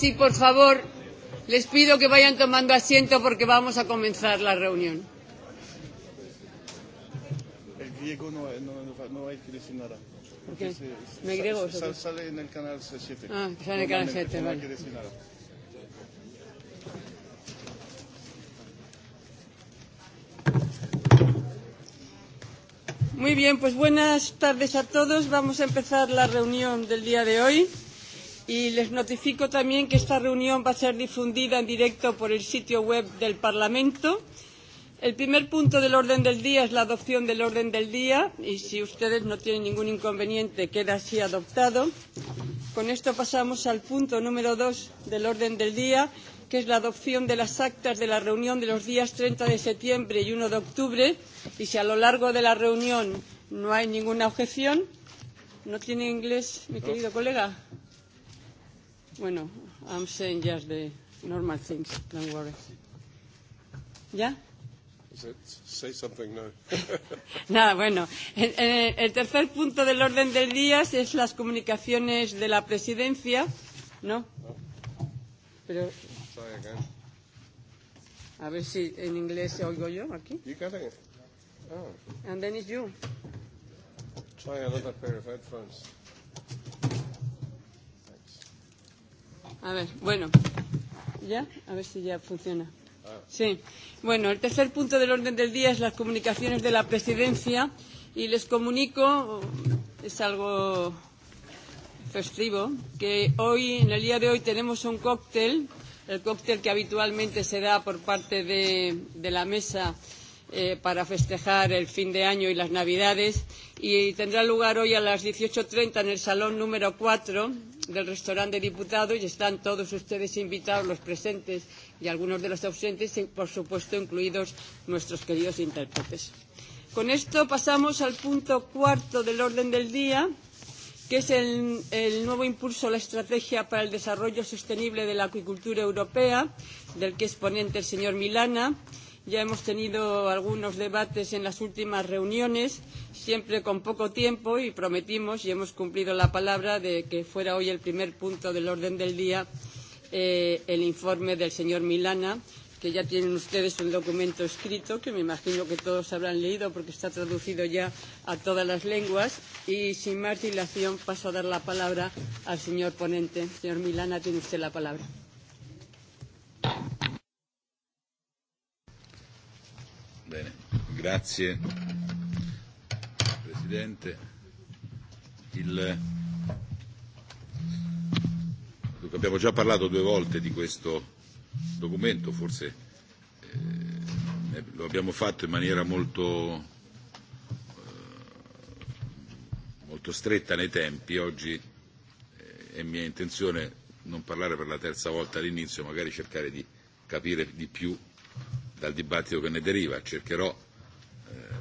así, por favor, les pido que vayan tomando asiento porque vamos a comenzar la reunión. El griego no, no, no no hay que decir nada. ¿Por qué? ¿No hay griego? Sale en el canal 7. Ah, sale en el canal 7, vale. No hay Muy bien, pues buenas tardes a todos. Vamos a empezar la reunión del día de hoy. Y les notifico también que esta reunión va a ser difundida en directo por el sitio web del Parlamento. El primer punto del orden del día es la adopción del orden del día y si ustedes no tienen ningún inconveniente queda así adoptado. Con esto pasamos al punto número dos del orden del día, que es la adopción de las actas de la reunión de los días 30 de septiembre y 1 de octubre. Y si a lo largo de la reunión no hay ninguna objeción, ¿no tiene inglés mi querido colega? Bueno, I'm saying just the normal things, don't worry. ¿Ya? Say something now. Nada, bueno. El el tercer punto del orden del día es las comunicaciones de la presidencia. ¿No? Pero. A ver si en inglés se oigo yo aquí. You got it. Oh. And then it's you. Try another pair of headphones. A ver, bueno. ¿Ya? A ver si ya funciona. Sí. Bueno, el tercer punto del orden del día es las comunicaciones de la presidencia y les comunico, es algo festivo, que hoy, en el día de hoy, tenemos un cóctel, el cóctel que habitualmente se da por parte de, de la mesa eh, para festejar el fin de año y las Navidades y tendrá lugar hoy a las 18.30 en el salón número 4 del restaurante de diputados y están todos ustedes invitados, los presentes y algunos de los ausentes, y por supuesto incluidos nuestros queridos intérpretes. Con esto pasamos al punto cuarto del orden del día, que es el, el nuevo impulso a la estrategia para el desarrollo sostenible de la acuicultura europea, del que es ponente el señor Milana. Ya hemos tenido algunos debates en las últimas reuniones, siempre con poco tiempo, y prometimos y hemos cumplido la palabra de que fuera hoy el primer punto del orden del día eh, el informe del señor Milana, que ya tienen ustedes un documento escrito que me imagino que todos habrán leído porque está traducido ya a todas las lenguas. Y sin más dilación paso a dar la palabra al señor ponente. Señor Milana, tiene usted la palabra. Bene, grazie Presidente. Il... Dunque, abbiamo già parlato due volte di questo documento, forse eh, lo abbiamo fatto in maniera molto, eh, molto stretta nei tempi. Oggi eh, è mia intenzione non parlare per la terza volta all'inizio, magari cercare di capire di più dal dibattito che ne deriva. Cercherò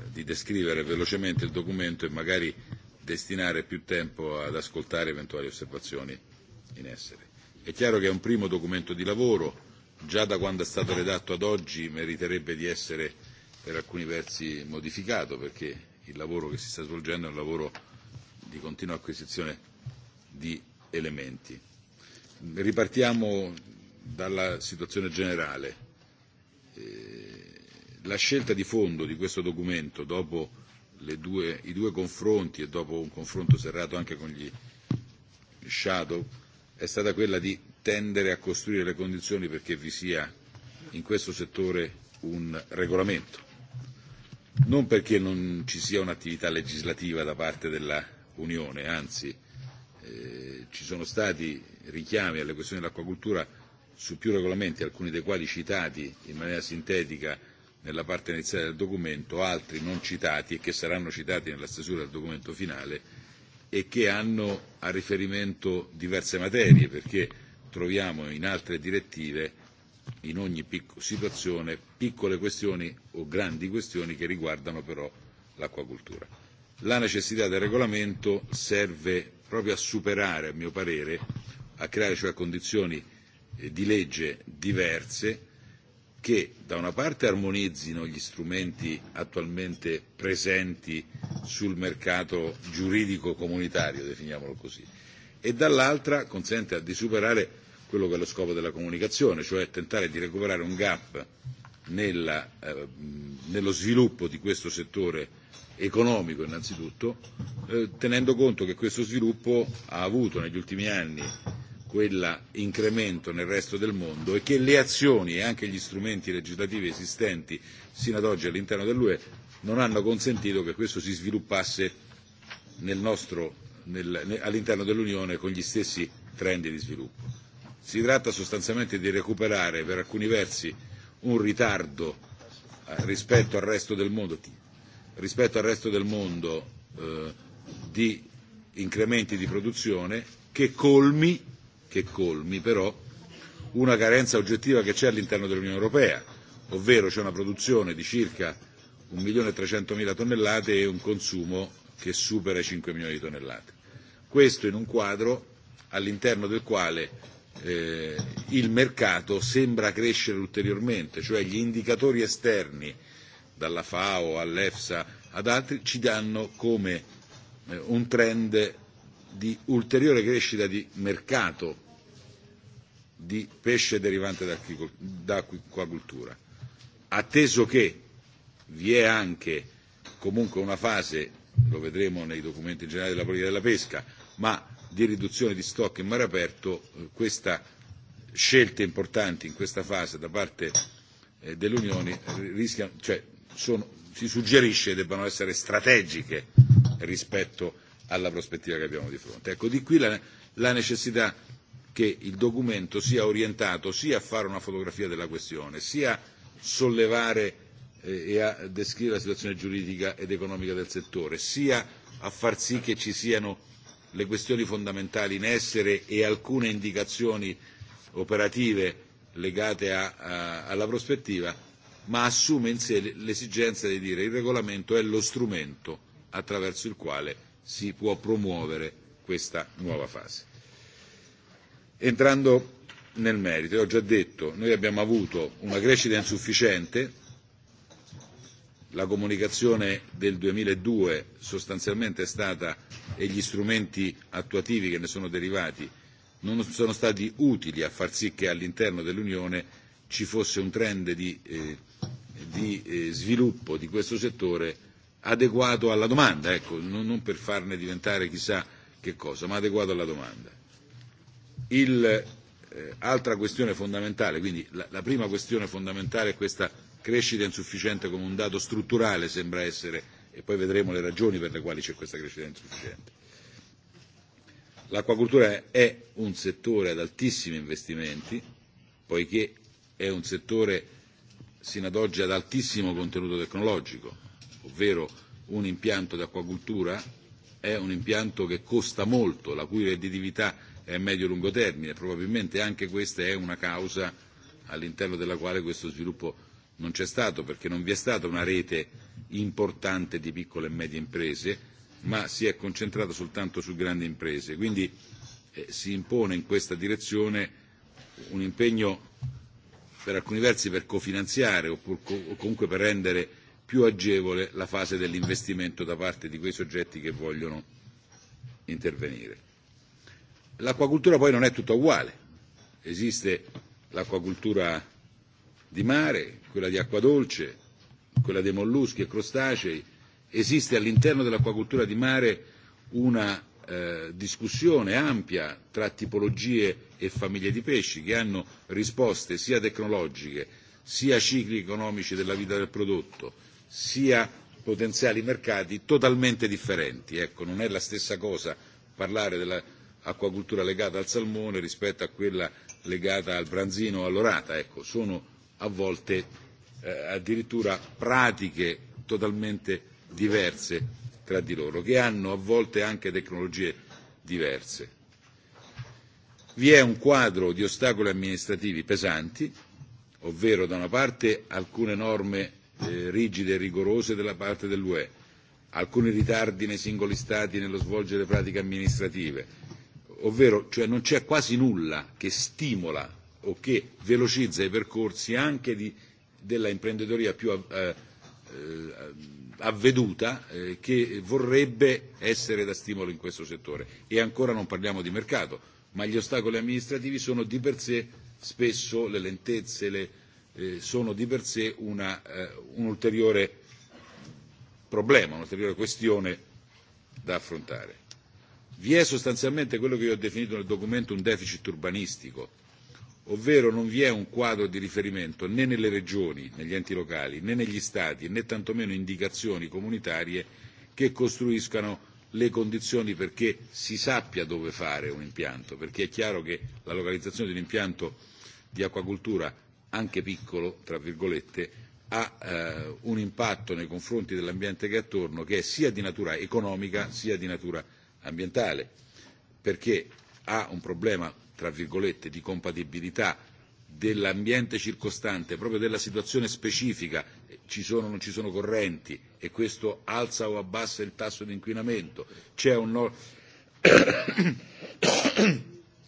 di descrivere velocemente il documento e magari destinare più tempo ad ascoltare eventuali osservazioni in essere. È chiaro che è un primo documento di lavoro, già da quando è stato redatto ad oggi meriterebbe di essere per alcuni versi modificato perché il lavoro che si sta svolgendo è un lavoro di continua acquisizione di elementi. Ripartiamo dalla situazione generale la scelta di fondo di questo documento, dopo le due, i due confronti e dopo un confronto serrato anche con gli shadow, è stata quella di tendere a costruire le condizioni perché vi sia in questo settore un regolamento. Non perché non ci sia un'attività legislativa da parte dell'Unione, anzi eh, ci sono stati richiami alle questioni dell'acquacultura su più regolamenti, alcuni dei quali citati in maniera sintetica nella parte iniziale del documento, altri non citati e che saranno citati nella stesura del documento finale e che hanno a riferimento diverse materie, perché troviamo in altre direttive, in ogni situazione, piccole questioni o grandi questioni che riguardano però l'acquacultura. La necessità del regolamento serve proprio a superare, a mio parere, a creare cioè condizioni di legge diverse che da una parte armonizzino gli strumenti attualmente presenti sul mercato giuridico comunitario, definiamolo così, e dall'altra consenta di superare quello che è lo scopo della comunicazione, cioè tentare di recuperare un gap nella, eh, nello sviluppo di questo settore economico innanzitutto, eh, tenendo conto che questo sviluppo ha avuto negli ultimi anni quell'incremento nel resto del mondo e che le azioni e anche gli strumenti legislativi esistenti sino ad oggi all'interno dell'UE non hanno consentito che questo si sviluppasse nel nostro, nel, all'interno dell'Unione con gli stessi trend di sviluppo. Si tratta sostanzialmente di recuperare per alcuni versi un ritardo rispetto al resto del mondo, rispetto al resto del mondo eh, di incrementi di produzione che colmi che colmi però una carenza oggettiva che c'è all'interno dell'Unione Europea, ovvero c'è una produzione di circa 1.300.000 tonnellate e un consumo che supera i 5 milioni di tonnellate. Questo in un quadro all'interno del quale eh, il mercato sembra crescere ulteriormente, cioè gli indicatori esterni dalla FAO all'EFSA ad altri ci danno come eh, un trend di ulteriore crescita di mercato di pesce derivante da acquacultura, atteso che vi è anche comunque una fase, lo vedremo nei documenti generali della politica della pesca, ma di riduzione di stock in mare aperto, queste scelte importanti in questa fase da parte dell'Unione rischiano, cioè sono, si suggerisce debbano essere strategiche rispetto alla prospettiva che abbiamo di fronte. Ecco, di qui la, la necessità che il documento sia orientato sia a fare una fotografia della questione, sia a sollevare e a descrivere la situazione giuridica ed economica del settore, sia a far sì che ci siano le questioni fondamentali in essere e alcune indicazioni operative legate alla prospettiva, ma assume in sé l'esigenza di dire che il regolamento è lo strumento attraverso il quale si può promuovere questa nuova fase. Entrando nel merito, io ho già detto, noi abbiamo avuto una crescita insufficiente, la comunicazione del duemiladue sostanzialmente è stata e gli strumenti attuativi che ne sono derivati non sono stati utili a far sì che all'interno dell'Unione ci fosse un trend di, sviluppo di questo settore adeguato alla domanda, ecco, non, non per farne diventare chissà che cosa, ma adeguato alla domanda. Il, eh, altra questione fondamentale, quindi la, la prima questione fondamentale è questa crescita insufficiente come un dato strutturale sembra essere, e poi vedremo le ragioni per le quali c'è questa crescita insufficiente. L'acquacultura è un settore ad altissimi investimenti, poiché è un settore sino ad oggi ad altissimo contenuto tecnologico, ovvero un impianto di acquacultura, è un impianto che costa molto, la cui redditività è a medio-lungo termine. Probabilmente anche questa è una causa all'interno della quale questo sviluppo non c'è stato, perché non vi è stata una rete importante di piccole e medie imprese, ma si è concentrato soltanto su grandi imprese. Quindi si impone in questa direzione un impegno per alcuni versi per cofinanziare o comunque per rendere più agevole la fase dell'investimento da parte di quei soggetti che vogliono intervenire. L'acquacultura poi non è tutta uguale, esiste l'acquacultura di mare, quella di acqua dolce, quella dei molluschi e crostacei, esiste all'interno dell'acquacultura di mare una discussione ampia tra tipologie e famiglie di pesci che hanno risposte sia tecnologiche sia cicli economici della vita del prodotto sia potenziali mercati totalmente differenti. Ecco, non è la stessa cosa parlare dell'acquacultura legata al salmone rispetto a quella legata al branzino o all'orata. Ecco, sono a volte eh, addirittura pratiche totalmente diverse tra di loro, che hanno a volte anche tecnologie diverse. Vi è un quadro di ostacoli amministrativi pesanti, ovvero da una parte alcune norme rigide e rigorose della parte dell'UE, alcuni ritardi nei singoli Stati nello svolgere pratiche amministrative, ovvero cioè non c'è quasi nulla che stimola o che velocizza i percorsi anche di, della imprenditoria più eh, avveduta eh, che vorrebbe essere da stimolo in questo settore. E ancora non parliamo di mercato, ma gli ostacoli amministrativi sono di per sé spesso le lentezze, le, sono di per sé un ulteriore problema, un'ulteriore questione da affrontare. Vi è sostanzialmente quello che io ho definito nel documento un deficit urbanistico, ovvero non vi è un quadro di riferimento né nelle regioni, negli enti locali, né negli Stati, né tantomeno indicazioni comunitarie che costruiscano le condizioni perché si sappia dove fare un impianto, perché è chiaro che la localizzazione di un impianto di acquacultura anche piccolo, tra virgolette, ha eh, un impatto nei confronti dell'ambiente che è attorno che è sia di natura economica sia di natura ambientale, perché ha un problema, tra virgolette, di compatibilità dell'ambiente circostante, proprio della situazione specifica, ci sono o non ci sono correnti e questo alza o abbassa il tasso di inquinamento, c'è un no...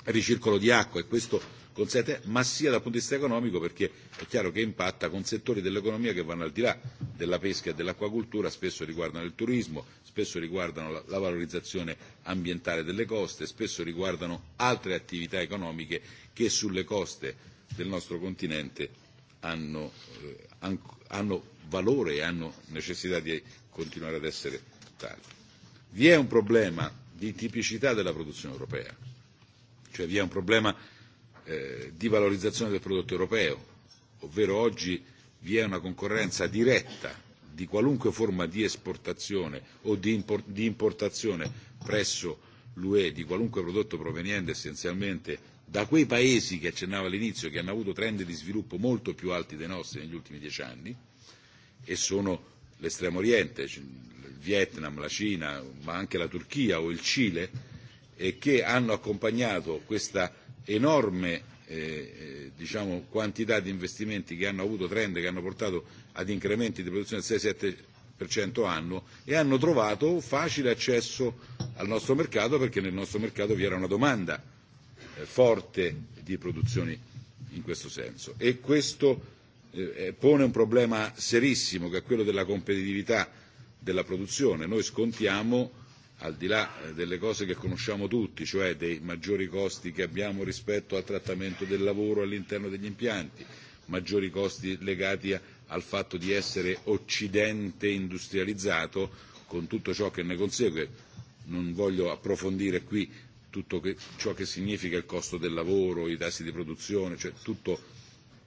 ricircolo di acqua e questo consente, ma sia dal punto di vista economico perché è chiaro che impatta con settori dell'economia che vanno al di là della pesca e dell'acquacultura, spesso riguardano il turismo, spesso riguardano la, valorizzazione ambientale delle coste, spesso riguardano altre attività economiche che sulle coste del nostro continente hanno, eh, hanno valore e hanno necessità di continuare ad essere tali. Vi è un problema di tipicità della produzione europea, cioè vi è un problema eh, di valorizzazione del prodotto europeo, ovvero oggi vi è una concorrenza diretta di qualunque forma di esportazione o di, importazione presso l'UE di qualunque prodotto proveniente essenzialmente da quei paesi che accennavo all'inizio, che hanno avuto trend di sviluppo molto più alti dei nostri negli ultimi dieci anni, e sono l'estremo oriente, il Vietnam, la Cina, ma anche la Turchia o il Cile, e che hanno accompagnato questa enorme eh, diciamo, quantità di investimenti che hanno avuto trend che hanno portato ad incrementi di produzione del 6-7% annuo e hanno trovato facile accesso al nostro mercato perché nel nostro mercato vi era una domanda eh, forte di produzioni in questo senso. E questo eh, pone un problema serissimo che è quello della competitività della produzione. Noi scontiamo al di là delle cose che conosciamo tutti, cioè dei maggiori costi che abbiamo rispetto al trattamento del lavoro all'interno degli impianti, maggiori costi legati al fatto di essere occidente industrializzato, con tutto ciò che ne consegue. Non voglio approfondire qui tutto ciò che significa il costo del lavoro, i tassi di produzione, cioè tutto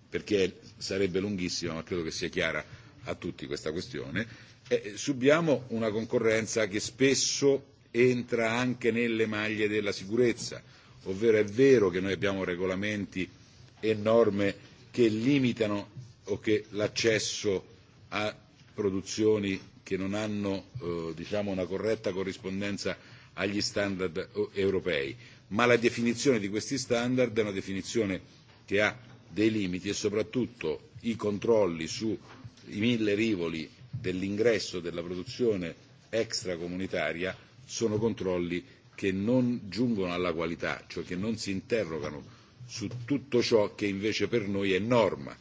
perché sarebbe lunghissima, ma credo che sia chiara a tutti questa questione subiamo una concorrenza che spesso entra anche nelle maglie della sicurezza, ovvero è vero che noi abbiamo regolamenti e norme che limitano o che l'accesso a produzioni che non hanno diciamo, una corretta corrispondenza agli standard europei, ma la definizione di questi standard è una definizione che ha dei limiti e soprattutto i controlli sui mille rivoli dell'ingresso della produzione extracomunitaria sono controlli che non giungono alla qualità, cioè che non si interrogano su tutto ciò che invece per noi è norma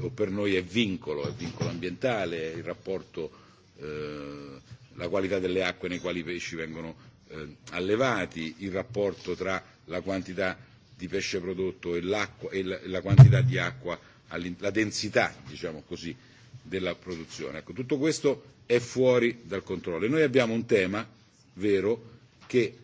o per noi è vincolo, è vincolo ambientale, è il rapporto, eh, la qualità delle acque nei quali i pesci vengono eh, allevati, il rapporto tra la quantità di pesce prodotto e, l'acqua, e, la, e la quantità di acqua, la densità diciamo così, della produzione. Ecco, tutto questo è fuori dal controllo e noi abbiamo un tema vero che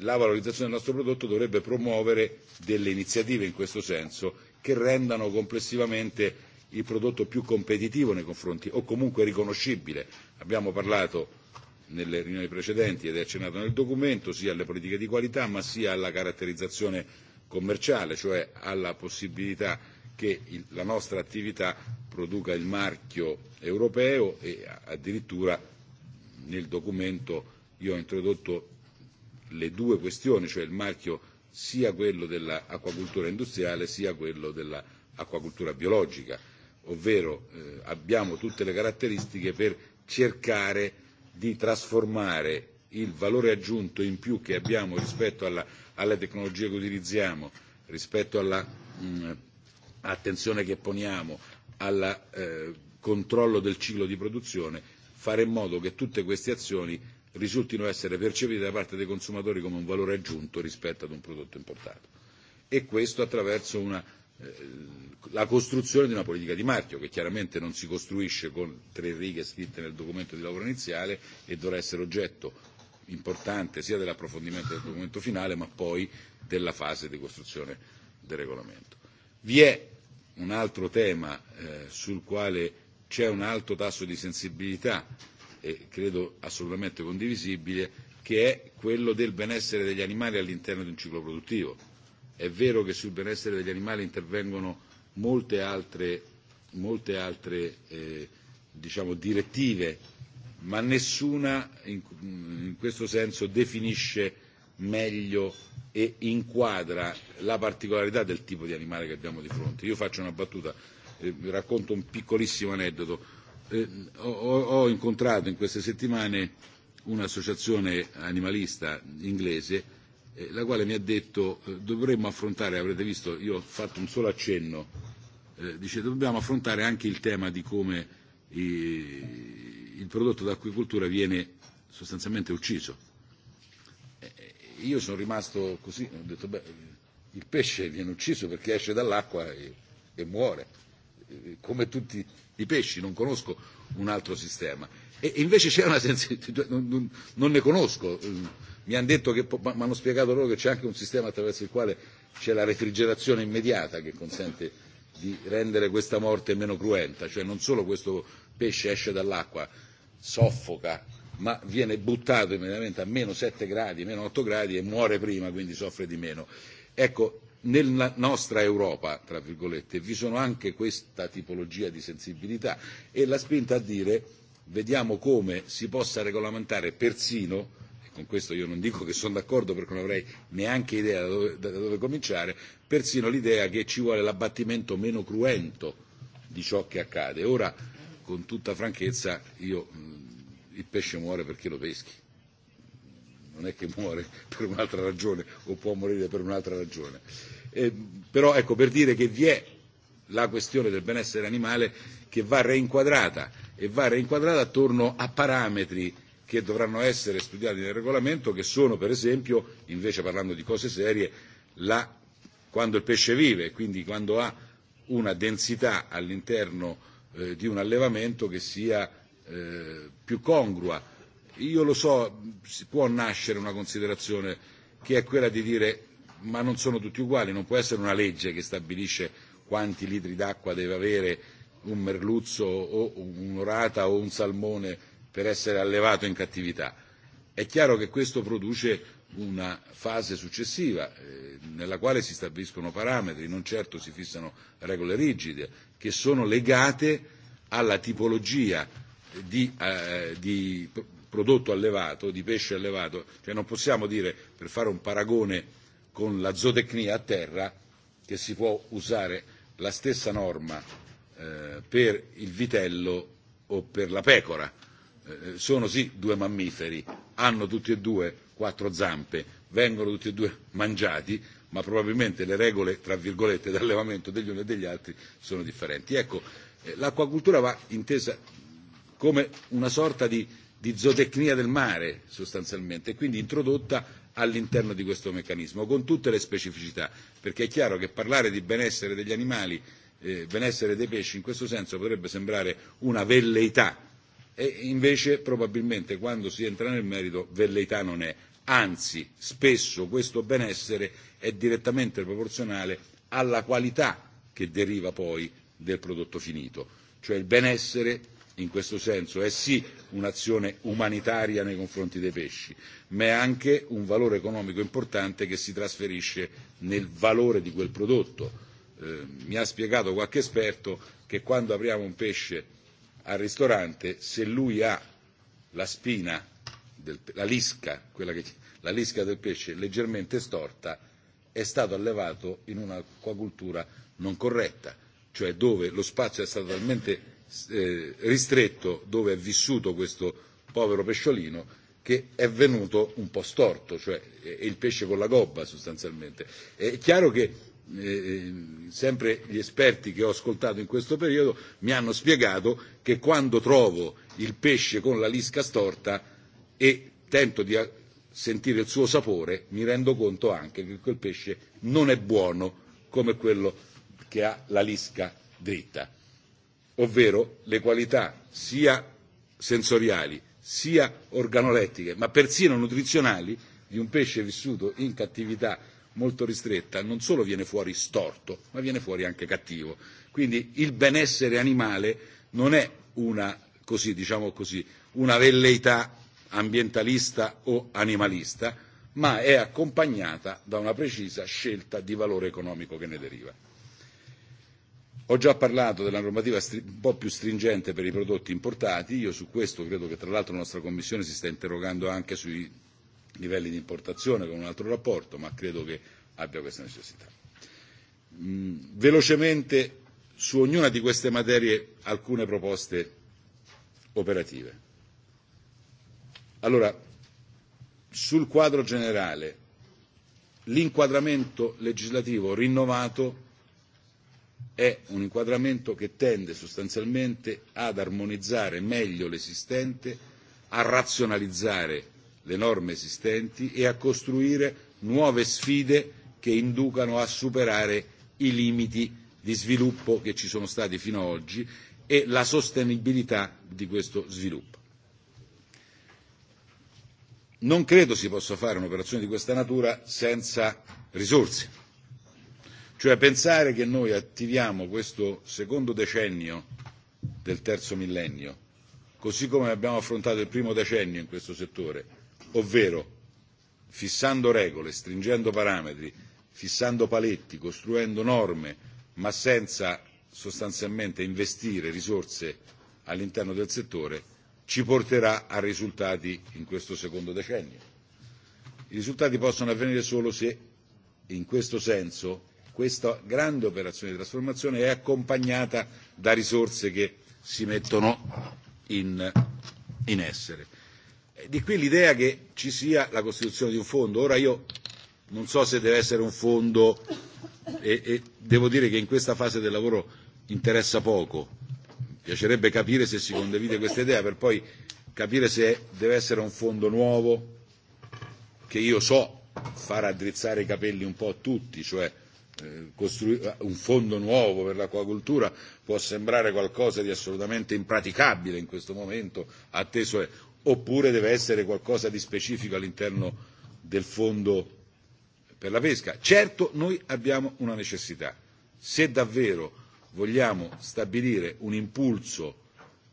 la valorizzazione del nostro prodotto dovrebbe promuovere delle iniziative in questo senso che rendano complessivamente il prodotto più competitivo nei confronti o comunque riconoscibile. Abbiamo parlato nelle riunioni precedenti ed è accennato nel documento sia alle politiche di qualità ma sia alla caratterizzazione commerciale, cioè alla possibilità che la nostra attività produca il marchio europeo e addirittura nel documento io ho introdotto le due questioni, cioè il marchio sia quello dell'acquacultura industriale sia quello dell'acquacultura biologica, ovvero eh, abbiamo tutte le caratteristiche per cercare di trasformare il valore aggiunto in più che abbiamo rispetto alla, alle tecnologie che utilizziamo, rispetto alla mh, attenzione che poniamo al controllo del ciclo di produzione, fare in modo che tutte queste azioni risultino essere percepite da parte dei consumatori come un valore aggiunto rispetto ad un prodotto importato. E questo attraverso una, la costruzione di una politica di marchio, che chiaramente non si costruisce con tre righe scritte nel documento di lavoro iniziale e dovrà essere oggetto importante sia dell'approfondimento del documento finale, ma poi della fase di costruzione del regolamento. Vi è un altro tema eh, sul quale c'è un alto tasso di sensibilità e credo assolutamente condivisibile, che è quello del benessere degli animali all'interno di un ciclo produttivo. È vero che sul benessere degli animali intervengono molte altre, molte altre eh, diciamo, direttive, ma nessuna in, in questo senso definisce meglio e inquadra la particolarità del tipo di animale che abbiamo di fronte. Io faccio una battuta, eh, racconto un piccolissimo aneddoto. Eh, ho, ho incontrato in queste settimane un'associazione animalista inglese eh, la quale mi ha detto eh, dovremmo affrontare, avrete visto, io ho fatto un solo accenno, eh, dice dobbiamo affrontare anche il tema di come i, il prodotto d'acquicoltura viene sostanzialmente ucciso io sono rimasto così, ho detto beh, il pesce viene ucciso perché esce dall'acqua e, e muore, come tutti i pesci, non conosco un altro sistema. E invece c'è una sensibilità, non, non ne conosco, mi hanno detto che, ma hanno spiegato loro che c'è anche un sistema attraverso il quale c'è la refrigerazione immediata che consente di rendere questa morte meno cruenta, cioè non solo questo pesce esce dall'acqua, soffoca ma viene buttato immediatamente a meno 7 gradi, meno 8 gradi e muore prima, quindi soffre di meno. Ecco, nella nostra Europa, tra virgolette, vi sono anche questa tipologia di sensibilità e la spinta a dire vediamo come si possa regolamentare persino con questo io non dico che sono d'accordo perché non avrei neanche idea da dove, da dove cominciare, persino l'idea che ci vuole l'abbattimento meno cruento di ciò che accade. Ora, con tutta franchezza, io il pesce muore perché lo peschi, non è che muore per un'altra ragione o può morire per un'altra ragione. E, però ecco per dire che vi è la questione del benessere animale che va reinquadrata e va reinquadrata attorno a parametri che dovranno essere studiati nel regolamento, che sono per esempio, invece parlando di cose serie, la, quando il pesce vive, quindi quando ha una densità all'interno eh, di un allevamento che sia più congrua. Io lo so, può nascere una considerazione che è quella di dire ma non sono tutti uguali, non può essere una legge che stabilisce quanti litri d'acqua deve avere un merluzzo o un'orata o un salmone per essere allevato in cattività. È chiaro che questo produce una fase successiva nella quale si stabiliscono parametri, non certo si fissano regole rigide, che sono legate alla tipologia di, eh, di prodotto allevato, di pesce allevato, cioè non possiamo dire, per fare un paragone con la zootecnia a terra, che si può usare la stessa norma eh, per il vitello o per la pecora. Eh, sono sì due mammiferi, hanno tutti e due quattro zampe, vengono tutti e due mangiati, ma probabilmente le regole, tra virgolette, d'allevamento degli uni e degli altri sono differenti. Ecco, l'acquacultura va intesa come una sorta di, di zootecnia del mare sostanzialmente, e quindi introdotta all'interno di questo meccanismo, con tutte le specificità, perché è chiaro che parlare di benessere degli animali, eh, benessere dei pesci, in questo senso potrebbe sembrare una velleità, e invece probabilmente quando si entra nel merito velleità non è, anzi spesso questo benessere è direttamente proporzionale alla qualità che deriva poi del prodotto finito, cioè il benessere in questo senso è sì un'azione umanitaria nei confronti dei pesci, ma è anche un valore economico importante che si trasferisce nel valore di quel prodotto. mi ha spiegato qualche esperto che quando apriamo un pesce al ristorante, se lui ha la spina, la lisca, quella che, la lisca del pesce leggermente storta, è stato allevato in un'acquacultura non corretta, cioè dove lo spazio è stato talmente ristretto dove è vissuto questo povero pesciolino che è venuto un po' storto, cioè è il pesce con la gobba sostanzialmente. È chiaro che sempre gli esperti che ho ascoltato in questo periodo mi hanno spiegato che quando trovo il pesce con la lisca storta e tento di sentire il suo sapore, mi rendo conto anche che quel pesce non è buono come quello che ha la lisca dritta ovvero le qualità sia sensoriali sia organolettiche, ma persino nutrizionali di un pesce vissuto in cattività molto ristretta non solo viene fuori storto, ma viene fuori anche cattivo. Quindi il benessere animale non è una, così, diciamo così, una velleità ambientalista o animalista, ma è accompagnata da una precisa scelta di valore economico che ne deriva. Ho già parlato della normativa un po' più stringente per i prodotti importati, io su questo credo che tra l'altro la nostra Commissione si sta interrogando anche sui livelli di importazione con un altro rapporto, ma credo che abbia questa necessità. velocemente su ognuna di queste materie alcune proposte operative. Allora, sul quadro generale, l'inquadramento legislativo rinnovato è un inquadramento che tende sostanzialmente ad armonizzare meglio l'esistente, a razionalizzare le norme esistenti e a costruire nuove sfide che inducano a superare i limiti di sviluppo che ci sono stati fino ad oggi e la sostenibilità di questo sviluppo. Non credo si possa fare un'operazione di questa natura senza risorse Cioè pensare che noi attiviamo questo secondo decennio del terzo millennio, così come abbiamo affrontato il primo decennio in questo settore, ovvero fissando regole, stringendo parametri, fissando paletti, costruendo norme, ma senza sostanzialmente investire risorse all'interno del settore, ci porterà a risultati in questo secondo decennio. I risultati possono avvenire solo se in questo senso questa grande operazione di trasformazione è accompagnata da risorse che si mettono in, in essere. Di qui l'idea che ci sia la costituzione di un fondo. Ora io non so se deve essere un fondo e, e devo dire che in questa fase del lavoro interessa poco. mi Piacerebbe capire se si condivide questa idea per poi capire se deve essere un fondo nuovo che io so far addrizzare i capelli un po' a tutti, cioè un fondo nuovo per l'acquacoltura può sembrare qualcosa di assolutamente impraticabile in questo momento, atteso è, oppure deve essere qualcosa di specifico all'interno del fondo per la pesca. Certo noi abbiamo una necessità. Se davvero vogliamo stabilire un impulso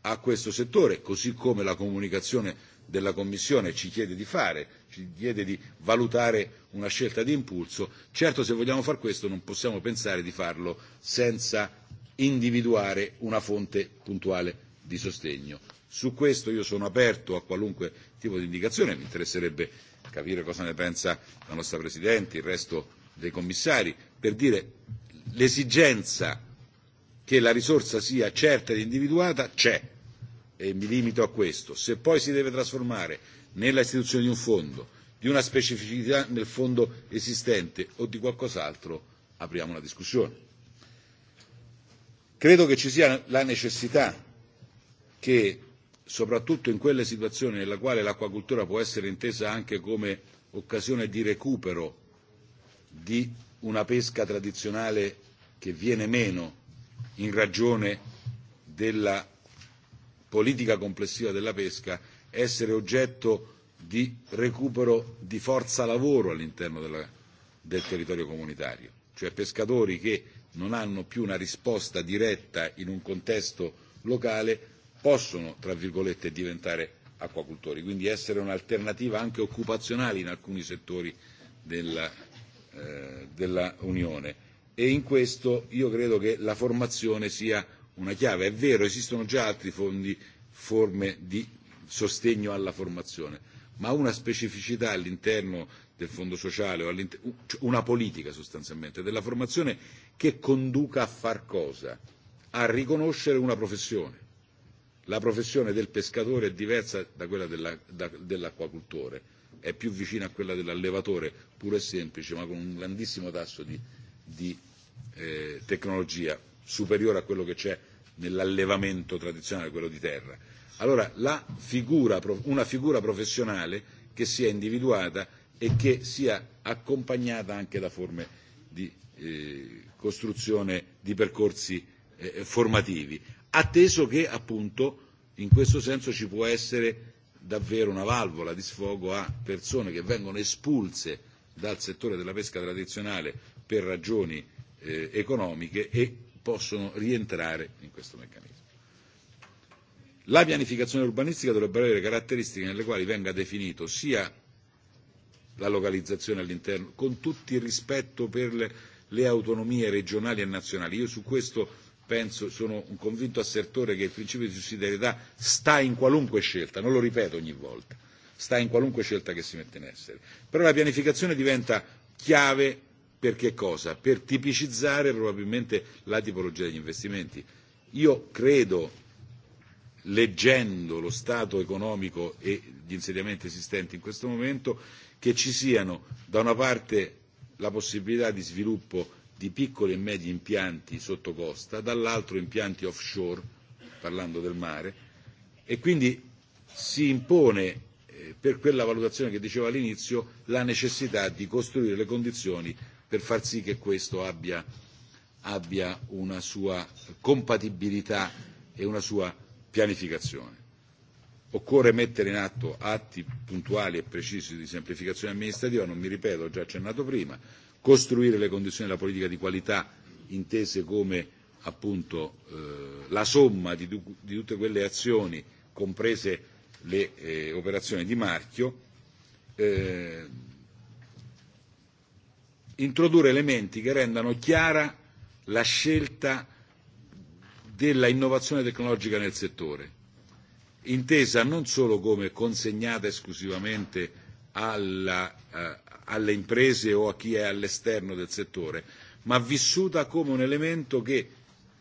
a questo settore, così come la comunicazione della Commissione ci chiede di fare, ci chiede di valutare una scelta di impulso. Certo se vogliamo far questo non possiamo pensare di farlo senza individuare una fonte puntuale di sostegno. Su questo io sono aperto a qualunque tipo di indicazione, mi interesserebbe capire cosa ne pensa la nostra Presidente, il resto dei commissari, per dire l'esigenza che la risorsa sia certa ed individuata c'è e mi limito a questo. Se poi si deve trasformare nella istituzione di un fondo, di una specificità nel fondo esistente o di qualcos'altro, apriamo una discussione. Credo che ci sia la necessità che, soprattutto in quelle situazioni nella quale l'acquacultura può essere intesa anche come occasione di recupero di una pesca tradizionale che viene meno in ragione della politica complessiva della pesca, essere oggetto di recupero di forza lavoro all'interno del territorio comunitario, cioè pescatori che non hanno più una risposta diretta in un contesto locale possono, tra virgolette, diventare acquacultori, quindi essere un'alternativa anche occupazionale in alcuni settori della, eh, della Unione. E in questo io credo che la formazione sia una chiave. È vero, esistono già altri fondi, forme di sostegno alla formazione, ma una specificità all'interno del fondo sociale, o una politica sostanzialmente della formazione che conduca a far cosa? A riconoscere una professione. La professione del pescatore è diversa da quella della, da, dell'acquacultore, è più vicina a quella dell'allevatore, puro e semplice, ma con un grandissimo tasso di, di eh, tecnologia, superiore a quello che c'è nell'allevamento tradizionale, quello di terra Allora la figura, una figura professionale che sia individuata e che sia accompagnata anche da forme di eh, costruzione di percorsi eh, formativi, atteso che appunto in questo senso ci può essere davvero una valvola di sfogo a persone che vengono espulse dal settore della pesca tradizionale per ragioni eh, economiche e possono rientrare in questo meccanismo. La pianificazione urbanistica dovrebbe avere caratteristiche nelle quali venga definito sia la localizzazione all'interno, con tutto il rispetto per le, le autonomie regionali e nazionali. Io su questo penso, sono un convinto assertore che il principio di sussidiarietà sta in qualunque scelta, non lo ripeto ogni volta, sta in qualunque scelta che si mette in essere. Però la pianificazione diventa chiave per che cosa? Per tipicizzare probabilmente la tipologia degli investimenti. Io credo leggendo lo stato economico e gli insediamenti esistenti in questo momento, che ci siano da una parte la possibilità di sviluppo di piccoli e medi impianti sotto costa, dall'altro impianti offshore, parlando del mare, e quindi si impone per quella valutazione che dicevo all'inizio la necessità di costruire le condizioni per far sì che questo abbia, abbia una sua compatibilità e una sua pianificazione. Occorre mettere in atto atti puntuali e precisi di semplificazione amministrativa, non mi ripeto, ho già accennato prima, costruire le condizioni della politica di qualità intese come appunto la somma di, tutte quelle azioni, comprese le operazioni di marchio, introdurre elementi che rendano chiara la scelta della innovazione tecnologica nel settore, intesa non solo come consegnata esclusivamente alla, eh, alle imprese o a chi è all'esterno del settore, ma vissuta come un elemento che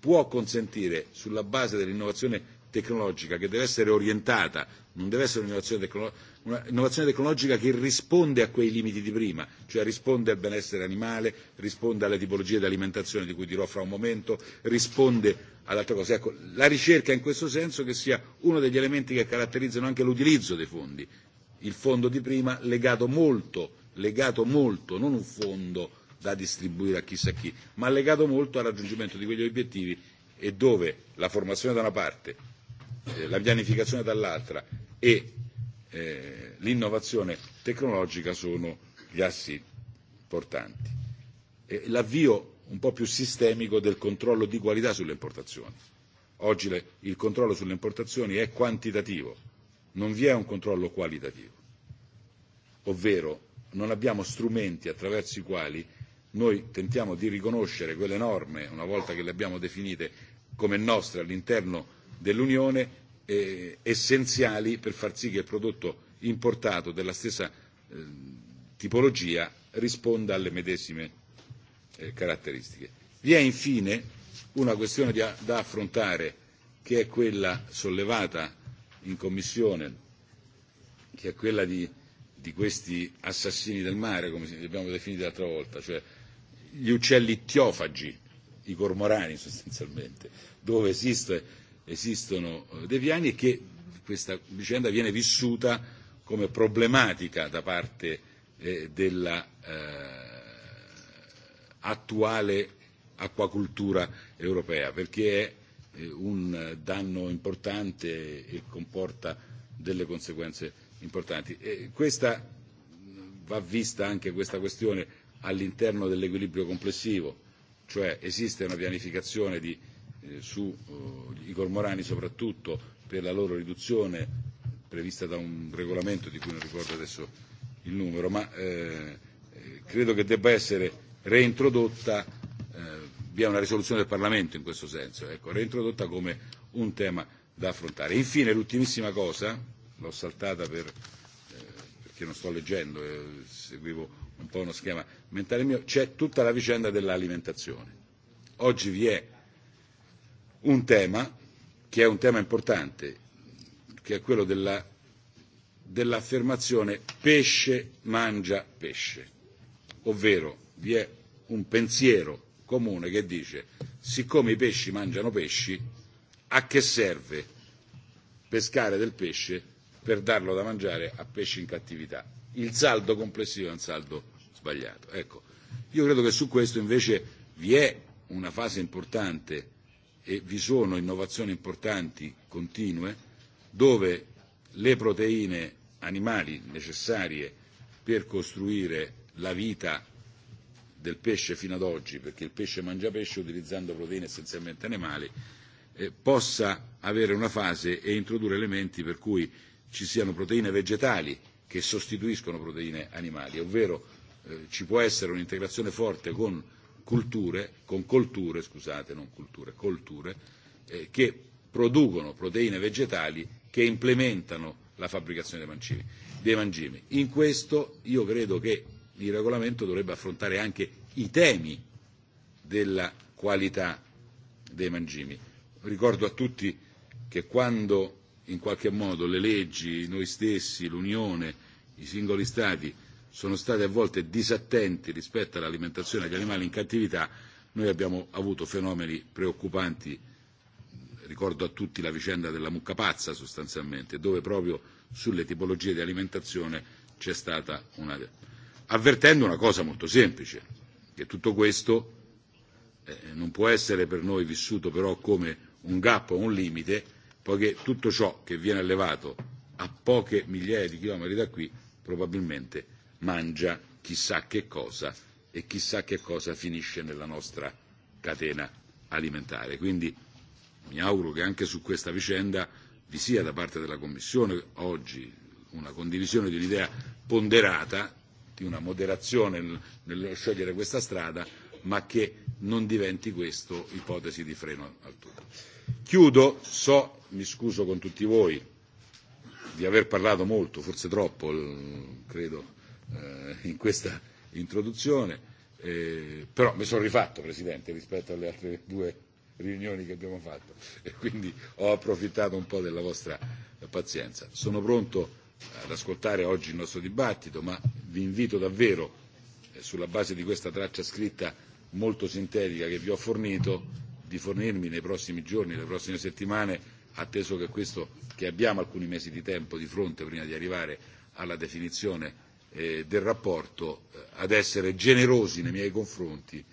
può consentire, sulla base dell'innovazione tecnologica, che deve essere orientata, non deve essere un'innovazione tecnologica un'innovazione tecnologica che risponde a quei limiti di prima, cioè risponde al benessere animale, risponde alle tipologie di alimentazione di cui dirò fra un momento, risponde ad altre cosa. Ecco, la ricerca in questo senso che sia uno degli elementi che caratterizzano anche l'utilizzo dei fondi. Il fondo di prima legato molto, legato molto, non un fondo da distribuire a chissà chi, ma legato molto al raggiungimento di quegli obiettivi e dove la formazione da una parte, la pianificazione dall'altra e l'innovazione tecnologica sono gli assi portanti. E l'avvio un po' più sistemico del controllo di qualità sulle importazioni. Oggi le, il controllo sulle importazioni è quantitativo, non vi è un controllo qualitativo, ovvero non abbiamo strumenti attraverso i quali noi tentiamo di riconoscere quelle norme, una volta che le abbiamo definite come nostre all'interno dell'Unione, eh, essenziali per far sì che il prodotto importato della stessa eh, tipologia risponda alle medesime eh, caratteristiche. Vi è infine una questione da, da affrontare che è quella sollevata in Commissione, che è quella di, di questi assassini del mare, come li abbiamo definiti l'altra volta, cioè gli uccelli tiofagi, i cormorani sostanzialmente, dove esiste esistono deviani e che questa vicenda viene vissuta come problematica da parte della attuale acquacultura europea, perché è un danno importante e comporta delle conseguenze importanti. E questa va vista anche questa questione all'interno dell'equilibrio complessivo, cioè esiste una pianificazione di su i cormorani soprattutto per la loro riduzione prevista da un regolamento di cui non ricordo adesso il numero, ma credo che debba essere reintrodotta, eh, via una risoluzione del Parlamento in questo senso, ecco, reintrodotta come un tema da affrontare. Infine, l'ultimissima cosa, l'ho saltata per, perché non sto leggendo, eh, seguivo un po' uno schema mentale mio, c'è tutta la vicenda dell'alimentazione. Oggi vi è un tema che è un tema importante, che è quello della, dell'affermazione pesce mangia pesce, ovvero vi è un pensiero comune che dice siccome i pesci mangiano pesci, a che serve pescare del pesce per darlo da mangiare a pesci in cattività? Il saldo complessivo è un saldo sbagliato. Ecco, io credo che su questo invece vi è una fase importante e vi sono innovazioni importanti, continue, dove le proteine animali necessarie per costruire la vita del pesce fino ad oggi, perché il pesce mangia pesce utilizzando proteine essenzialmente animali, eh, possa avere una fase e introdurre elementi per cui ci siano proteine vegetali che sostituiscono proteine animali, ovvero eh, ci può essere un'integrazione forte con culture, con colture, scusate, non culture, colture, eh, che producono proteine vegetali che implementano la fabbricazione dei mangimi. Dei mangimi. In questo io credo che il regolamento dovrebbe affrontare anche i temi della qualità dei mangimi. Ricordo a tutti che quando in qualche modo le leggi, noi stessi, l'Unione, i singoli Stati sono stati a volte disattenti rispetto all'alimentazione degli animali in cattività, noi abbiamo avuto fenomeni preoccupanti, ricordo a tutti la vicenda della mucca pazza sostanzialmente, dove proprio sulle tipologie di alimentazione c'è stata una... avvertendo una cosa molto semplice, che tutto questo non può essere per noi vissuto però come un gap o un limite, poiché tutto ciò che viene allevato a poche migliaia di chilometri da qui probabilmente mangia chissà che cosa e chissà che cosa finisce nella nostra catena alimentare. Quindi mi auguro che anche su questa vicenda vi sia da parte della Commissione oggi una condivisione di un'idea ponderata, di una moderazione nello scegliere questa strada, ma che non diventi questo ipotesi di freno al tutto. Chiudo, so, mi scuso con tutti voi di aver parlato molto, forse troppo, credo in questa introduzione. Eh, però mi sono rifatto, Presidente, rispetto alle altre due riunioni che abbiamo fatto e quindi ho approfittato un po' della vostra pazienza. Sono pronto ad ascoltare oggi il nostro dibattito, ma vi invito davvero, sulla base di questa traccia scritta molto sintetica che vi ho fornito, di fornirmi nei prossimi giorni, nelle prossime settimane, atteso che, questo, che abbiamo alcuni mesi di tempo di fronte prima di arrivare alla definizione del rapporto ad essere generosi nei miei confronti,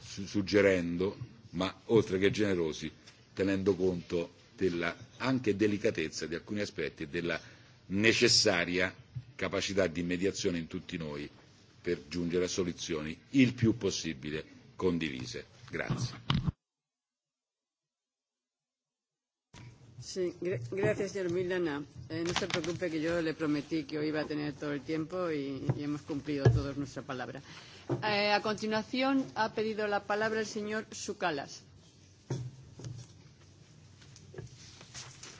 suggerendo, ma oltre che generosi, tenendo conto della anche delicatezza di alcuni aspetti e della necessaria capacità di mediazione in tutti noi per giungere a soluzioni il più possibile condivise. Grazie. Sí, gracias, señor Milana. Eh, no se preocupe que yo le prometí que hoy iba a tener todo el tiempo y, y hemos cumplido todos nuestra palabra. Eh, a continuación ha pedido la palabra el señor Sucalas.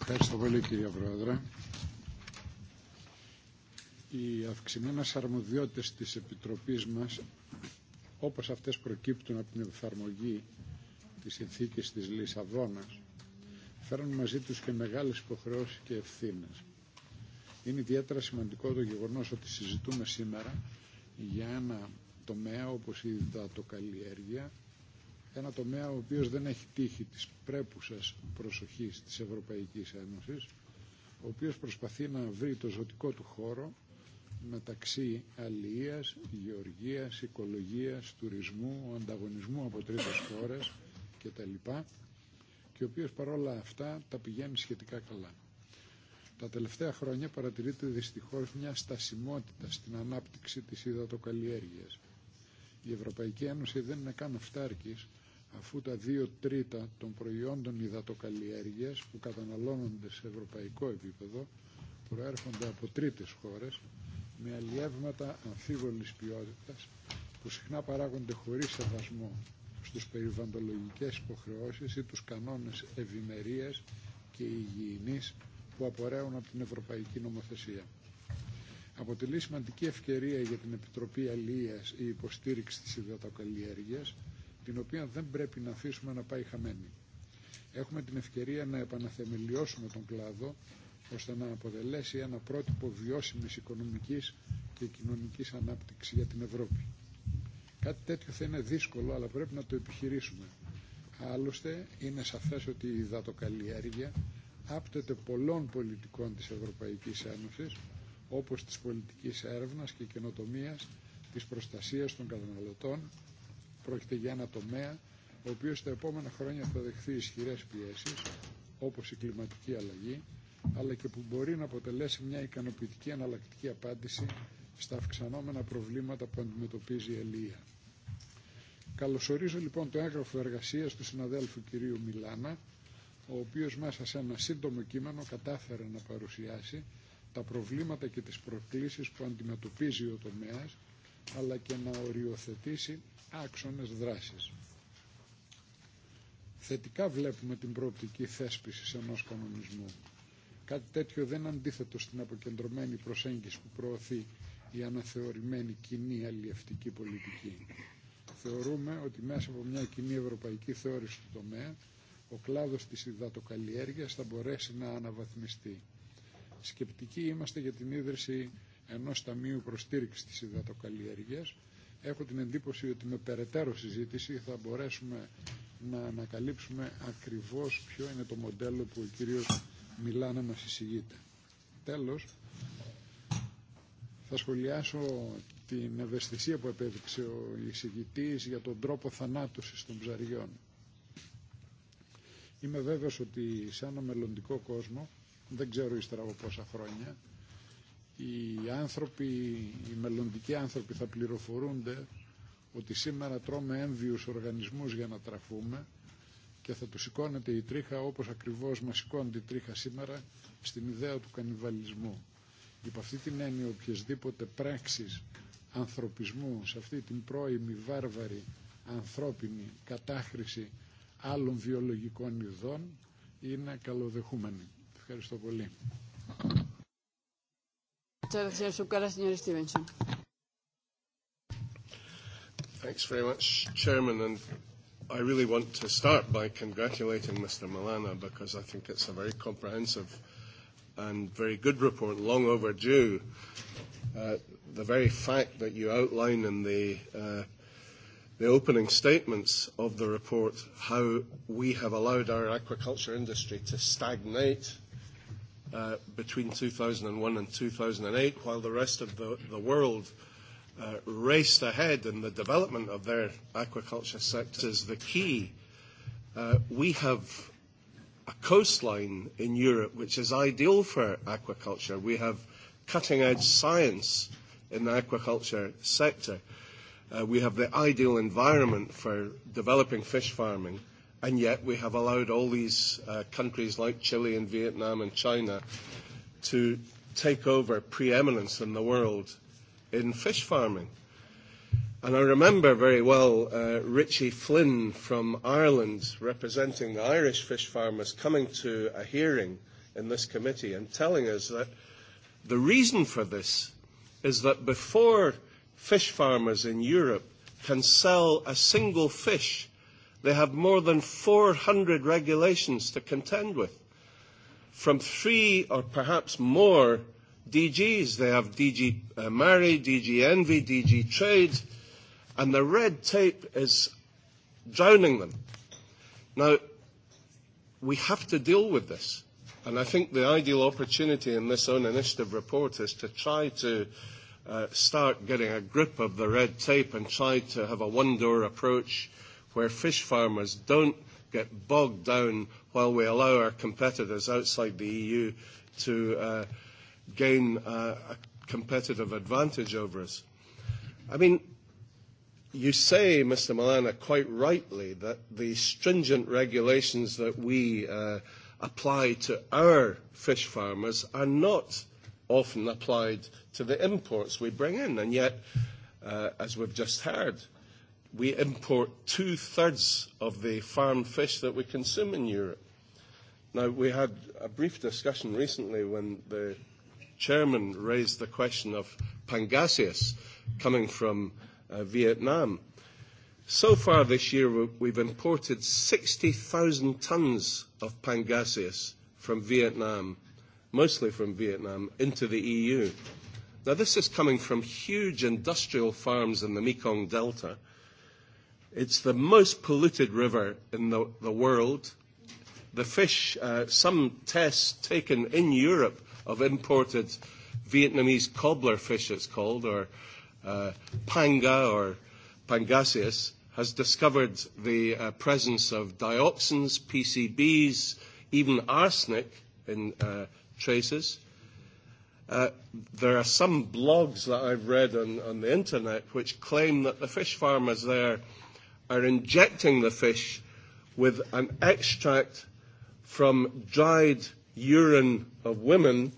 Ευχαριστώ πολύ κύριε Πρόεδρε. Οι αυξημένες αρμοδιότητες της Επιτροπής μας, όπως αυτές προκύπτουν από την εφαρμογή της συνθήκης της Λισαβόνας, φέρνουν μαζί τους και μεγάλες υποχρεώσεις και ευθύνες. Είναι ιδιαίτερα σημαντικό το γεγονός ότι συζητούμε σήμερα για ένα τομέα όπως η υδατοκαλλιέργεια, ένα τομέα ο οποίος δεν έχει τύχει της πρέπουσας προσοχής της Ευρωπαϊκής Ένωσης, ο οποίος προσπαθεί να βρει το ζωτικό του χώρο μεταξύ αλληλείας, γεωργίας, οικολογίας, τουρισμού, ανταγωνισμού από τρίτες χώρες κτλ και ο παρόλα αυτά τα πηγαίνει σχετικά καλά. Τα τελευταία χρόνια παρατηρείται δυστυχώς μια στασιμότητα στην ανάπτυξη της υδατοκαλλιέργειας. Η Ευρωπαϊκή Ένωση δεν είναι καν αυτάρκης αφού τα δύο τρίτα των προϊόντων υδατοκαλλιέργειας που καταναλώνονται σε ευρωπαϊκό επίπεδο προέρχονται από τρίτες χώρες με αλλιεύματα αμφίβολης ποιότητας που συχνά παράγονται χωρίς σεβασμό τις περιβαλλοντολογικές υποχρεώσεις ή τους κανόνες ευημερίας και υγιεινής που απορρέουν από την Ευρωπαϊκή Νομοθεσία. Αποτελεί σημαντική ευκαιρία για την Επιτροπή Αλίας η υποστήριξη της υδατοκαλλιέργειας, την οποία δεν πρέπει να αφήσουμε να πάει χαμένη. Έχουμε την ευκαιρία να επαναθεμελιώσουμε τον κλάδο, ώστε να αποτελέσει ένα πρότυπο βιώσιμης οικονομικής και κοινωνικής ανάπτυξης για την Ευρώπη. Κάτι τέτοιο θα είναι δύσκολο, αλλά πρέπει να το επιχειρήσουμε. Άλλωστε, είναι σαφές ότι η υδατοκαλλιέργεια άπτεται πολλών πολιτικών της Ευρωπαϊκής Ένωσης, όπως της πολιτικής έρευνας και καινοτομίας, της προστασίας των καταναλωτών. Πρόκειται για ένα τομέα, ο οποίος τα επόμενα χρόνια θα δεχθεί ισχυρές πιέσεις, όπως η κλιματική αλλαγή, αλλά και που μπορεί να αποτελέσει μια ικανοποιητική αναλλακτική απάντηση στα αυξανόμενα προβλήματα που αντιμετωπίζει η Ελία. Καλωσορίζω λοιπόν το έγγραφο εργασία του συναδέλφου κυρίου Μιλάνα, ο οποίο μέσα σε ένα σύντομο κείμενο κατάφερε να παρουσιάσει τα προβλήματα και τι προκλήσει που αντιμετωπίζει ο τομέα, αλλά και να οριοθετήσει άξονε δράσει. Θετικά βλέπουμε την προοπτική θέσπιση ενός κανονισμού. Κάτι τέτοιο δεν αντίθετο στην αποκεντρωμένη προσέγγιση που προωθεί η αναθεωρημένη κοινή αλλιευτική πολιτική θεωρούμε ότι μέσα από μια κοινή ευρωπαϊκή θεώρηση του τομέα ο κλάδος της υδατοκαλλιέργειας θα μπορέσει να αναβαθμιστεί. Σκεπτικοί είμαστε για την ίδρυση ενός Ταμείου Προστήριξης της Υδατοκαλλιέργειας. Έχω την εντύπωση ότι με περαιτέρω συζήτηση θα μπορέσουμε να ανακαλύψουμε ακριβώς ποιο είναι το μοντέλο που ο κύριος Μιλάνα μας εισηγείται. Τέλος, θα σχολιάσω την ευαισθησία που επέδειξε ο εισηγητής για τον τρόπο θανάτωσης των ψαριών. Είμαι βέβαιος ότι σε ένα μελλοντικό κόσμο, δεν ξέρω ύστερα από πόσα χρόνια, οι άνθρωποι, οι μελλοντικοί άνθρωποι θα πληροφορούνται ότι σήμερα τρώμε έμβιους οργανισμούς για να τραφούμε και θα του σηκώνεται η τρίχα όπως ακριβώς μας σηκώνεται η τρίχα σήμερα στην ιδέα του κανιβαλισμού. Υπό αυτή την έννοια οποιασδήποτε πράξεις ανθρωπισμού, σε αυτή την πρώιμη βάρβαρη ανθρώπινη κατάχρηση άλλων βιολογικών ειδών είναι καλοδεχούμενη. Ευχαριστώ πολύ. Thanks very much, Chairman. And I really want to start by congratulating Mr. Milana because I think it's a very comprehensive and very good report, long overdue. Uh, the very fact that you outline in the, uh, the opening statements of the report how we have allowed our aquaculture industry to stagnate uh, between 2001 and 2008 while the rest of the, the world uh, raced ahead in the development of their aquaculture sector is the key. Uh, we have a coastline in Europe which is ideal for aquaculture. We have cutting edge science in the aquaculture sector. Uh, we have the ideal environment for developing fish farming, and yet we have allowed all these uh, countries like Chile and Vietnam and China to take over preeminence in the world in fish farming. And I remember very well uh, Richie Flynn from Ireland, representing the Irish fish farmers, coming to a hearing in this committee and telling us that the reason for this is that before fish farmers in Europe can sell a single fish, they have more than 400 regulations to contend with. From three or perhaps more DGs, they have DG uh, Mari, DG Envy, DG Trade, and the red tape is drowning them. Now, we have to deal with this. And I think the ideal opportunity in this own initiative report is to try to uh, uh, start getting a grip of the red tape and try to have a one-door approach where fish farmers don't get bogged down while we allow our competitors outside the EU to uh, gain uh, a competitive advantage over us. I mean, you say, Mr. Milana, quite rightly that the stringent regulations that we uh, apply to our fish farmers are not often applied to the imports we bring in. And yet, uh, as we've just heard, we import two thirds of the farm fish that we consume in Europe. Now, we had a brief discussion recently when the chairman raised the question of pangasius coming from uh, Vietnam. So far this year, we've imported 60,000 tons of pangasius from Vietnam mostly from Vietnam, into the EU. Now, this is coming from huge industrial farms in the Mekong Delta. It's the most polluted river in the, the world. The fish, uh, some tests taken in Europe of imported Vietnamese cobbler fish, it's called, or uh, panga or pangasius, has discovered the uh, presence of dioxins, PCBs, even arsenic in uh, traces. Uh, there are some blogs that I've read on, on the internet which claim that the fish farmers there are injecting the fish with an extract from dried urine of women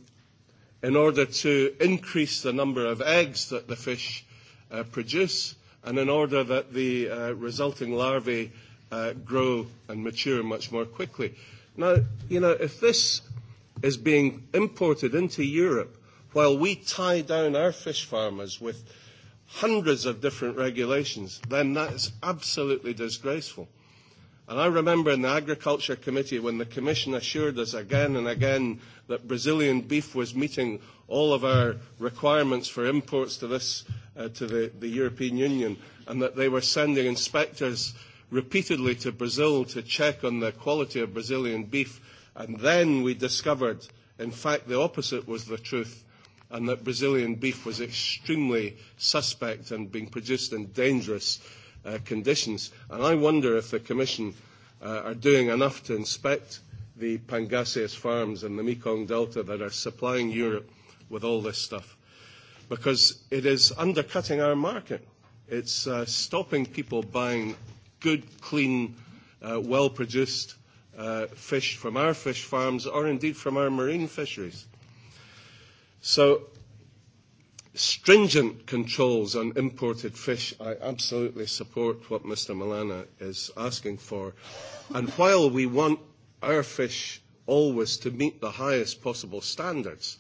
in order to increase the number of eggs that the fish uh, produce and in order that the uh, resulting larvae uh, grow and mature much more quickly. Now, you know, if this is being imported into Europe while we tie down our fish farmers with hundreds of different regulations, then that is absolutely disgraceful. And I remember in the Agriculture Committee when the Commission assured us again and again that Brazilian beef was meeting all of our requirements for imports to, this, uh, to the, the European Union and that they were sending inspectors repeatedly to Brazil to check on the quality of Brazilian beef And then we discovered, in fact, the opposite was the truth, and that Brazilian beef was extremely suspect and being produced in dangerous uh, conditions. And I wonder if the Commission uh, are doing enough to inspect the Pangasius farms in the Mekong Delta that are supplying Europe with all this stuff. Because it is undercutting our market. It's uh, stopping people buying good, clean, uh, well produced uh, fish from our fish farms or indeed from our marine fisheries. So stringent controls on imported fish, I absolutely support what Mr. Milana is asking for. And while we want our fish always to meet the highest possible standards,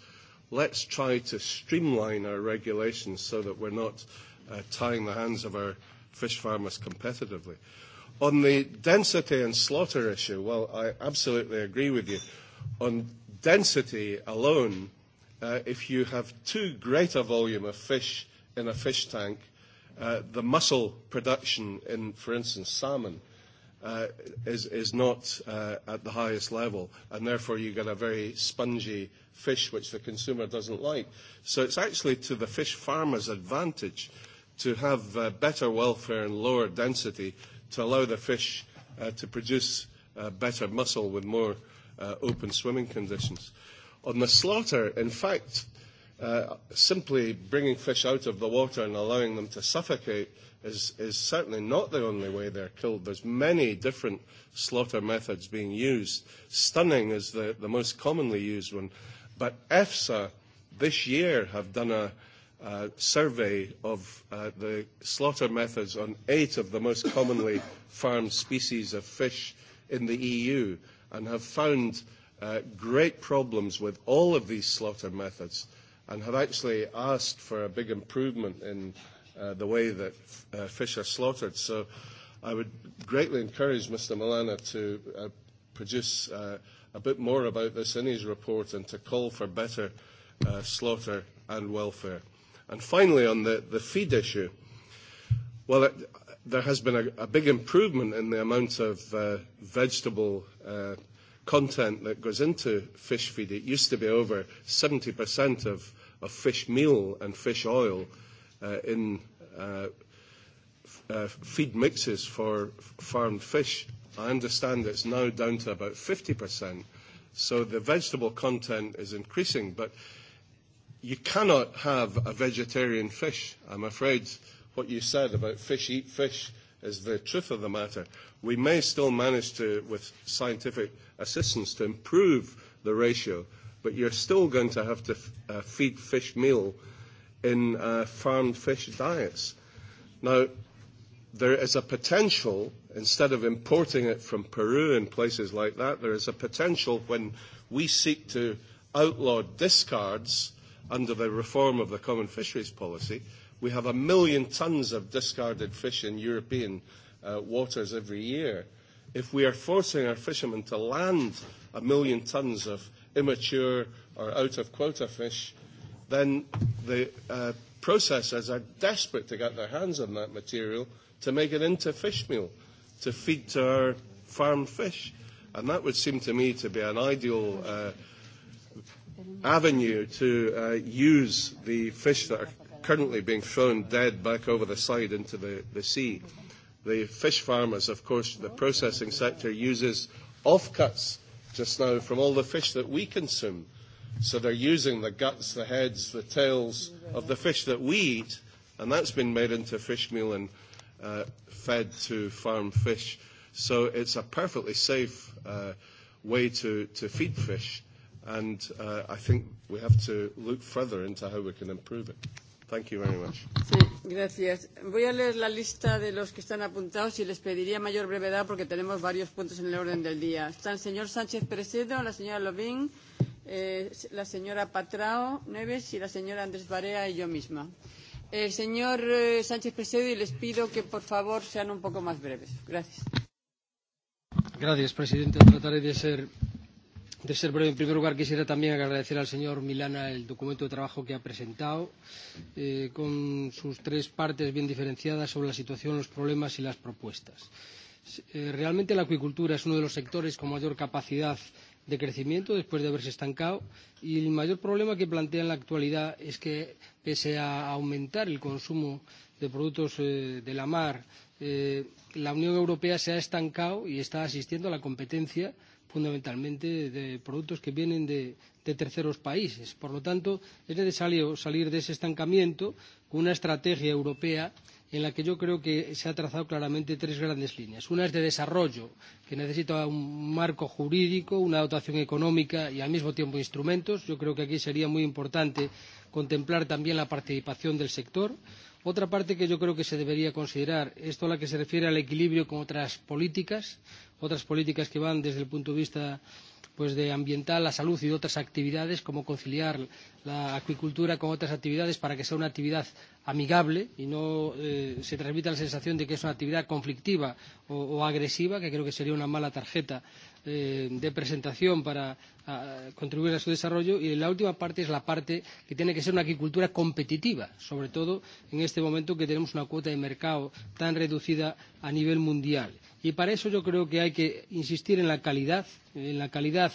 let's try to streamline our regulations so that we're not uh, tying the hands of our fish farmers competitively. Uh, On the density and slaughter issue, well, I absolutely agree with you. On density alone, uh, if you have too great a volume of fish in a fish tank, uh, the muscle production in, for instance, salmon, uh, is, is not uh, at the highest level, and therefore you get a very spongy fish which the consumer doesn't like. So it's actually to the fish farmer's advantage to have uh, better welfare and lower density to allow the fish uh, to produce uh, better muscle with more uh, open swimming conditions. On the slaughter, in fact, uh, simply bringing fish out of the water and allowing them to suffocate is, is certainly not the only way they're killed. There's many different slaughter methods being used. Stunning is the, the most commonly used one. But EFSA this year have done a, survey of the slaughter methods on eight of the most commonly farmed species of fish in the EU and have found uh great problems with all of these slaughter methods and have actually asked for a big improvement in uh the way that uh fish are slaughtered. So I would greatly encourage Mr. Milana to uh produce uh a bit more about this in his report and to call for better uh slaughter and welfare. And finally, on the, the feed issue, well, it, there has been a, a big improvement in the amount of uh, vegetable uh, content that goes into fish feed. It used to be over 70% of, of fish meal and fish oil uh, in uh, uh, feed mixes for farmed fish. I understand it's now down to about 50%. So the vegetable content is increasing, but you cannot have a vegetarian fish. I'm afraid what you said about fish eat fish is the truth of the matter. We may still manage to, with scientific assistance, to improve the ratio, but you're still going to have to uh, feed fish meal in uh, farmed fish diets. Now, there is a potential, instead of importing it from Peru and places like that, there is a potential when we seek to outlaw discards under the reform of the common fisheries policy, we have a million tonnes of discarded fish in European uh, waters every year. If we are forcing our fishermen to land a million tonnes of immature or out of quota fish, then the uh, processors are desperate to get their hands on that material to make it into fish meal, to feed to our farm fish. And that would seem to me to be an ideal uh, avenue to uh, use the fish that are currently being thrown dead back over the side into the, the sea. The fish farmers, of course, the processing sector uses offcuts just now from all the fish that we consume. So they're using the guts, the heads, the tails of the fish that we eat, and that's been made into fish meal and uh, fed to farm fish. So it's a perfectly safe uh, way to, to feed fish and uh, I think we have to look further into how we can improve it. Thank you very much. Sí, gracias. Voy a leer la lista de los que están apuntados y les pediría mayor brevedad porque tenemos varios puntos en el orden del día. Está el señor Sánchez Presedo, la señora Lovín, eh, la señora Patrao Neves y la señora Andrés Barea y yo misma. Eh, señor eh, Sánchez Presedo, y les pido que por favor sean un poco más breves. Gracias. Gracias, presidente. Trataré de ser de ser breve. En primer lugar, quisiera también agradecer al señor Milana el documento de trabajo que ha presentado, eh, con sus tres partes bien diferenciadas sobre la situación, los problemas y las propuestas. Eh, realmente la acuicultura es uno de los sectores con mayor capacidad de crecimiento después de haberse estancado y el mayor problema que plantea en la actualidad es que pese a aumentar el consumo de productos eh, de la mar, eh, la Unión Europea se ha estancado y está asistiendo a la competencia fundamentalmente de productos que vienen de, de terceros países. Por lo tanto, es necesario salir de ese estancamiento con una estrategia europea en la que yo creo que se han trazado claramente tres grandes líneas. Una es de desarrollo, que necesita un marco jurídico, una dotación económica y al mismo tiempo instrumentos. Yo creo que aquí sería muy importante contemplar también la participación del sector. Otra parte que yo creo que se debería considerar, esto a la que se refiere al equilibrio con otras políticas, otras políticas que van desde el punto de vista pues de ambiental, la salud y otras actividades, como conciliar la acuicultura con otras actividades para que sea una actividad amigable y no eh, se transmita la sensación de que es una actividad conflictiva o, o agresiva, que creo que sería una mala tarjeta de presentación para contribuir a su desarrollo y la última parte es la parte que tiene que ser una agricultura competitiva, sobre todo en este momento que tenemos una cuota de mercado tan reducida a nivel mundial. Y para eso yo creo que hay que insistir en la calidad, en la calidad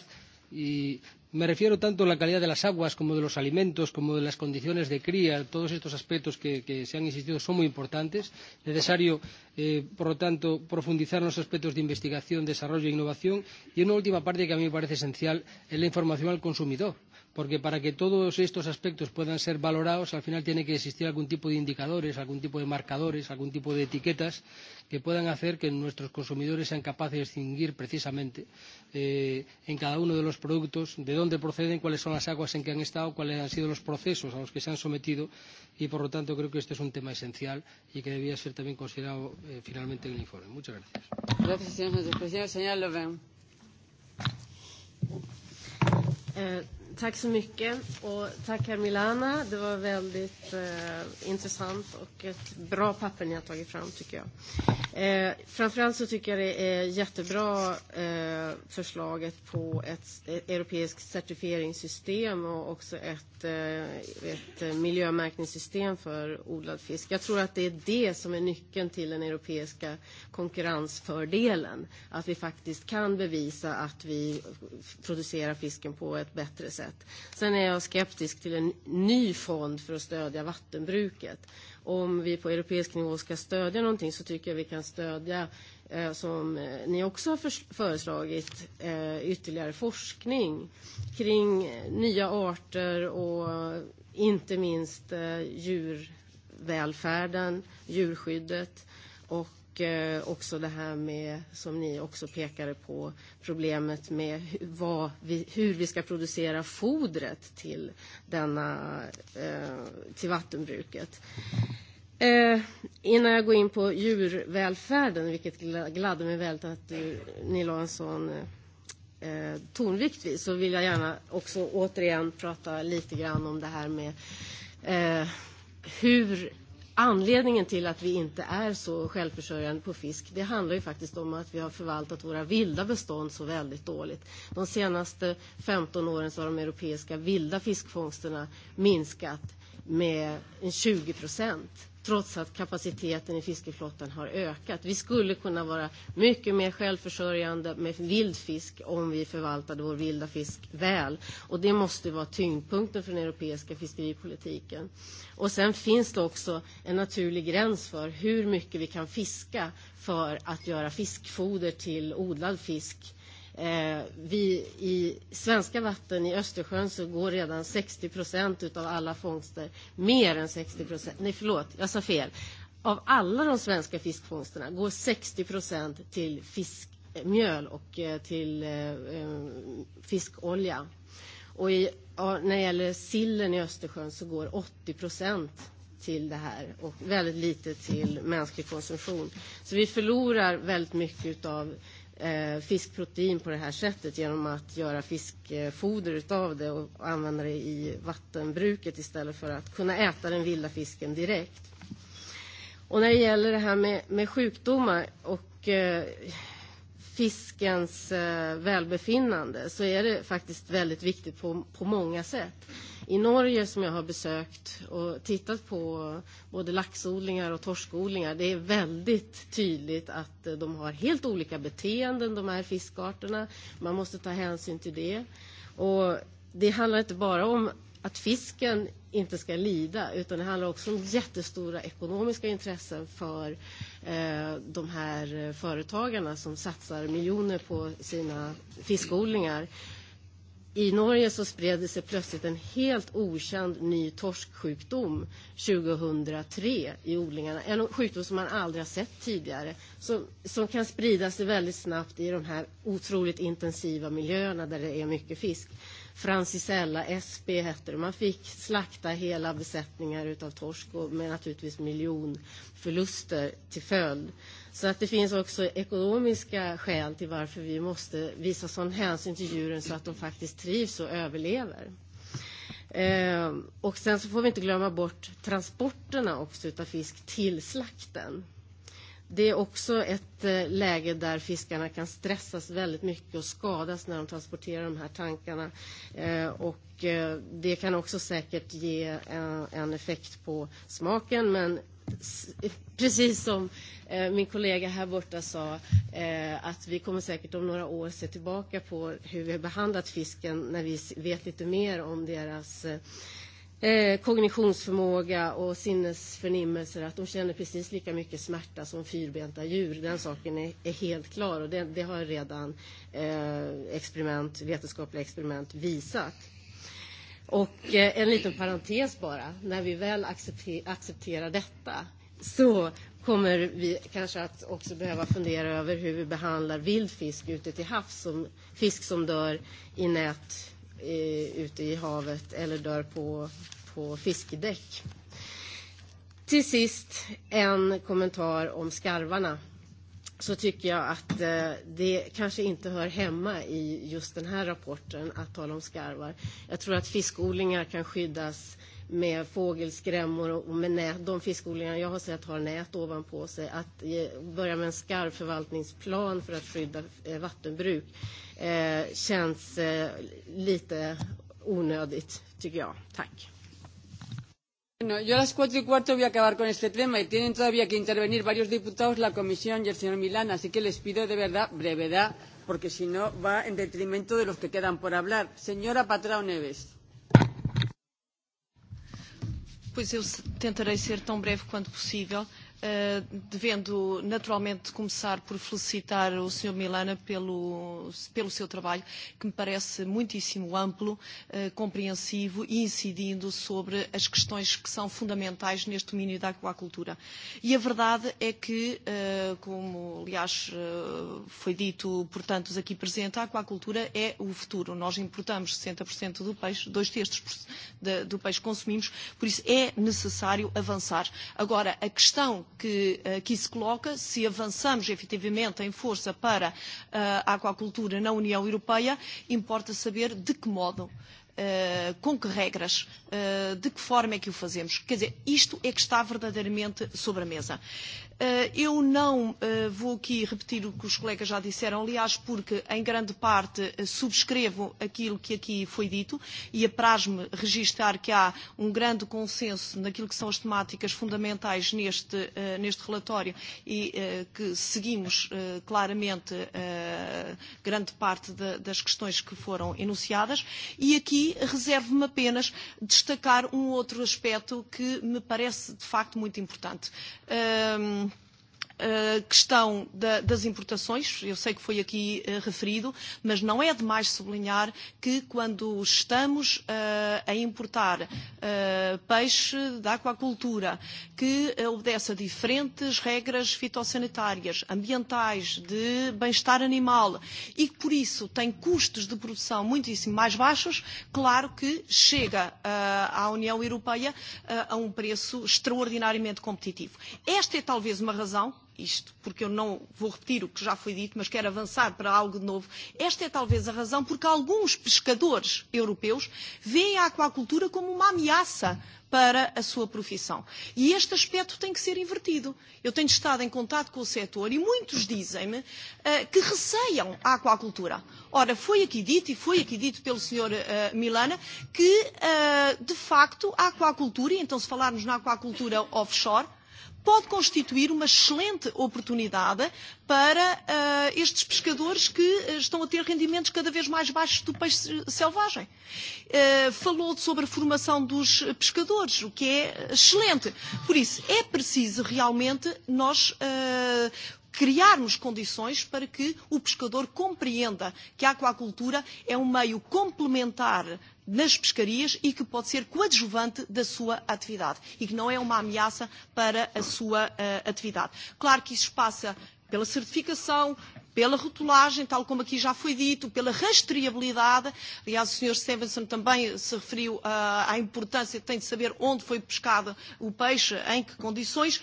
y Me refiero tanto a la calidad de las aguas como de los alimentos, como de las condiciones de cría. Todos estos aspectos que, que se han insistido son muy importantes. Es Necesario, eh, por lo tanto, profundizar en los aspectos de investigación, desarrollo e innovación. Y una última parte que a mí me parece esencial es la información al consumidor porque para que todos estos aspectos puedan ser valorados, al final tiene que existir algún tipo de indicadores, algún tipo de marcadores, algún tipo de etiquetas que puedan hacer que nuestros consumidores sean capaces de distinguir precisamente eh, en cada uno de los productos de dónde proceden, cuáles son las aguas en que han estado, cuáles han sido los procesos a los que se han sometido y, por lo tanto, creo que este es un tema esencial y que debía ser también considerado eh, finalmente en el informe. Muchas gracias. Gracias, señor presidente. Tack så mycket och tack Milana. Det var väldigt eh, intressant och ett bra papper ni har tagit fram tycker jag. Eh, framförallt så tycker jag det är jättebra eh, förslaget på ett, ett europeiskt certifieringssystem och också ett, eh, ett miljömärkningssystem för odlad fisk. Jag tror att det är det som är nyckeln till den europeiska konkurrensfördelen. Att vi faktiskt kan bevisa att vi producerar fisken på ett bättre sätt sätt. Sen är jag skeptisk till en ny fond för att stödja vattenbruket. Om vi på europeisk nivå ska stödja någonting så tycker jag vi kan stödja, som ni också har föreslagit, ytterligare forskning kring nya arter och inte minst djurvälfärden, djurskyddet och också det här med, som ni också pekade på, problemet med vad vi, hur vi ska producera fodret till, denna, till vattenbruket. Eh, innan jag går in på djurvälfärden, vilket gladde mig väldigt att du, ni la en sån eh, tonvikt vid, så vill jag gärna också återigen prata lite grann om det här med eh, hur anledningen till att vi inte är så självförsörjande på fisk, det handlar ju faktiskt om att vi har förvaltat våra vilda bestånd så väldigt dåligt. De senaste 15 åren så har de europeiska vilda fiskfångsterna minskat med 20 procent trots att kapaciteten i fiskeflottan har ökat. Vi skulle kunna vara mycket mer självförsörjande med vildfisk om vi förvaltade vår vilda fisk väl. Och det måste vara tyngdpunkten för den europeiska fiskeripolitiken. Och sen finns det också en naturlig gräns för hur mycket vi kan fiska för att göra fiskfoder till odlad fisk vi I svenska vatten i Östersjön så går redan 60 procent av alla fångster, mer än 60 procent, nej förlåt, jag sa fel. Av alla de svenska fiskfångsterna går 60 procent till fiskmjöl och till fiskolja. Och i, när det gäller sillen i Östersjön så går 80 procent till det här och väldigt lite till mänsklig konsumtion. Så vi förlorar väldigt mycket av fiskprotein på det här sättet genom att göra fiskfoder av det och använda det i vattenbruket istället för att kunna äta den vilda fisken direkt. Och när det gäller det här med, med sjukdomar och eh, fiskens eh, välbefinnande så är det faktiskt väldigt viktigt på, på många sätt i Norge som jag har besökt och tittat på både laxodlingar och torskodlingar. Det är väldigt tydligt att de har helt olika beteenden, de här fiskarterna. Man måste ta hänsyn till det. Och det handlar inte bara om att fisken inte ska lida utan det handlar också om jättestora ekonomiska intressen för eh, de här företagarna som satsar miljoner på sina fiskodlingar. I Norge så spred det sig plötsligt en helt okänd ny torsksjukdom 2003 i odlingarna. En sjukdom som man aldrig har sett tidigare. Som, som kan sprida sig väldigt snabbt i de här otroligt intensiva miljöerna där det är mycket fisk. Francisella SP hette det. Man fick slakta hela besättningar av torsk och med naturligtvis miljonförluster till följd. Eh, Så att det finns också ekonomiska skäl till varför vi måste visa sån hänsyn till djuren så att de faktiskt trivs och överlever. Eh, och sen så får vi inte glömma bort transporterna också utav fisk till slakten. Det är också ett läge där fiskarna kan stressas väldigt mycket och skadas när de transporterar de här tankarna. Och det kan också säkert ge en effekt på smaken, men precis som min kollega här borta sa, att vi kommer säkert om några år se tillbaka på hur vi har behandlat fisken när vi vet lite mer om deras kognitionsförmåga och sinnesförnimmelser, att de känner precis lika mycket smärta som fyrbenta djur. Den saken är, är helt klar och det, det har redan eh, experiment, vetenskapliga experiment visat. Och en liten parentes bara, när vi väl accepterar detta så kommer vi kanske att också behöva fundera över hur vi behandlar vild fisk ute till havs, som fisk som dör i nät eh, ute i havet eller dör på, på fiskedäck. Till sist en kommentar om skarvarna så tycker jag att det kanske inte hör hemma i just den här rapporten att tala om skarvar. Jag tror att fiskodlingar kan skyddas med fågelskrämmor och med nät. De fiskodlingar jag har sett har nät ovanpå sig. Att börja med en skarvförvaltningsplan för att skydda vattenbruk känns lite onödigt, tycker jag. Tack. Bueno, yo a las cuatro y cuarto voy a acabar con este tema y tienen todavía que intervenir varios diputados, la comisión y el señor Milán, así que les pido de verdad brevedad, porque si no va en detrimento de los que quedan por hablar. Señora Patrao Neves. Pues yo intentaré ser tan breve cuanto posible devendo naturalmente começar por felicitar o Sr. Milana pelo, pelo seu trabalho, que me parece muitíssimo amplo, compreensivo e incidindo sobre as questões que são fundamentais neste domínio da aquacultura. E a verdade é que, como aliás foi dito por tantos aqui presentes, a aquacultura é o futuro. Nós importamos 60% do peixe, dois terços do peixe consumimos, por isso é necessário avançar. Agora, a questão que aqui se coloca, se avançamos efetivamente em força para a aquacultura na União Europeia, importa saber de que modo com que regras, de que forma é que o fazemos. Quer dizer, isto é que está verdadeiramente sobre a mesa. Eu não vou aqui repetir o que os colegas já disseram, aliás, porque em grande parte subscrevo aquilo que aqui foi dito e apraz-me registrar que há um grande consenso naquilo que são as temáticas fundamentais neste, neste relatório e que seguimos claramente grande parte das questões que foram enunciadas. E aqui reservo-me apenas destacar um outro aspecto que me parece de facto muito importante. Um, questão da, das importações, eu sei que foi aqui uh, referido, mas não é demais sublinhar que quando estamos uh, a importar uh, peixe da aquacultura que obedece a diferentes regras fitossanitárias, ambientais, de bem-estar animal e que por isso tem custos de produção muitíssimo mais baixos, claro que chega uh, à União Europeia uh, a um preço extraordinariamente competitivo. Esta é talvez uma razão isto, porque eu não vou repetir o que já foi dito, mas quero avançar para algo de novo. Esta é talvez a razão porque alguns pescadores europeus veem a aquacultura como uma ameaça para a sua profissão. E este aspecto tem que ser invertido. Eu tenho estado em contato com o setor e muitos dizem-me uh, que receiam a aquacultura. Ora, foi aqui dito, e foi aqui dito pelo Sr. Uh, Milana, que, uh, de facto, a aquacultura, e então se falarmos na aquacultura offshore, pode constituir uma excelente oportunidade para uh, estes pescadores que estão a ter rendimentos cada vez mais baixos do peixe selvagem. Uh, falou sobre a formação dos pescadores, o que é excelente. Por isso, é preciso realmente nós uh, criarmos condições para que o pescador compreenda que a aquacultura é um meio complementar nas pescarias e que pode ser coadjuvante da sua atividade e que não é uma ameaça para a sua uh, atividade. Claro que isso passa pela certificação, pela rotulagem, tal como aqui já foi dito, pela rastreabilidade. Aliás, o Sr. Stevenson também se referiu à importância que tem de saber onde foi pescado o peixe, em que condições.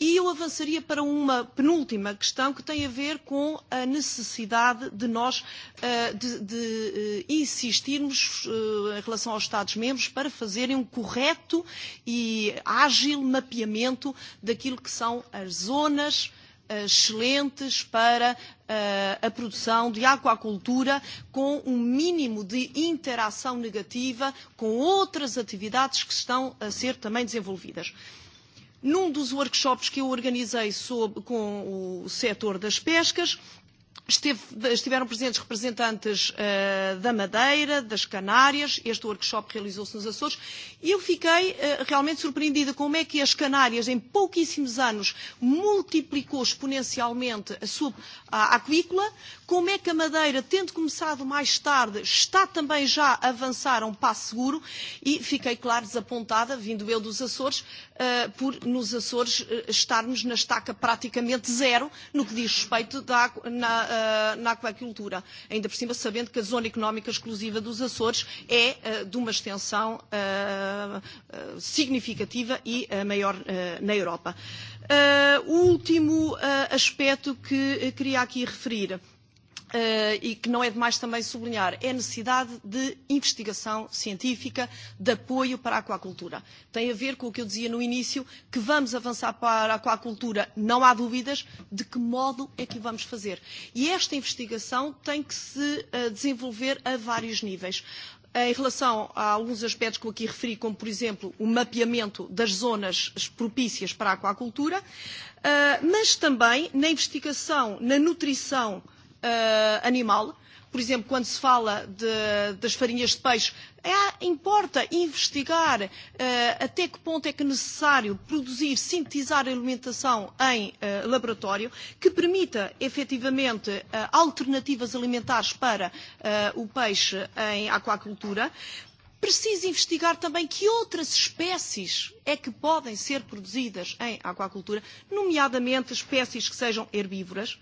E eu avançaria para uma penúltima questão que tem a ver com a necessidade de nós de, de insistirmos em relação aos Estados-membros para fazerem um correto e ágil mapeamento daquilo que são as zonas excelentes para a produção de aquacultura com um mínimo de interação negativa com outras atividades que estão a ser também desenvolvidas. Num dos workshops que eu organizei sobre, com o setor das pescas, estiveram presentes representantes uh, da Madeira, das Canárias, este workshop realizou-se nos Açores, e eu fiquei uh, realmente surpreendida como é que as Canárias, em pouquíssimos anos, multiplicou exponencialmente a sua à aquícola, como é que a Madeira, tendo começado mais tarde, está também já a avançar a um passo seguro e fiquei, claro, desapontada, vindo eu dos Açores, uh, por nos Açores uh, estarmos na estaca praticamente zero no que diz respeito da, na, uh, na aquacultura. Ainda por cima, sabendo que a zona económica exclusiva dos Açores é uh, de uma extensão uh, uh, significativa e uh, maior uh, na Europa. Uh, o último uh, aspecto que queria já aqui referir e que não é demais também sublinhar, é a necessidade de investigação científica, de apoio para a aquacultura. Tem a ver com o que eu dizia no início, que vamos avançar para a aquacultura, não há dúvidas, de que modo é que o vamos fazer. E esta investigação tem que se desenvolver a vários níveis em relação a alguns aspectos que eu aqui referi, como, por exemplo, o mapeamento das zonas propícias para a aquacultura, mas também na investigação, na nutrição animal, por exemplo, quando se fala de, das farinhas de peixe, é, importa investigar uh, até que ponto é que é necessário produzir, sintetizar alimentação em uh, laboratório, que permita efetivamente uh, alternativas alimentares para uh, o peixe em aquacultura, precisa investigar também que outras espécies é que podem ser produzidas em aquacultura, nomeadamente espécies que sejam herbívoras,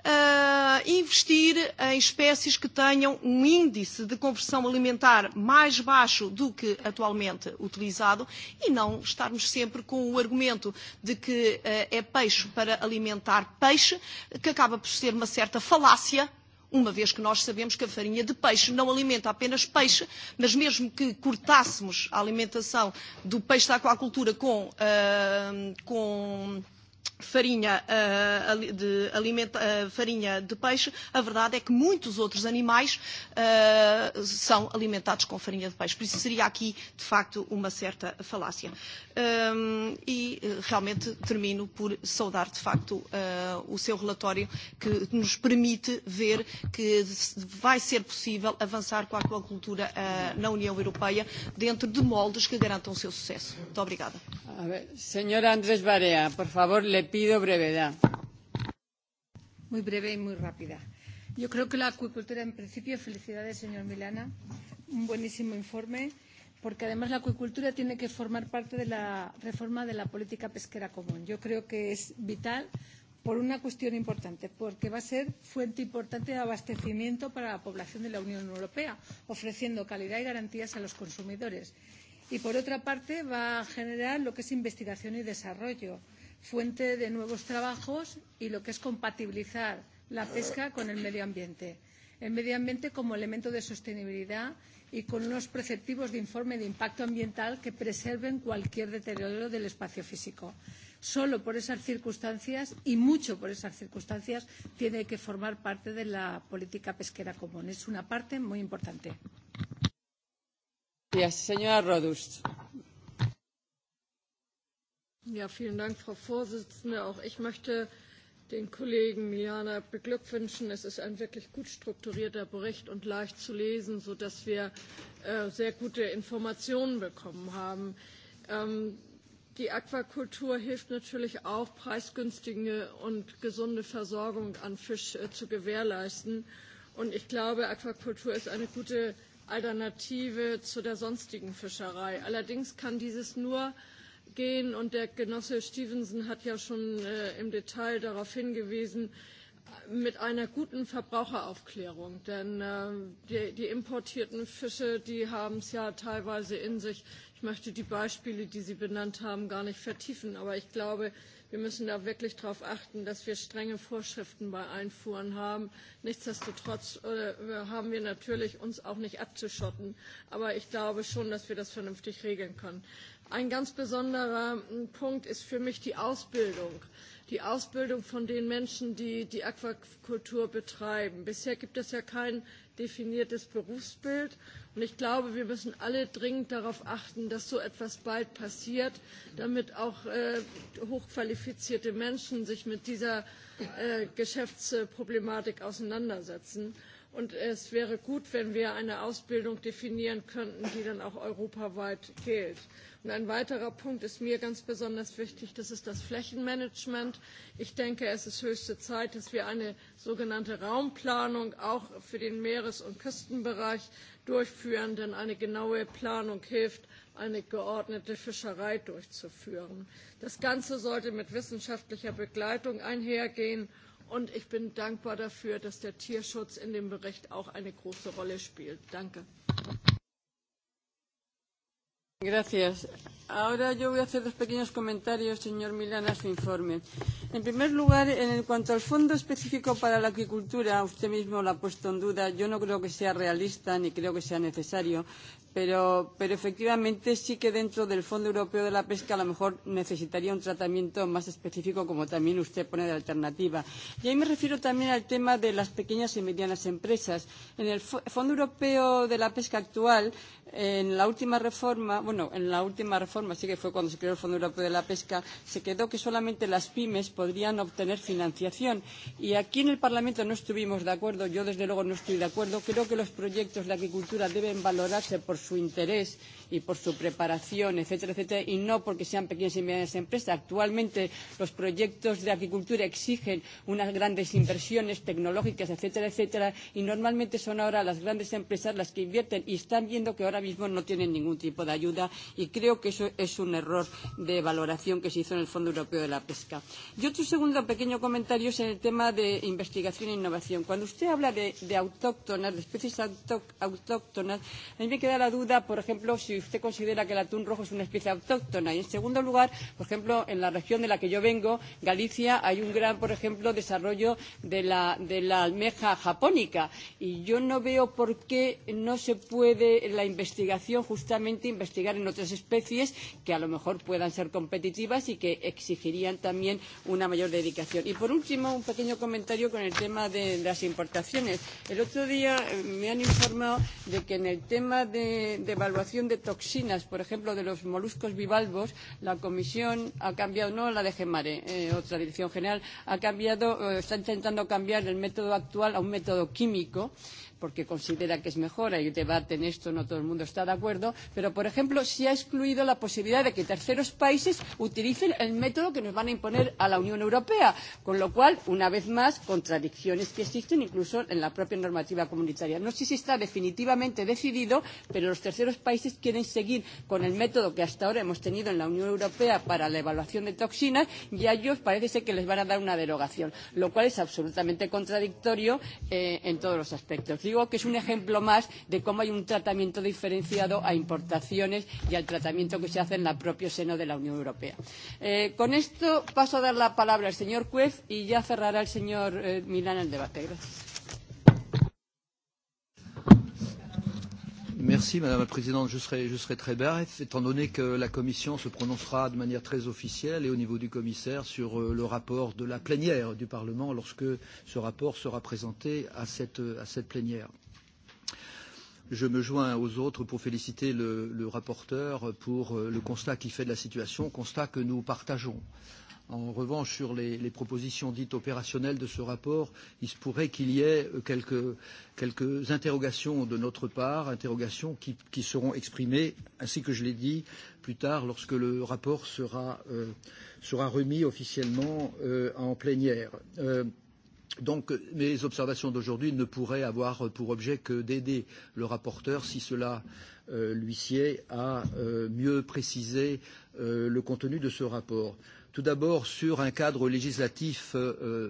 uh, investir em espécies que tenham um índice de conversão alimentar mais baixo do que atualmente utilizado e não estarmos sempre com o argumento de que uh, é peixe para alimentar peixe, que acaba por ser uma certa falácia uma vez que nós sabemos que a farinha de peixe não alimenta apenas peixe, mas mesmo que cortássemos a alimentação do peixe da aquacultura com, uh, com farinha, uh, de alimenta, uh, farinha de peixe, a verdade é que muitos outros animais uh, são alimentados com farinha de peixe. Por isso seria aqui, de facto, uma certa falácia. Um, e realmente termino por saudar, de facto, uh, o seu relatório que nos permite ver que vai ser possível avançar com a aquacultura uh, na União Europeia dentro de moldes que garantam o seu sucesso. Muito obrigada. A ver, senhora Andrés Barea, por favor, le pido brevedad. Muy breve y muy rápida. Yo creo que la acuicultura, en principio, felicidades, señor Milana. Un buenísimo informe, porque además la acuicultura tiene que formar parte de la reforma de la política pesquera común. Yo creo que es vital por una cuestión importante, porque va a ser fuente importante de abastecimiento para la población de la Unión Europea, ofreciendo calidad y garantías a los consumidores. Y por otra parte, va a generar lo que es investigación y desarrollo fuente de nuevos trabajos y lo que es compatibilizar la pesca con el medio ambiente. El medio ambiente como elemento de sostenibilidad y con unos preceptivos de informe de impacto ambiental que preserven cualquier deterioro del espacio físico. Solo por esas circunstancias y mucho por esas circunstancias tiene que formar parte de la política pesquera común. Es una parte muy importante. Gracias, señora Rodust. Ja, vielen Dank, Frau Vorsitzende. Auch ich möchte den Kollegen Miliana beglückwünschen. Es ist ein wirklich gut strukturierter Bericht und leicht zu lesen, sodass wir sehr gute Informationen bekommen haben. die Aquakultur hilft natürlich auch, preisgünstige und gesunde Versorgung an Fisch zu gewährleisten. Und ich glaube, Aquakultur ist eine gute Alternative zu der sonstigen Fischerei. Allerdings kann dieses nur gehen. Und der Genosse Stevenson hat ja schon im Detail darauf hingewiesen, mit einer guten Verbraucheraufklärung. Denn die, importierten Fische, haben es ja teilweise in sich. Ich möchte die Beispiele, die Sie benannt haben, gar nicht vertiefen. Aber ich glaube, wir müssen da wirklich darauf achten, dass wir strenge Vorschriften bei Einfuhren haben. Nichtsdestotrotz haben wir natürlich uns auch nicht abzuschotten. Aber ich glaube schon, dass wir das vernünftig regeln können. Ein ganz besonderer Punkt ist für mich die Ausbildung. Die Ausbildung von den Menschen, die die Aquakultur betreiben. Bisher gibt es ja kein definiertes Berufsbild. Und ich glaube, wir müssen alle dringend darauf achten, dass so etwas bald passiert, damit auch hochqualifizierte Menschen sich mit dieser Geschäftsproblematik auseinandersetzen. Und es wäre gut, wenn wir eine Ausbildung definieren könnten, die dann auch europaweit gilt. Und ein weiterer Punkt ist mir ganz besonders wichtig, das ist das Flächenmanagement. Ich denke, es ist höchste Zeit, dass wir eine sogenannte Raumplanung auch für den Meeres- und Küstenbereich durchführen, denn eine genaue Planung hilft, eine geordnete Fischerei durchzuführen. Das Ganze sollte mit wissenschaftlicher Begleitung einhergehen Und ich bin dankbar dafür, dass der Tierschutz in dem Bericht auch eine große Rolle spielt. Danke. Gracias. Ahora yo voy a hacer dos pequeños comentarios, señor Milán, a su informe. En primer lugar, en cuanto al Fondo Específico para la Agricultura, usted mismo lo ha puesto en duda. Yo no creo que sea realista ni creo que sea necesario pero, pero efectivamente sí que dentro del Fondo Europeo de la Pesca a lo mejor necesitaría un tratamiento más específico, como también usted pone de alternativa. Y ahí me refiero también al tema de las pequeñas y medianas empresas. En el Fondo Europeo de la Pesca actual, en la última reforma, bueno, en la última reforma sí que fue cuando se creó el Fondo Europeo de la Pesca, se quedó que solamente las pymes podrían obtener financiación. Y aquí en el Parlamento no estuvimos de acuerdo, yo desde luego no estoy de acuerdo. Creo que los proyectos de agricultura deben valorarse por su interés y por su preparación, etcétera, etcétera, y no porque sean pequeñas y medianas empresas. Actualmente los proyectos de agricultura exigen unas grandes inversiones tecnológicas, etcétera, etcétera, y normalmente son ahora las grandes empresas las que invierten y están viendo que ahora mismo no tienen ningún tipo de ayuda y creo que eso es un error de valoración que se hizo en el Fondo Europeo de la Pesca. Y otro segundo pequeño comentario es en el tema de investigación e innovación. Cuando usted habla de, de autóctonas, de especies autóctonas, a mí me queda la duda, por ejemplo, si si usted considera que el atún rojo es una especie autóctona. Y en segundo lugar, por ejemplo, en la región de la que yo vengo, Galicia, hay un gran, por ejemplo, desarrollo de la, de la almeja japónica. Y yo no veo por qué no se puede la investigación, justamente investigar en otras especies que a lo mejor puedan ser competitivas y que exigirían también una mayor dedicación. Y por último, un pequeño comentario con el tema de las importaciones. El otro día me han informado de que en el tema de, de evaluación de toxinas, por ejemplo, de los moluscos bivalvos, la Comisión ha cambiado, no la de Gemare, eh, otra dirección general, ha cambiado, eh, está intentando cambiar el método actual a un método químico porque considera que es mejor, hay debate en esto, no todo el mundo está de acuerdo, pero por ejemplo se ha excluido la posibilidad de que terceros países utilicen el método que nos van a imponer a la Unión Europea, con lo cual, una vez más, contradicciones que existen incluso en la propia normativa comunitaria. No sé si está definitivamente decidido, pero los terceros países quieren seguir con el método que hasta ahora hemos tenido en la Unión Europea para la evaluación de toxinas y a ellos parece ser que les van a dar una derogación, lo cual es absolutamente contradictorio eh, en todos los aspectos digo que es un ejemplo más de cómo hay un tratamiento diferenciado a importaciones y al tratamiento que se hace en el propio seno de la Unión Europea. Eh, con esto paso a dar la palabra al señor Cuez y ya cerrará el señor eh, Milán el debate. Gracias. Merci Madame la Présidente. Je serai, je serai très bref, étant donné que la Commission se prononcera de manière très officielle et au niveau du commissaire sur le rapport de la plénière du Parlement lorsque ce rapport sera présenté à cette, à cette plénière. Je me joins aux autres pour féliciter le, le rapporteur pour le constat qu'il fait de la situation, constat que nous partageons. Euh, En revanche, sur les, les propositions dites opérationnelles de ce rapport, il se pourrait qu'il y ait quelques, quelques interrogations de notre part, interrogations qui, qui seront exprimées, ainsi que je l'ai dit plus tard, lorsque le rapport sera, euh, sera remis officiellement euh, en plénière. Euh, Donc mes observations d'aujourd'hui ne pourraient avoir pour objet que d'aider le rapporteur, si cela euh, lui sied, à euh, mieux préciser euh, le contenu de ce rapport. Euh, Tout d'abord, sur un cadre législatif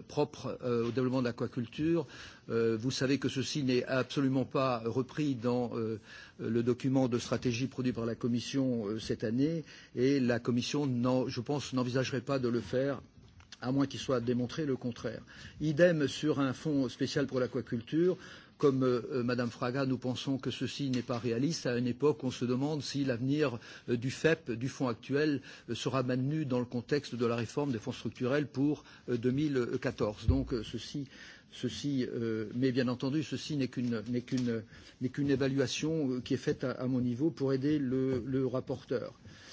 propre au développement de l'aquaculture. vous savez que ceci n'est absolument pas repris dans le document de stratégie produit par la Commission cette année, et la Commission, je pense, n'envisagerait pas de le faire à moins qu'il soit démontré le contraire. Idem sur un fonds spécial pour l'aquaculture. Comme Madame Fraga, nous pensons que ceci n'est pas réaliste à une époque où on se demande si l'avenir du FEP, du fonds actuel, sera maintenu dans le contexte de la réforme des fonds structurels pour 2014. Donc ceci Ceci, euh, mais bien entendu, ceci n'est qu'une qu'une évaluation qui est faite à, à mon niveau pour aider le, le rapporteur. Euh,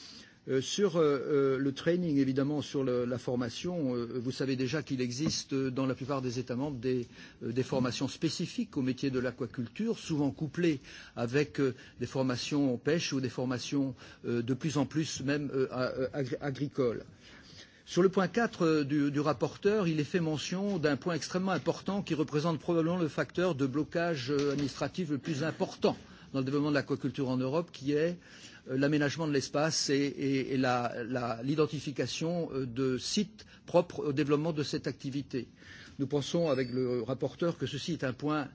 sur le training, évidemment, sur la formation, vous savez déjà qu'il existe dans la plupart des États membres des, formations spécifiques au métier de l'aquaculture, souvent couplées avec des formations en pêche ou des formations de plus en plus même agricoles. Sur le point quatre du, rapporteur, il est fait mention d'un point extrêmement important qui représente probablement le facteur de blocage administratif le plus important dans le développement de l'aquaculture en Europe, qui est euh, l'aménagement de l'espace et, et, et l'identification de sites propres au développement de cette activité. Nous pensons, avec le rapporteur, que ceci est un point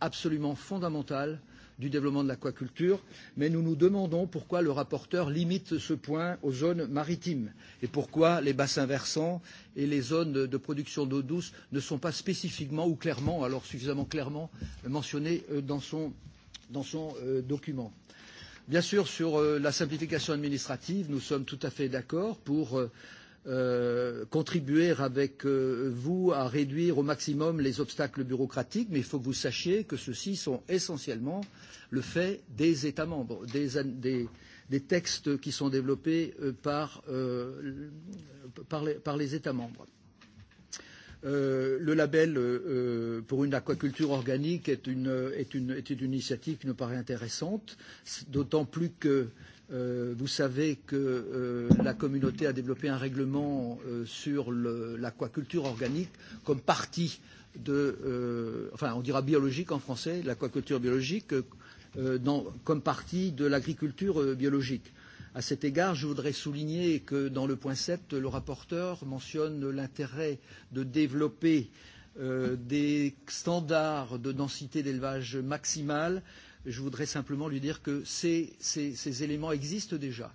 absolument fondamental du développement de l'aquaculture, mais nous nous demandons pourquoi le rapporteur limite ce point aux zones maritimes et pourquoi les bassins versants et les zones de production d'eau douce ne sont pas spécifiquement ou clairement, alors suffisamment clairement, mentionnés dans son, document. Bien sûr, sur la simplification administrative, nous sommes tout à fait d'accord pour contribuer avec vous à réduire au maximum les obstacles bureaucratiques, mais il faut que vous sachiez que ceux-ci sont essentiellement le fait des États membres, des, textes qui sont développés par les États membres le label pour une aquaculture organique est une, est une, est une initiative qui nous paraît intéressante, d'autant plus que vous savez que la communauté a développé un règlement sur l'aquaculture organique comme partie de, enfin on dira biologique en français, l'aquaculture biologique, comme partie de l'agriculture biologique. À cet égard, je voudrais souligner que dans le point 7, le rapporteur mentionne l'intérêt de développer euh, des standards de densité d'élevage maximale. Je voudrais simplement lui dire que ces, ces, ces éléments existent déjà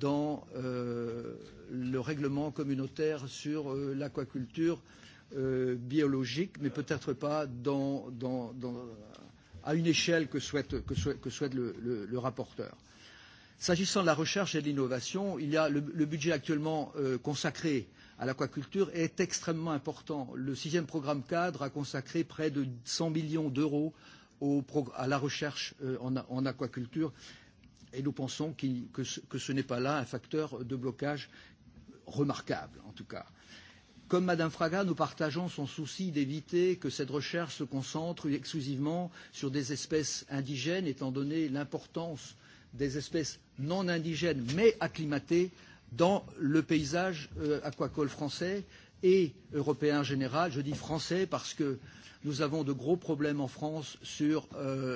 dans euh, le règlement communautaire sur euh, l'aquaculture euh, biologique, mais peut-être pas dans, dans, dans, à une échelle que souhaite, que souhaite, que souhaite le, le, le rapporteur. Euh, S'agissant de la recherche et de l'innovation, il y a le, le budget actuellement euh, consacré à l'aquaculture est extrêmement important. Le sixième programme cadre a consacré près de 100 millions d'euros à la recherche euh, en, en aquaculture et nous pensons qu que ce, que ce n'est pas là un facteur de blocage remarquable, en tout cas. Comme Madame Fraga, nous partageons son souci d'éviter que cette recherche se concentre exclusivement sur des espèces indigènes, étant donné l'importance des espèces non indigènes mais acclimatées dans le paysage aquacole français et européen en général. Je dis français parce que nous avons de gros problèmes en France sur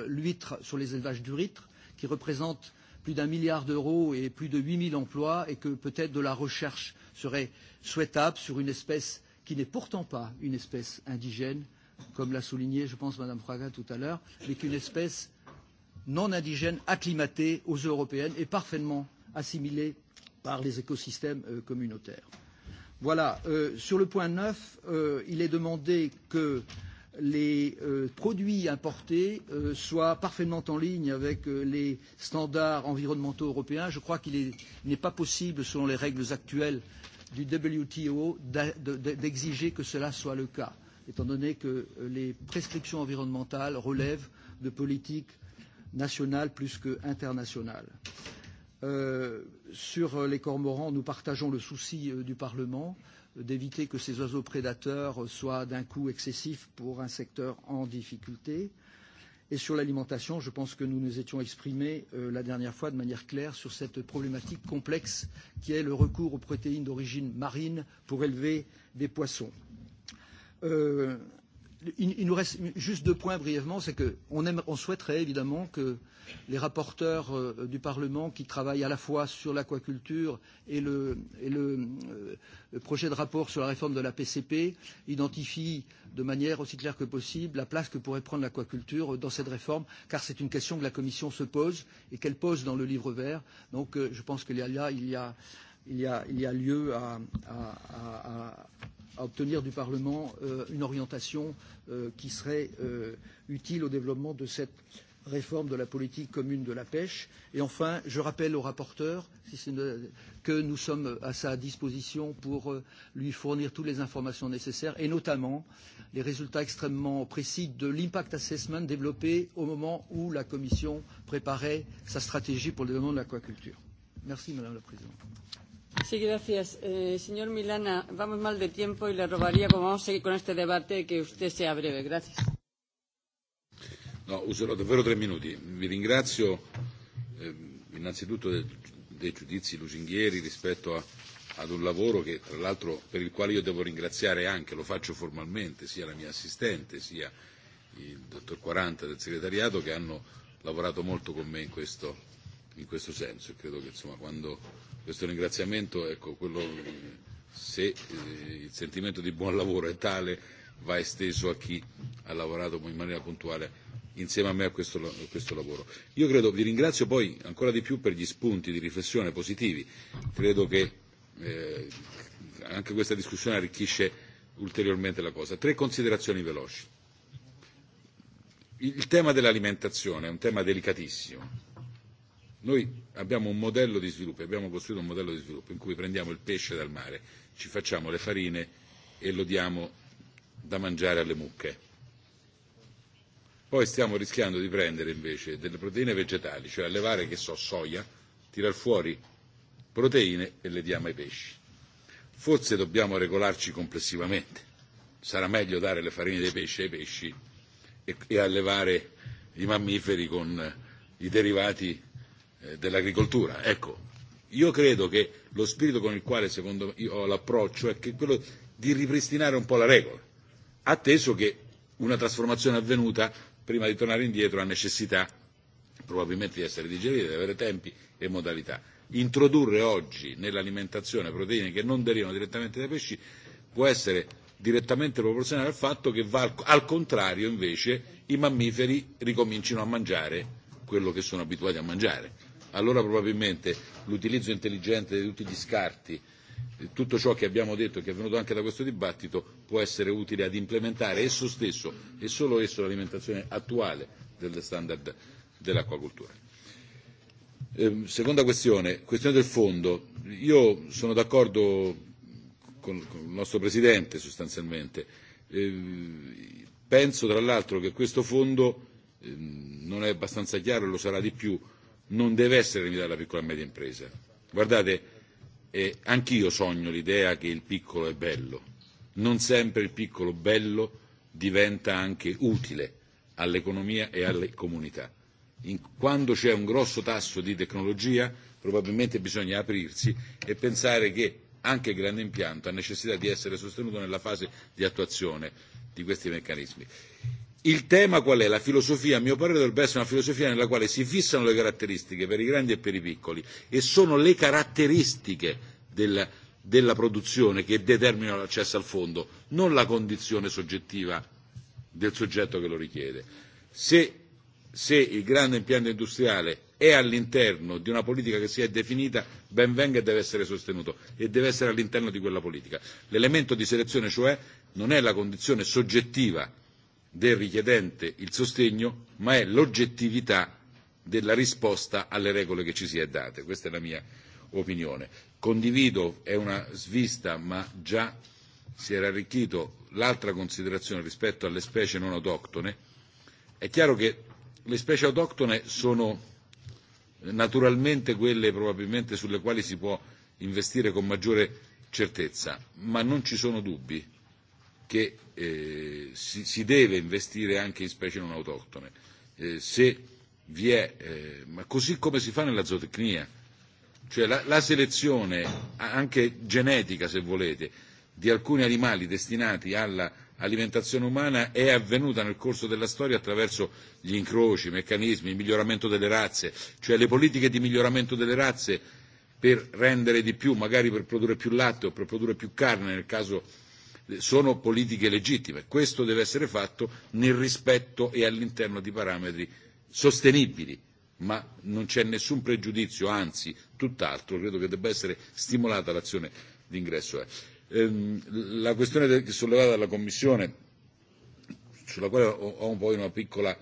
l'huître, sur les élevages d'huître, qui représentent plus d'un milliard d'euros et plus de 8000 emplois, et que peut-être de la recherche serait souhaitable sur une espèce qui n'est pourtant pas une espèce indigène, comme l'a souligné, je pense, Madame Fraga tout à l'heure, mais qu'une espèce non indigènes acclimatées aux européennes et parfaitement assimilées par les écosystèmes communautaires. Voilà. sur le point neuf, il est demandé que les produits importés soient parfaitement en ligne avec les standards environnementaux européens. Je crois qu'il n'est pas possible, selon les règles actuelles du WTO, d'exiger que cela soit le cas, étant donné que les prescriptions environnementales relèvent de politiques nationale plus qu'internationale. Euh, sur les cormorans, nous partageons le souci du Parlement d'éviter que ces oiseaux prédateurs soient d'un coût excessif pour un secteur en difficulté. Et sur l'alimentation, je pense que nous nous étions exprimés euh, la dernière fois de manière claire sur cette problématique complexe qui est le recours aux protéines d'origine marine pour élever des poissons. Euh, Il, nous reste juste deux points brièvement, c'est qu'on on souhaiterait évidemment que les rapporteurs du Parlement qui travaillent à la fois sur l'aquaculture et, le, et le, le projet de rapport sur la réforme de la PCP identifient de manière aussi claire que possible la place que pourrait prendre l'aquaculture dans cette réforme, car c'est une question que la Commission se pose et qu'elle pose dans le livre vert. Donc je pense qu'il y a, il y a, il y a, il y a lieu à, à, à, à obtenir du Parlement une orientation qui serait utile au développement de cette réforme de la politique commune de la pêche. Et enfin, je rappelle au rapporteur que nous sommes à sa disposition pour lui fournir toutes les informations nécessaires, et notamment les résultats extrêmement précis de l'impact assessment développé au moment où la Commission préparait sa stratégie pour le développement de l'aquaculture. Merci, Madame la Présidente. Sí, gracias. Eh, señor Milana, vamos mal de tiempo y le robaría, como vamos a seguir con este debate, que usted sea breve. Gracias. No, userò davvero tre minuti. Vi ringrazio eh, innanzitutto dei giudizi lusinghieri rispetto a, ad un lavoro che, tra l'altro, per il quale io devo ringraziare anche, lo faccio formalmente, sia la mia assistente, sia il dottor Quaranta del segretariato che hanno lavorato molto con me in questo, in questo senso. E credo che insomma, quando questo ringraziamento, ecco, quello, se il sentimento di buon lavoro è tale, va esteso a chi ha lavorato in maniera puntuale insieme a me a questo, a questo lavoro. Io credo, vi ringrazio poi ancora di più per gli spunti di riflessione positivi, credo che eh, anche questa discussione arricchisce ulteriormente la cosa. Tre considerazioni veloci. Il tema dell'alimentazione è un tema delicatissimo Noi abbiamo un modello di sviluppo, abbiamo costruito un modello di sviluppo in cui prendiamo il pesce dal mare, ci facciamo le farine e lo diamo da mangiare alle mucche. Poi stiamo rischiando di prendere invece delle proteine vegetali, cioè allevare, che so, soia, tirar fuori proteine e le diamo ai pesci. Forse dobbiamo regolarci complessivamente. Sarà meglio dare le farine dei pesci ai pesci e, e allevare i mammiferi con i derivati dell'agricoltura. Ecco, io credo che lo spirito con il quale secondo me io ho l'approccio è che quello di ripristinare un po' la regola, atteso che una trasformazione avvenuta, prima di tornare indietro, ha necessità probabilmente di essere digerita, di avere tempi e modalità. Introdurre oggi nell'alimentazione proteine che non derivano direttamente dai pesci può essere direttamente proporzionale al fatto che va al contrario invece i mammiferi ricomincino a mangiare quello che sono abituati a mangiare allora probabilmente l'utilizzo intelligente di tutti gli scarti, tutto ciò che abbiamo detto e che è venuto anche da questo dibattito può essere utile ad implementare esso stesso e solo esso l'alimentazione attuale degli standard dell'acquacoltura. Seconda questione, questione del fondo. Io sono d'accordo con, con il nostro Presidente sostanzialmente. penso tra l'altro che questo fondo non è abbastanza chiaro e lo sarà di più non deve essere limitata alla piccola e media impresa. Guardate, eh, anch'io sogno l'idea che il piccolo è bello. Non sempre il piccolo bello diventa anche utile all'economia e alle comunità. In, quando c'è un grosso tasso di tecnologia probabilmente bisogna aprirsi e pensare che anche il grande impianto ha necessità di essere sostenuto nella fase di attuazione di questi meccanismi. Il tema qual è? La filosofia, a mio parere, dovrebbe essere una filosofia nella quale si fissano le caratteristiche per i grandi e per i piccoli e sono le caratteristiche della, della produzione che determinano l'accesso al fondo, non la condizione soggettiva del soggetto che lo richiede. Se, se il grande impianto industriale è all'interno di una politica che si è definita, ben venga e deve essere sostenuto e deve essere all'interno di quella politica. L'elemento di selezione, cioè, non è la condizione soggettiva del richiedente il sostegno, ma è l'oggettività della risposta alle regole che ci si è date. Questa è la mia opinione. Condivido, è una svista, ma già si era arricchito l'altra considerazione rispetto alle specie non autoctone. È chiaro che le specie autoctone sono naturalmente quelle probabilmente sulle quali si può investire con maggiore certezza, ma non ci sono dubbi che eh, si, si deve investire anche in specie non autoctone. Eh, se vi è, eh, ma così come si fa nella zootecnia, cioè la, la selezione anche genetica, se volete, di alcuni animali destinati all'alimentazione umana è avvenuta nel corso della storia attraverso gli incroci, i meccanismi, il miglioramento delle razze, cioè le politiche di miglioramento delle razze per rendere di più, magari per produrre più latte o per produrre più carne nel caso sono politiche legittime. Questo deve essere fatto nel rispetto e all'interno di parametri sostenibili, ma non c'è nessun pregiudizio, anzi, tutt'altro, credo che debba essere stimolata l'azione d'ingresso. La questione sollevata dalla Commissione, sulla quale ho poi una piccola,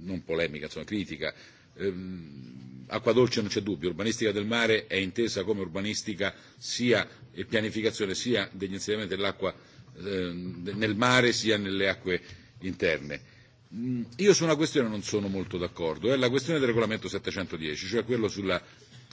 non polemica, insomma critica, acqua dolce non c'è dubbio, urbanistica del mare è intesa come urbanistica sia e pianificazione sia degli insediamenti dell'acqua nel mare sia nelle acque interne. Io su una questione non sono molto d'accordo, è la questione del regolamento 710, cioè quello sulla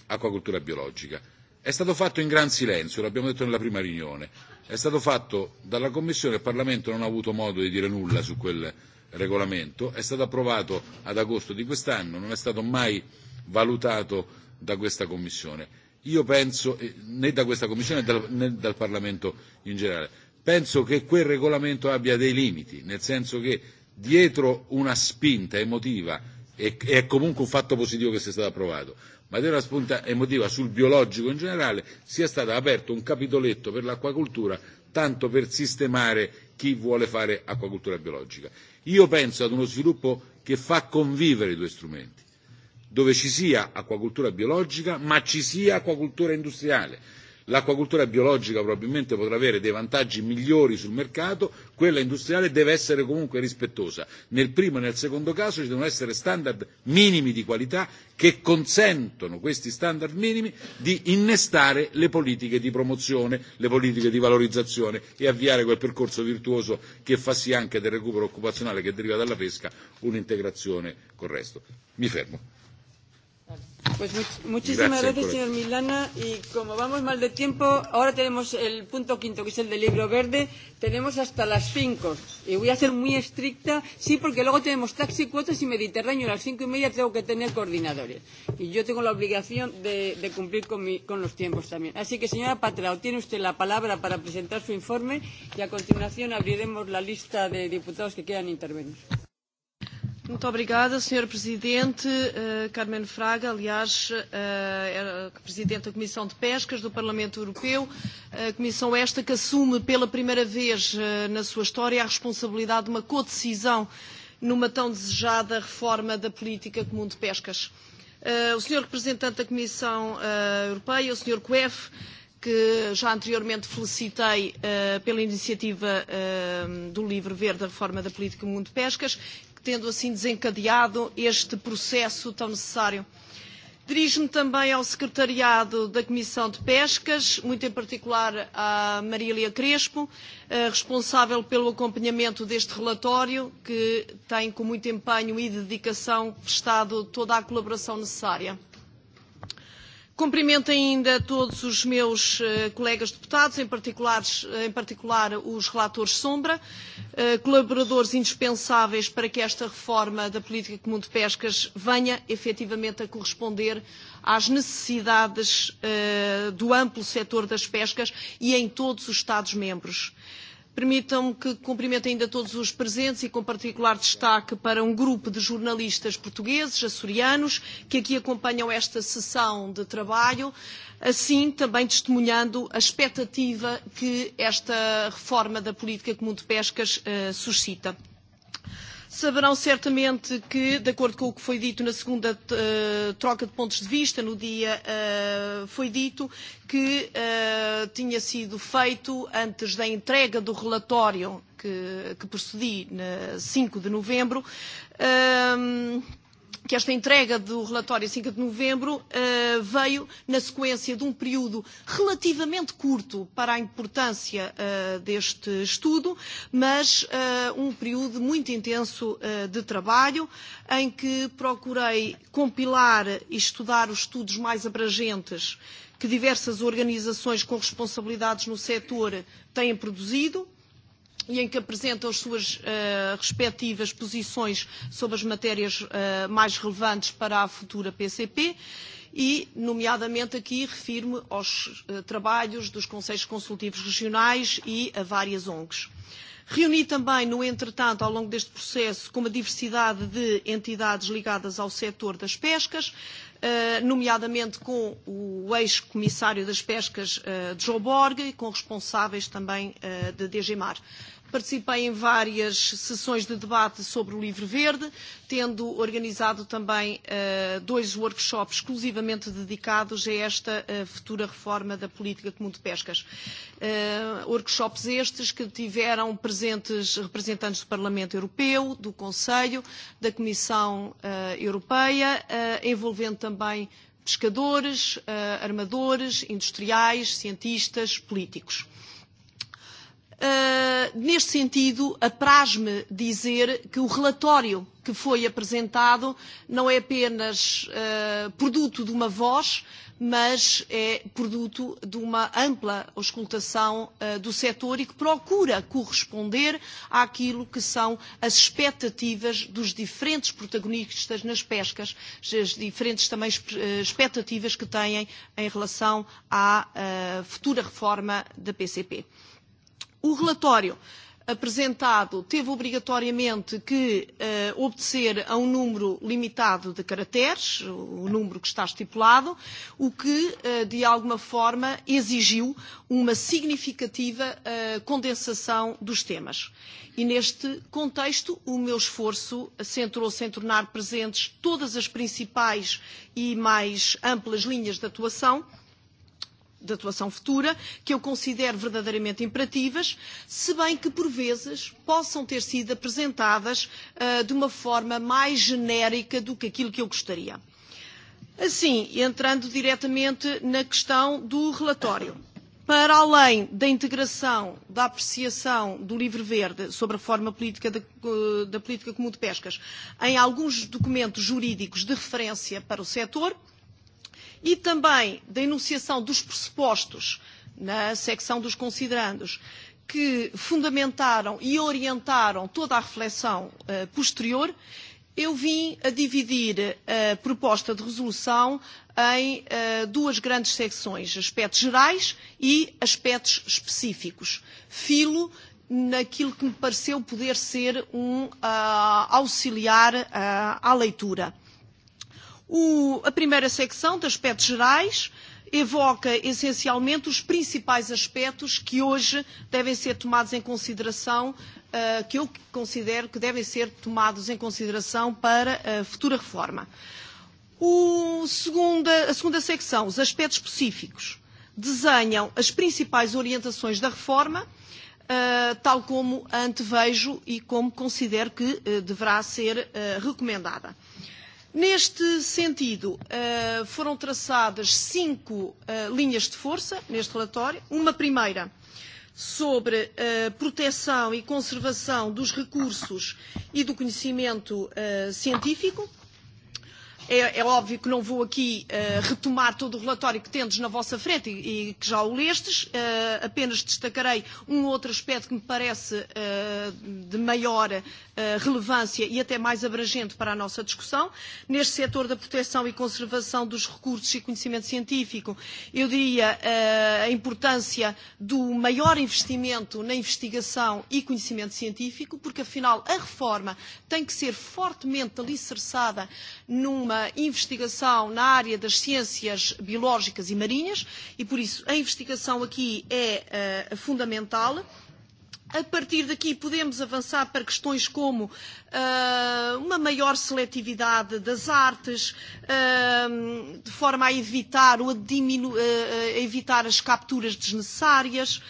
acquacoltura biologica. È stato fatto in gran silenzio, l'abbiamo detto nella prima riunione, è stato fatto dalla Commissione, il Parlamento non ha avuto modo di dire nulla su quel regolamento, è stato approvato ad agosto di quest'anno, non è stato mai valutato da questa Commissione. Io penso, né da questa Commissione né dal Parlamento in generale, penso che quel regolamento abbia dei limiti, nel senso che dietro una spinta emotiva, e è comunque un fatto positivo che sia stato approvato, ma dietro una spinta emotiva sul biologico in generale, sia stato aperto un capitoletto per l'acquacoltura tanto per sistemare chi vuole fare acquacoltura biologica. Io penso ad uno sviluppo che fa convivere i due strumenti, dove ci sia acquacoltura biologica ma ci sia acquacoltura industriale, L'acquacultura biologica probabilmente potrà avere dei vantaggi migliori sul mercato, quella industriale deve essere comunque rispettosa. Nel primo e nel secondo caso ci devono essere standard minimi di qualità che consentono questi standard minimi di innestare le politiche di promozione, le politiche di valorizzazione e avviare quel percorso virtuoso che fa sì anche del recupero occupazionale che deriva dalla pesca un'integrazione con il resto. Mi fermo. Pues muchísimas gracias, señor Milana. Y como vamos mal de tiempo, ahora tenemos el punto quinto, que es el del libro verde. Tenemos hasta las cinco. Y voy a ser muy estricta, sí, porque luego tenemos taxi, cuotas y Mediterráneo. A las cinco y media tengo que tener coordinadores. Y yo tengo la obligación de, de cumplir con, mi, con los tiempos también. Así que, señora Patrao, tiene usted la palabra para presentar su informe y a continuación abriremos la lista de diputados que quieran intervenir. Muito obrigada, Sr. Presidente. Uh, Carmen Fraga, aliás, uh, era Presidente da Comissão de Pescas do Parlamento Europeu, uh, comissão esta que assume pela primeira vez uh, na sua história a responsabilidade de uma codecisão numa tão desejada reforma da política comum de pescas. Uh, o Sr. Representante da Comissão uh, Europeia, o Sr. Coef, que já anteriormente felicitei pela iniciativa do Livro Verde da Reforma da Política Mundo de Pescas tendo assim desencadeado este processo tão necessário. Dirijo-me também ao Secretariado da Comissão de Pescas, muito em particular à Marília Crespo, responsável pelo acompanhamento deste relatório, que tem com muito empenho e dedicação prestado toda a colaboração necessária. Cumprimento ainda todos os meus colegas deputados, em particular, em particular os relatores Sombra, colaboradores indispensáveis para que esta reforma da política comum de pescas venha efetivamente a corresponder às necessidades do amplo setor das pescas e em todos os Estados-membros Permitam-me que cumprimente ainda todos os presentes e com particular destaque para um grupo de jornalistas portugueses, açorianos, que aqui acompanham esta sessão de trabalho, assim também testemunhando a expectativa que esta reforma da política comum de pescas suscita. Saberão certamente que, de acordo com o que foi dito na segunda uh, troca de pontos de vista, no dia uh, foi dito que uh, tinha sido feito antes da entrega do relatório que, que procedi na 5 de novembro. Uh, que esta entrega do relatório 5 de novembro uh, veio na sequência de um período relativamente curto para a importância uh, deste estudo, mas uh, um período muito intenso uh, de trabalho, em que procurei compilar e estudar os estudos mais abrangentes que diversas organizações com responsabilidades no setor têm produzido e em que apresentam as suas uh, respectivas posições sobre as matérias uh, mais relevantes para a futura PCP e, nomeadamente, aqui refiro-me aos uh, trabalhos dos Conselhos Consultivos Regionais e a várias ONGs. Reuni também, no entretanto, ao longo deste processo, com uma diversidade de entidades ligadas ao setor das pescas, nomeadamente com o ex-comissário das pescas, Joe Borg, e com responsáveis também da DG Mar. Participei em várias sessões de debate sobre o livro verde, tendo organizado também uh, dois workshops exclusivamente dedicados a esta uh, futura reforma da política comum de pescas. Uh, workshops estes que tiveram presentes representantes do Parlamento Europeu, do Conselho, da Comissão uh, Europeia, uh, envolvendo também pescadores, uh, armadores, industriais, cientistas, políticos neste sentido, apraz-me dizer que o relatório que foi apresentado não é apenas produto de uma voz, mas é produto de uma ampla auscultação do setor e que procura corresponder àquilo que são as expectativas dos diferentes protagonistas nas pescas, as diferentes também expectativas que têm em relação à futura reforma da PCP. O relatório apresentado teve obrigatoriamente que uh, obedecer a um número limitado de caracteres, o número que está estipulado, o que, uh, de alguma forma, exigiu uma significativa uh, condensação dos temas. E neste contexto, o meu esforço centrou-se em tornar presentes todas as principais e mais amplas linhas de atuação de atuação futura, que eu considero verdadeiramente imperativas, se bem que, por vezes, possam ter sido apresentadas uh, de uma forma mais genérica do que aquilo que eu gostaria. Assim, entrando diretamente na questão do relatório. Para além da integração da apreciação do livro verde sobre a forma política da, da política comum de pescas em alguns documentos jurídicos de referência para o setor, e também da enunciação dos pressupostos na secção dos considerandos que fundamentaram e orientaram toda a reflexão uh, posterior, eu vim a dividir a proposta de resolução em uh, duas grandes secções, aspectos gerais e aspectos específicos. Filo naquilo que me pareceu poder ser um uh, auxiliar uh, à leitura. O, a primeira secção, de aspectos gerais, evoca essencialmente os principais aspectos que hoje devem ser tomados em consideração, uh, que eu considero que devem ser tomados em consideração para a futura reforma. O segunda, a segunda secção, os aspectos específicos, desenham as principais orientações da reforma, uh, tal como antevejo e como considero que uh, deverá ser uh, recomendada. Uh, Neste sentido, foram traçadas cinco linhas de força neste relatório. Uma primeira sobre a proteção e conservação dos recursos e do conhecimento científico É, é óbvio que não vou aqui uh, retomar todo o relatório que tendes na vossa frente e, e que já o lestes, uh, apenas destacarei um outro aspecto que me parece uh, de maior uh, relevância e até mais abrangente para a nossa discussão. Neste setor da proteção e conservação dos recursos e conhecimento científico, eu diria uh, a importância do maior investimento na investigação e conhecimento científico, porque afinal a reforma tem que ser fortemente alicerçada numa investigação na área das ciências biológicas e marinhas e, por isso, a investigação aqui é uh, fundamental. A partir daqui podemos avançar para questões como uh, uma maior seletividade das artes, uh, de forma a evitar ou a, diminu- uh, a evitar as capturas desnecessárias, uh,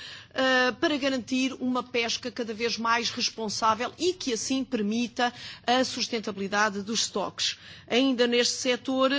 para garantir uma pesca cada vez mais responsável e que assim permita a sustentabilidade dos estoques. Ainda neste setor,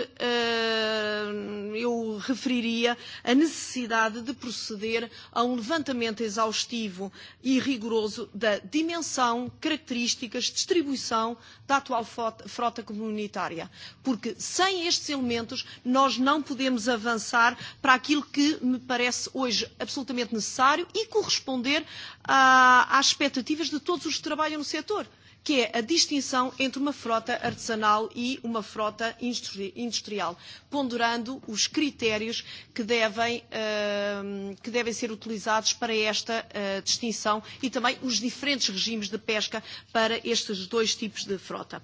eu referiria a necessidade de proceder a um levantamento exaustivo e rigoroso da dimensão, características, distribuição da atual frota comunitária. Porque sem estes elementos nós não podemos avançar para aquilo que me parece hoje absolutamente necessário e corresponder às expectativas de todos os que trabalham no setor que é a distinção entre uma frota artesanal e uma frota industrial, ponderando os critérios que devem, que devem ser utilizados para esta distinção e também os diferentes regimes de pesca para estes dois tipos de frota.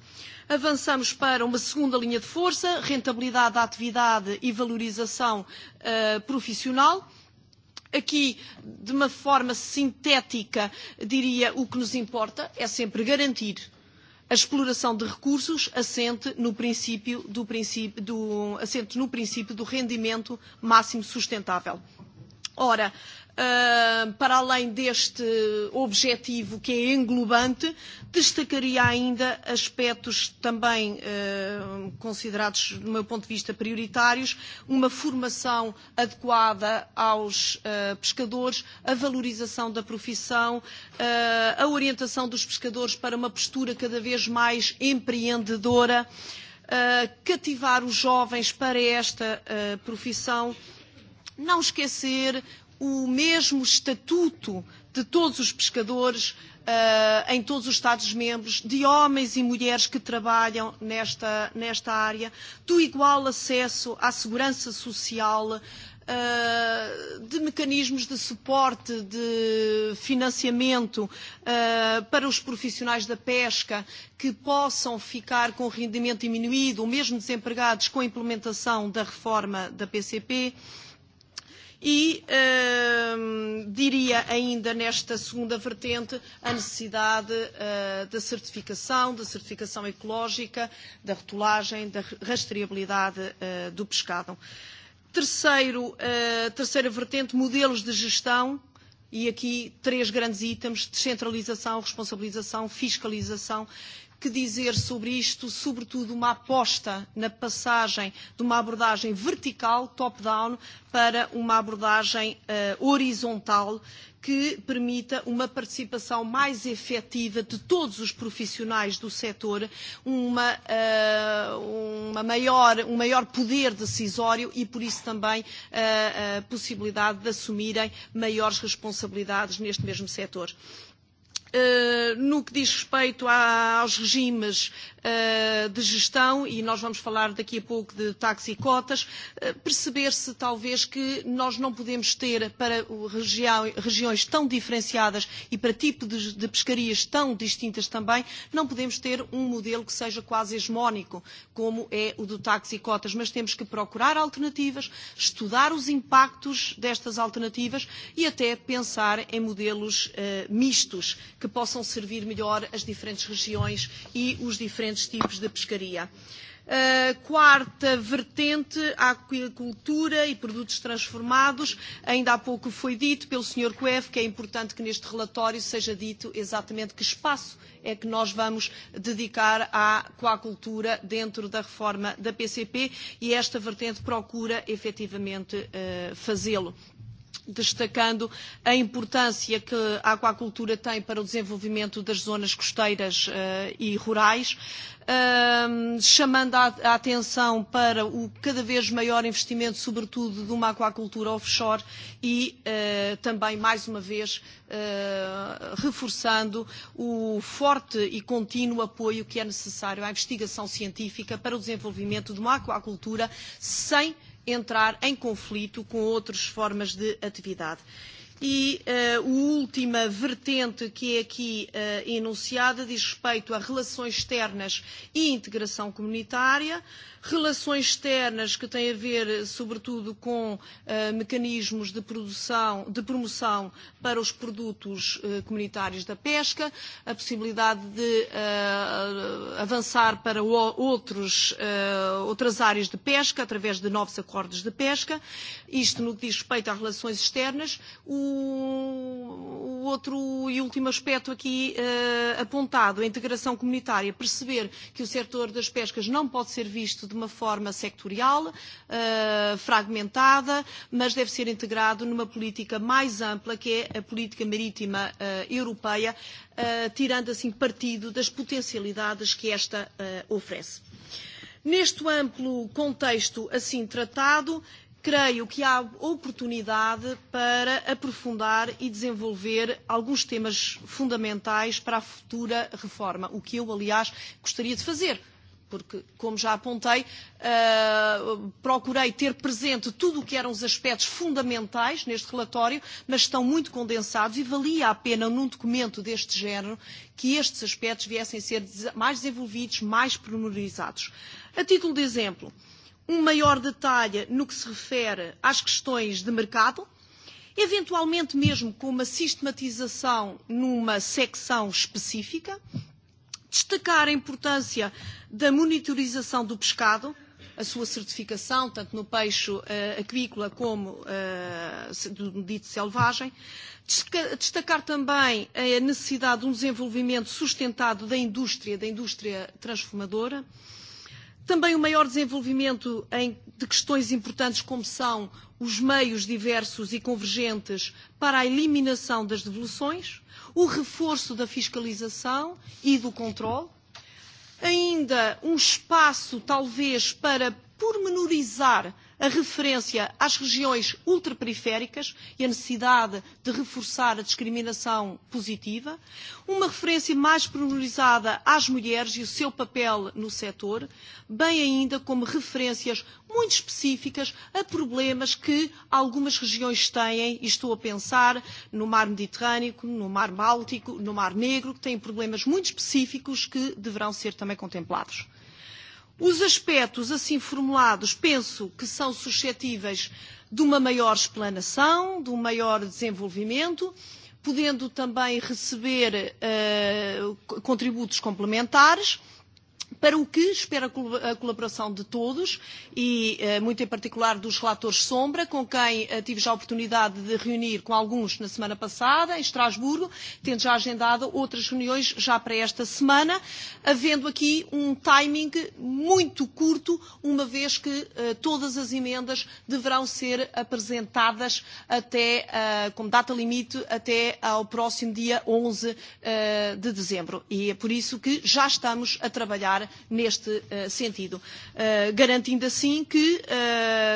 Avançamos para uma segunda linha de força, rentabilidade da atividade e valorização profissional Aqui, de uma forma sintética, diria o que nos importa é sempre garantir a exploração de recursos assente no princípio do, princípio do, assente no princípio do rendimento máximo sustentável. Ora, para além deste objetivo que é englobante, destacaria ainda aspectos também considerados, do meu ponto de vista, prioritários, uma formação adequada aos pescadores, a valorização da profissão, a orientação dos pescadores para uma postura cada vez mais empreendedora, cativar os jovens para esta profissão não esquecer o mesmo estatuto de todos os pescadores uh, em todos os Estados-membros, de homens e mulheres que trabalham nesta, nesta área, do igual acesso à segurança social, uh, de mecanismos de suporte, de financiamento uh, para os profissionais da pesca que possam ficar com rendimento diminuído ou mesmo desempregados com a implementação da reforma da PCP. Uh, E hum, diria ainda nesta segunda vertente a necessidade uh, da certificação, da certificação ecológica, da rotulagem, da rastreabilidade uh, do pescado. Terceiro, uh, terceira vertente, modelos de gestão e aqui três grandes itens, descentralização, responsabilização, fiscalização que dizer sobre isto, sobretudo uma aposta na passagem de uma abordagem vertical, top-down, para uma abordagem uh, horizontal que permita uma participação mais efetiva de todos os profissionais do setor, uma, uh, uma maior, um maior poder decisório e, por isso, também uh, a possibilidade de assumirem maiores responsabilidades neste mesmo setor no que diz respeito aos regimes de gestão, e nós vamos falar daqui a pouco de táxi e cotas, perceber-se talvez que nós não podemos ter para regiões tão diferenciadas e para tipos de pescarias tão distintas também, não podemos ter um modelo que seja quase hegemónico, como é o do táxi e cotas, mas temos que procurar alternativas, estudar os impactos destas alternativas e até pensar em modelos mistos que possam servir melhor as diferentes regiões e os diferentes tipos de pescaria. Uh, quarta vertente, a aquicultura e produtos transformados. Ainda há pouco foi dito pelo Sr. Cuev que é importante que neste relatório seja dito exatamente que espaço é que nós vamos dedicar à aquacultura dentro da reforma da PCP e esta vertente procura efetivamente uh, fazê-lo destacando a importância que a aquacultura tem para o desenvolvimento das zonas costeiras uh, e rurais, uh, chamando a, a atenção para o cada vez maior investimento, sobretudo de uma aquacultura offshore e uh, também, mais uma vez, uh, reforçando o forte e contínuo apoio que é necessário à investigação científica para o desenvolvimento de uma aquacultura sem entrar em conflito com outras formas de atividade. E uh, a última vertente que é aqui uh, enunciada diz respeito a relações externas e integração comunitária, relações externas que têm a ver, sobretudo, com uh, mecanismos de, produção, de promoção para os produtos uh, comunitários da pesca, a possibilidade de uh, avançar para outros, uh, outras áreas de pesca através de novos acordos de pesca, isto no que diz respeito a relações externas. O O outro e último aspecto aqui uh, apontado, a integração comunitária, perceber que o setor das pescas não pode ser visto de uma forma sectorial, uh, fragmentada, mas deve ser integrado numa política mais ampla, que é a política marítima uh, europeia, uh, tirando assim partido das potencialidades que esta uh, oferece. Neste amplo contexto assim tratado, creio que há oportunidade para aprofundar e desenvolver alguns temas fundamentais para a futura reforma, o que eu, aliás, gostaria de fazer porque, como já apontei, uh, procurei ter presente tudo o que eram os aspectos fundamentais neste relatório, mas estão muito condensados e valia a pena, num documento deste género, que estes aspectos viessem a ser mais desenvolvidos, mais promenorizados. A título de exemplo, uh, um maior detalhe no que se refere às questões de mercado, eventualmente mesmo com uma sistematização numa secção específica, destacar a importância da monitorização do pescado, a sua certificação, tanto no peixe uh, aquícola como uh, do dito selvagem. Destacar também a necessidade de um desenvolvimento sustentado da indústria, da indústria transformadora. Também o maior desenvolvimento em, de questões importantes como são os meios diversos e convergentes para a eliminação das devoluções, o reforço da fiscalização e do controle, ainda um espaço talvez para pormenorizar a referência às regiões ultraperiféricas e a necessidade de reforçar a discriminação positiva, uma referência mais priorizada às mulheres e o seu papel no setor, bem ainda como referências muito específicas a problemas que algumas regiões têm, e estou a pensar no mar Mediterrâneo, no mar Báltico, no mar Negro, que têm problemas muito específicos que deverão ser também contemplados. Os aspectos assim formulados penso que são suscetíveis de uma maior explanação, de um maior desenvolvimento, podendo também receber uh, contributos complementares para o que espero a colaboração de todos e muito em particular dos relatores Sombra, com quem tive já a oportunidade de reunir com alguns na semana passada em Estrasburgo, tendo já agendado outras reuniões já para esta semana, havendo aqui um timing muito curto, uma vez que todas as emendas deverão ser apresentadas até, como data limite, até ao próximo dia 11 de dezembro. E é por isso que já estamos a trabalhar trabalhar neste uh, sentido, uh, garantindo assim que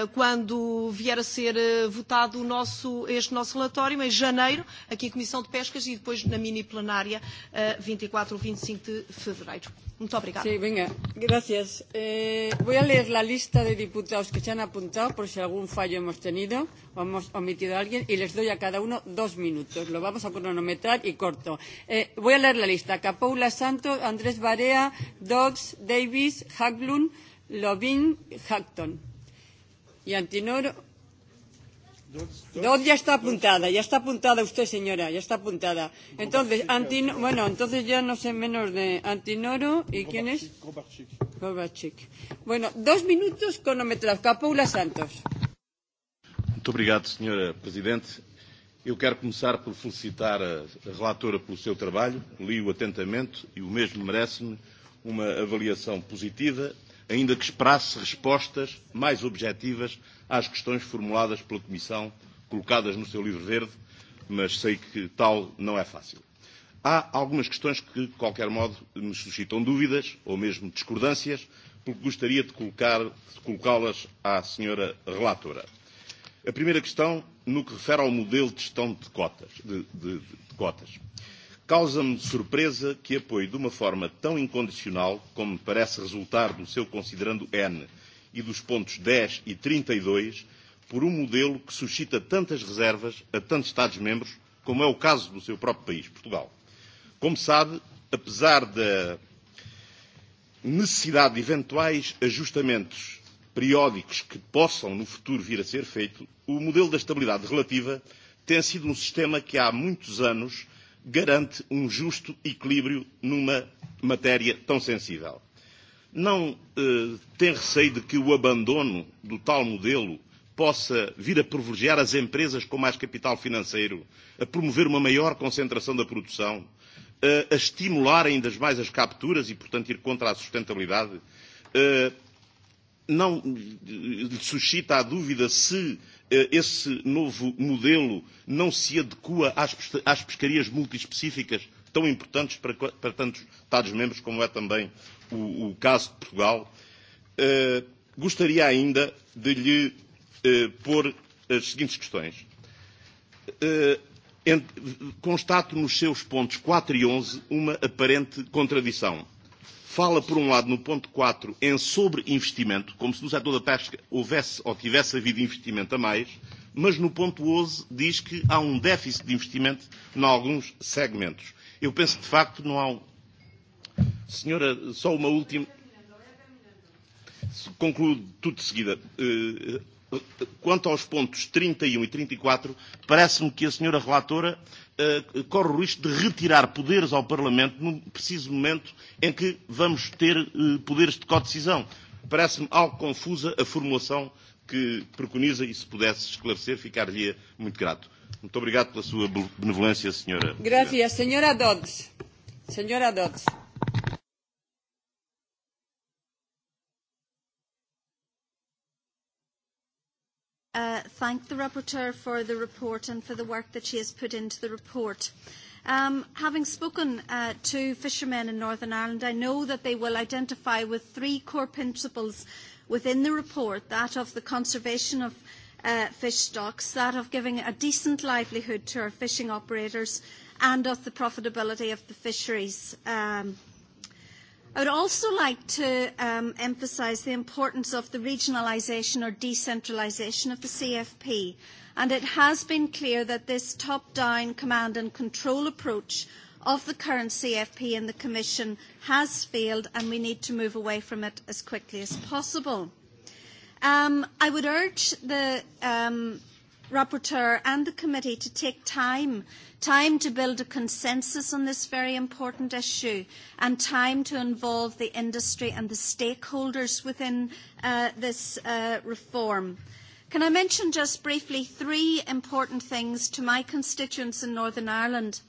uh, quando vier a ser votado o nosso, este nosso relatório em janeiro, aqui em Comissão de Pescas e depois na mini plenária uh, 24 ou 25 de fevereiro. Muito obrigada. Sim, Sí, venga, gracias. Eh, voy a leer la lista de deputados que se han apuntado por se si algum fallo hemos tenido ou hemos omitido a alguien y les doy a cada um dois minutos. Lo vamos a cronometrar e corto. Eh, voy a leer la lista. Capoula Santos, Andrés Barea, Dodd, Fox, Davis, Haglund, Lovin, Hackton. Y Antinoro. Dos ya está apuntada, ya está apuntada usted, señora, ya está apuntada. Entonces, Antino, bueno, entonces ya no sé menos de Antinoro y quién es. Kovacic. Bueno, dos minutos cronometrados. Capoula Santos. Muito obrigado, señora presidente. Eu quero começar por felicitar a relatora pelo seu trabalho, li-o atentamente e o mesmo merece-me uma avaliação positiva, ainda que esperasse respostas mais objetivas às questões formuladas pela Comissão, colocadas no seu livro verde, mas sei que tal não é fácil. Há algumas questões que, de qualquer modo, me suscitam dúvidas ou mesmo discordâncias, porque gostaria de, de colocá-las à senhora relatora. A primeira questão, no que refere ao modelo de gestão de cotas. De, de, de cotas. Uh, Causa-me surpresa que apoie de uma forma tão incondicional, como me parece resultar do seu considerando N e dos pontos 10 e 32, por um modelo que suscita tantas reservas a tantos Estados-membros, como é o caso do seu próprio país, Portugal. Como sabe, apesar da necessidade de eventuais ajustamentos periódicos que possam no futuro vir a ser feito, o modelo da estabilidade relativa tem sido um sistema que há muitos anos garante um justo equilíbrio numa matéria tão sensível. Não eh, tem receio de que o abandono do tal modelo possa vir a privilegiar as empresas com mais capital financeiro, a promover uma maior concentração da produção, a, a estimular ainda mais as capturas e, portanto, ir contra a sustentabilidade? não lhe suscita a dúvida se esse novo modelo não se adequa às pescarias multiespecíficas tão importantes para, para tantos Estados-membros como é também o, o caso de Portugal. Uh, gostaria ainda de lhe uh, pôr as seguintes questões. Uh, constato nos seus pontos 4 e 11 uma aparente contradição fala, por um lado, no ponto 4, em sobre investimento, como se no setor da pesca houvesse ou tivesse havido investimento a mais, mas no ponto 11 diz que há um déficit de investimento em alguns segmentos. Eu penso que, de facto, não há um... Senhora, só uma última... Concluo tudo de seguida. Quanto aos pontos 31 e 34, parece-me que a senhora relatora corre o risco de retirar poderes ao Parlamento no preciso momento em que vamos ter poderes de co-decisão. Parece-me algo confusa a formulação que preconiza e se pudesse esclarecer, ficaria muito grato. Muito obrigado pela sua benevolência, senhora. Gracias, senhora Dodds. Senhora Dodds. uh, thank the rapporteur for the report and for the work that she has put into the report. Um, having spoken uh, to fishermen in Northern Ireland, I know that they will identify with three core principles within the report, that of the conservation of uh, fish stocks, that of giving a decent livelihood to our fishing operators, and of the profitability of the fisheries. Um, I would also like to um, emphasise the importance of the regionalisation or decentralisation of the CFP. And it has been clear that this top-down command and control approach of the current CFP in the Commission has failed and we need to move away from it as quickly as possible. I would urge the rapporteur and the committee to take time, time to build a consensus on this very important issue and time to involve the industry and the stakeholders within this reform. Can I mention just briefly three important things to my constituents in Northern Ireland?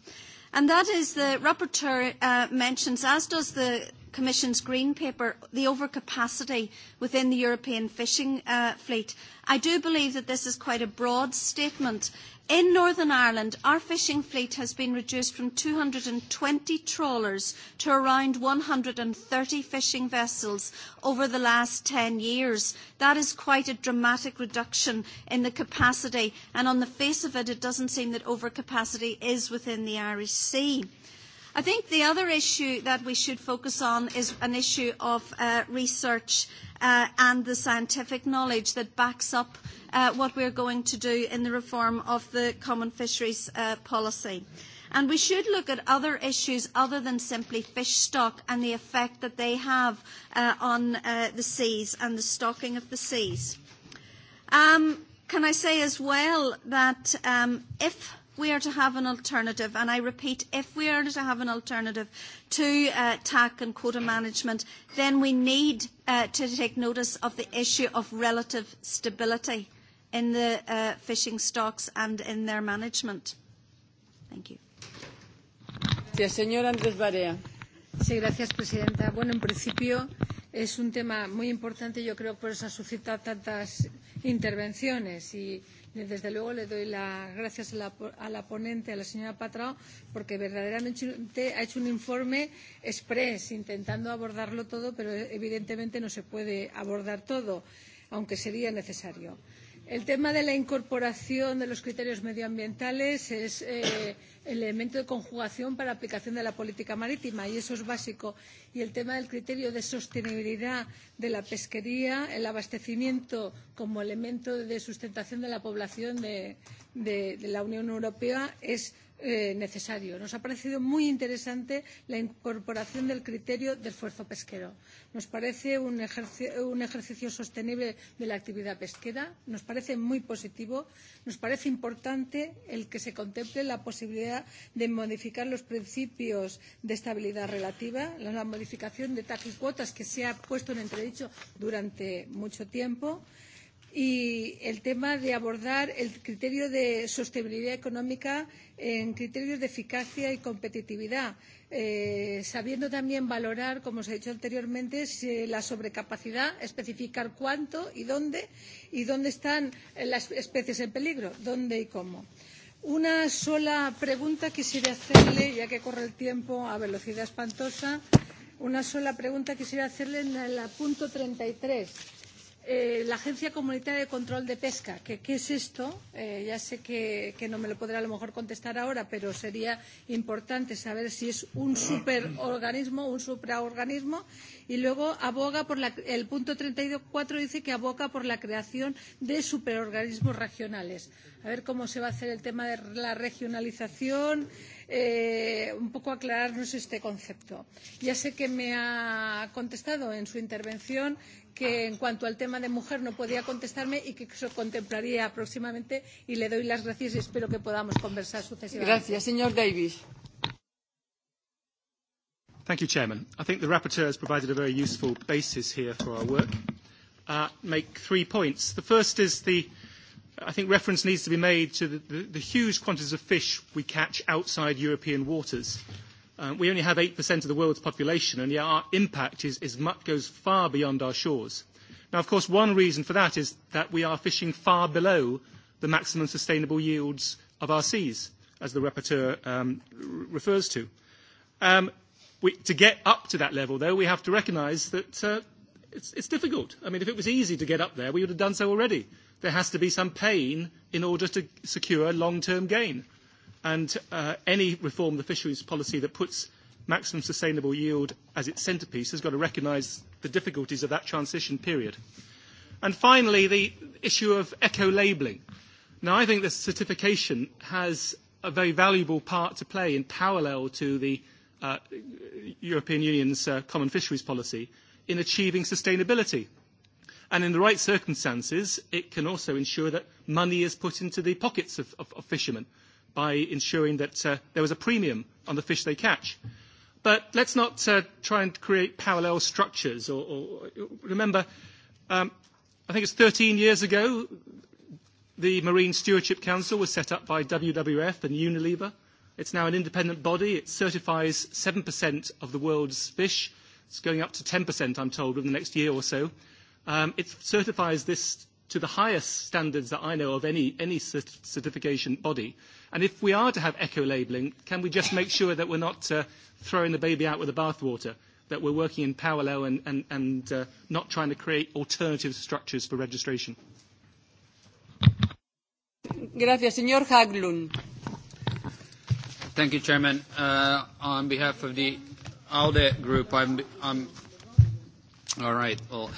And that is the rapporteur mentions, as does the Commission's Green Paper, the overcapacity within the European fishing fleet. I do believe that this is quite a broad statement. In Northern Ireland, our fishing fleet has been reduced from two hundred and twenty trawlers to around one hundred and thirty fishing vessels over the last ten years. That is quite a dramatic reduction in the capacity, and on the face of it, it does not seem that overcapacity is within the Irish Sea. I think the other issue that we should focus on is an issue of uh, research uh, and the scientific knowledge that backs up uh, what we're going to do in the reform of the common fisheries uh, policy. And we should look at other issues other than simply fish stock and the effect that they have uh, on uh, the seas and the stocking of the seas. Um, can I say as well that um, if we are to have an alternative, and I repeat, if we are to have an alternative to uh, TAC and quota management, then we need uh, to take notice of the issue of relative stability in the uh, fishing stocks and in their management. Thank you. Gracias, señor Andrés Barea. Sí, gracias, presidenta. Bueno, en principio es un tema muy importante. Yo creo que por eso ha suscitado tantas intervenciones y Desde luego le doy las gracias a la, a la ponente, a la señora Patrao, porque verdaderamente ha hecho un informe express, intentando abordarlo todo, pero evidentemente no se puede abordar todo, aunque sería necesario. El tema de la incorporación de los criterios medioambientales es eh, el elemento de conjugación para la aplicación de la política marítima y eso es básico. Y el tema del criterio de sostenibilidad de la pesquería, el abastecimiento como elemento de sustentación de la población de, de, de la Unión Europea es necesario. Nos ha parecido muy interesante la incorporación del criterio de esfuerzo pesquero. Nos parece un, ejercicio sostenible de la actividad pesquera. Nos parece muy positivo. Nos parece importante el que se contemple la posibilidad de modificar los principios de estabilidad relativa, la modificación de TAC y cuotas que se ha puesto en entredicho durante mucho tiempo y el tema de abordar el criterio de sostenibilidad económica en criterios de eficacia y competitividad, eh, sabiendo también valorar, como se ha dicho anteriormente, si la sobrecapacidad, especificar cuánto y dónde, y dónde están las especies en peligro, dónde y cómo. Una sola pregunta quisiera hacerle, ya que corre el tiempo a velocidad espantosa, una sola pregunta quisiera hacerle en el punto 33 eh, la Agencia Comunitaria de Control de Pesca, que qué es esto, eh, ya sé que, que no me lo podrá a lo mejor contestar ahora, pero sería importante saber si es un superorganismo, un supraorganismo, y luego aboga por la, el punto 34 dice que aboga por la creación de superorganismos regionales. A ver cómo se va a hacer el tema de la regionalización, eh, un poco aclararnos este concepto. Ya sé que me ha contestado en su intervención que en cuanto al tema de mujer no podía contestarme y que eso contemplaría próximamente y le doy las gracias y espero que podamos conversar sucesivamente. Gracias, señor Davis. Thank you, Chairman. I think the rapporteur has provided a very useful basis here for our work. Uh, make three points. The first is the I think reference needs to be made to the, the, the huge quantities of fish we catch outside European waters we only have 8% of the world's population, and yet our impact is, is much, goes far beyond our shores. Now, of course, one reason for that is that we are fishing far below the maximum sustainable yields of our seas, as the rapporteur um, refers to. Um, we, to get up to that level, though, we have to recognise that uh, it's, it's difficult. I mean, if it was easy to get up there, we would have done so already. There has to be some pain in order to secure long-term gain and any reform of the fisheries policy that puts maximum sustainable yield as its centrepiece has got to recognise the difficulties of that transition period. And finally, the issue of eco-labelling. Now, I think the certification has a very valuable part to play in parallel to the European Union's common fisheries policy in achieving sustainability. And in the right circumstances, it can also ensure that money is put into the pockets of, fishermen by ensuring that uh, there was a premium on the fish they catch. But let's not uh, try and create parallel structures. Or, or remember, um, I think it's 13 years ago, the Marine Stewardship Council was set up by WWF and Unilever. It's now an independent body. It certifies 7% of the world's fish. It's going up to 10%, I'm told, in the next year or so. Um, it certifies this to the highest standards that I know of any, any certification body. And if we are to have eco-labelling, can we just make sure that we're not uh, throwing the baby out with the bathwater, that we're working in parallel and, and, and uh, not trying to create alternative structures for registration? Gracias, señor Haglund. Thank you, Chairman. Uh, on behalf of the ALDE group, I'm, I'm all right. Well,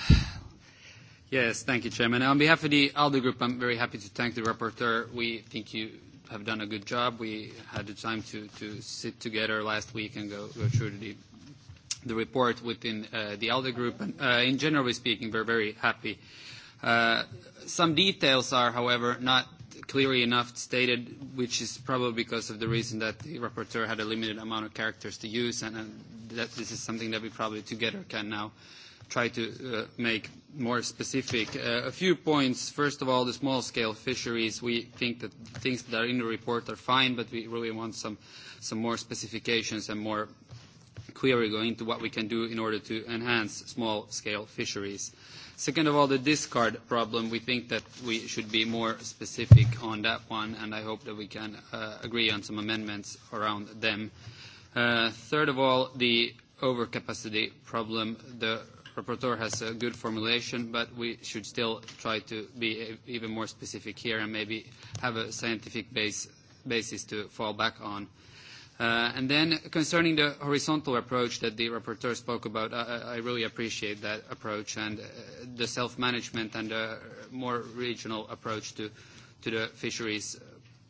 yes, thank you, Chairman. On behalf of the ALDE group, I'm very happy to thank the rapporteur. We think you have done a good job. We had the time to, to sit together last week and go, go through the, the report within uh, the ALDE group. And, uh, in generally speaking, we're very happy. Uh, some details are, however, not clearly enough stated, which is probably because of the reason that the rapporteur had a limited amount of characters to use, and, and that this is something that we probably together can now try to make more specific. A few points. First of all, the small-scale fisheries, we think that things that are in the report are fine, but we really want some more specifications and more query going into what we can do in order to enhance small-scale fisheries. Second of all, the discard problem, we think that we should be more specific on that one, and I hope that we can agree on some amendments around them. Third of all, the overcapacity problem. The rapporteur has a good formulation, but we should still try to be even more specific here and maybe have a scientific base, basis to fall back on. And then concerning the horizontal approach that the rapporteur spoke about, I I really appreciate that approach and uh the self-management and the more regional approach to to the fisheries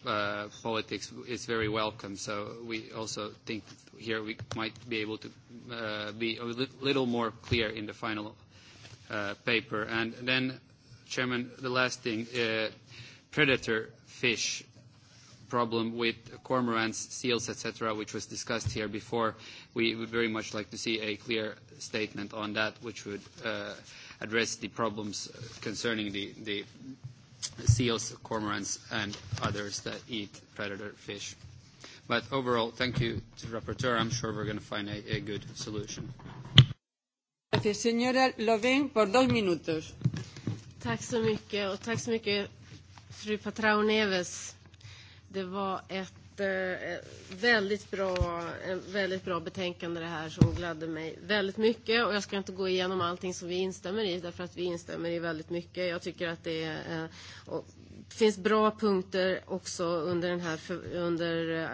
uh politics is very welcome. So we also think here we might be able to uh, be a little more clear in the final uh, paper. And then, Chairman, the last thing, uh, predator fish problem with cormorants, seals, etc., which was discussed here before. We would very much like to see a clear statement on that, which would uh, address the problems concerning the, the seals, cormorants, and others that eat predator fish. But overall, thank you to the rapporteur. I'm sure we're going to find a, a good solution. Gracias, señora Lovén, por dos minutos. Tack så mycket, och tack så mycket, fru Det var ett väldigt bra, väldigt bra betänkande det här som gladde mig väldigt mycket. Och jag ska inte gå igenom allting som vi instämmer i därför att vi instämmer i väldigt mycket. Jag tycker att det är, och Det finns bra punkter också under, den här, under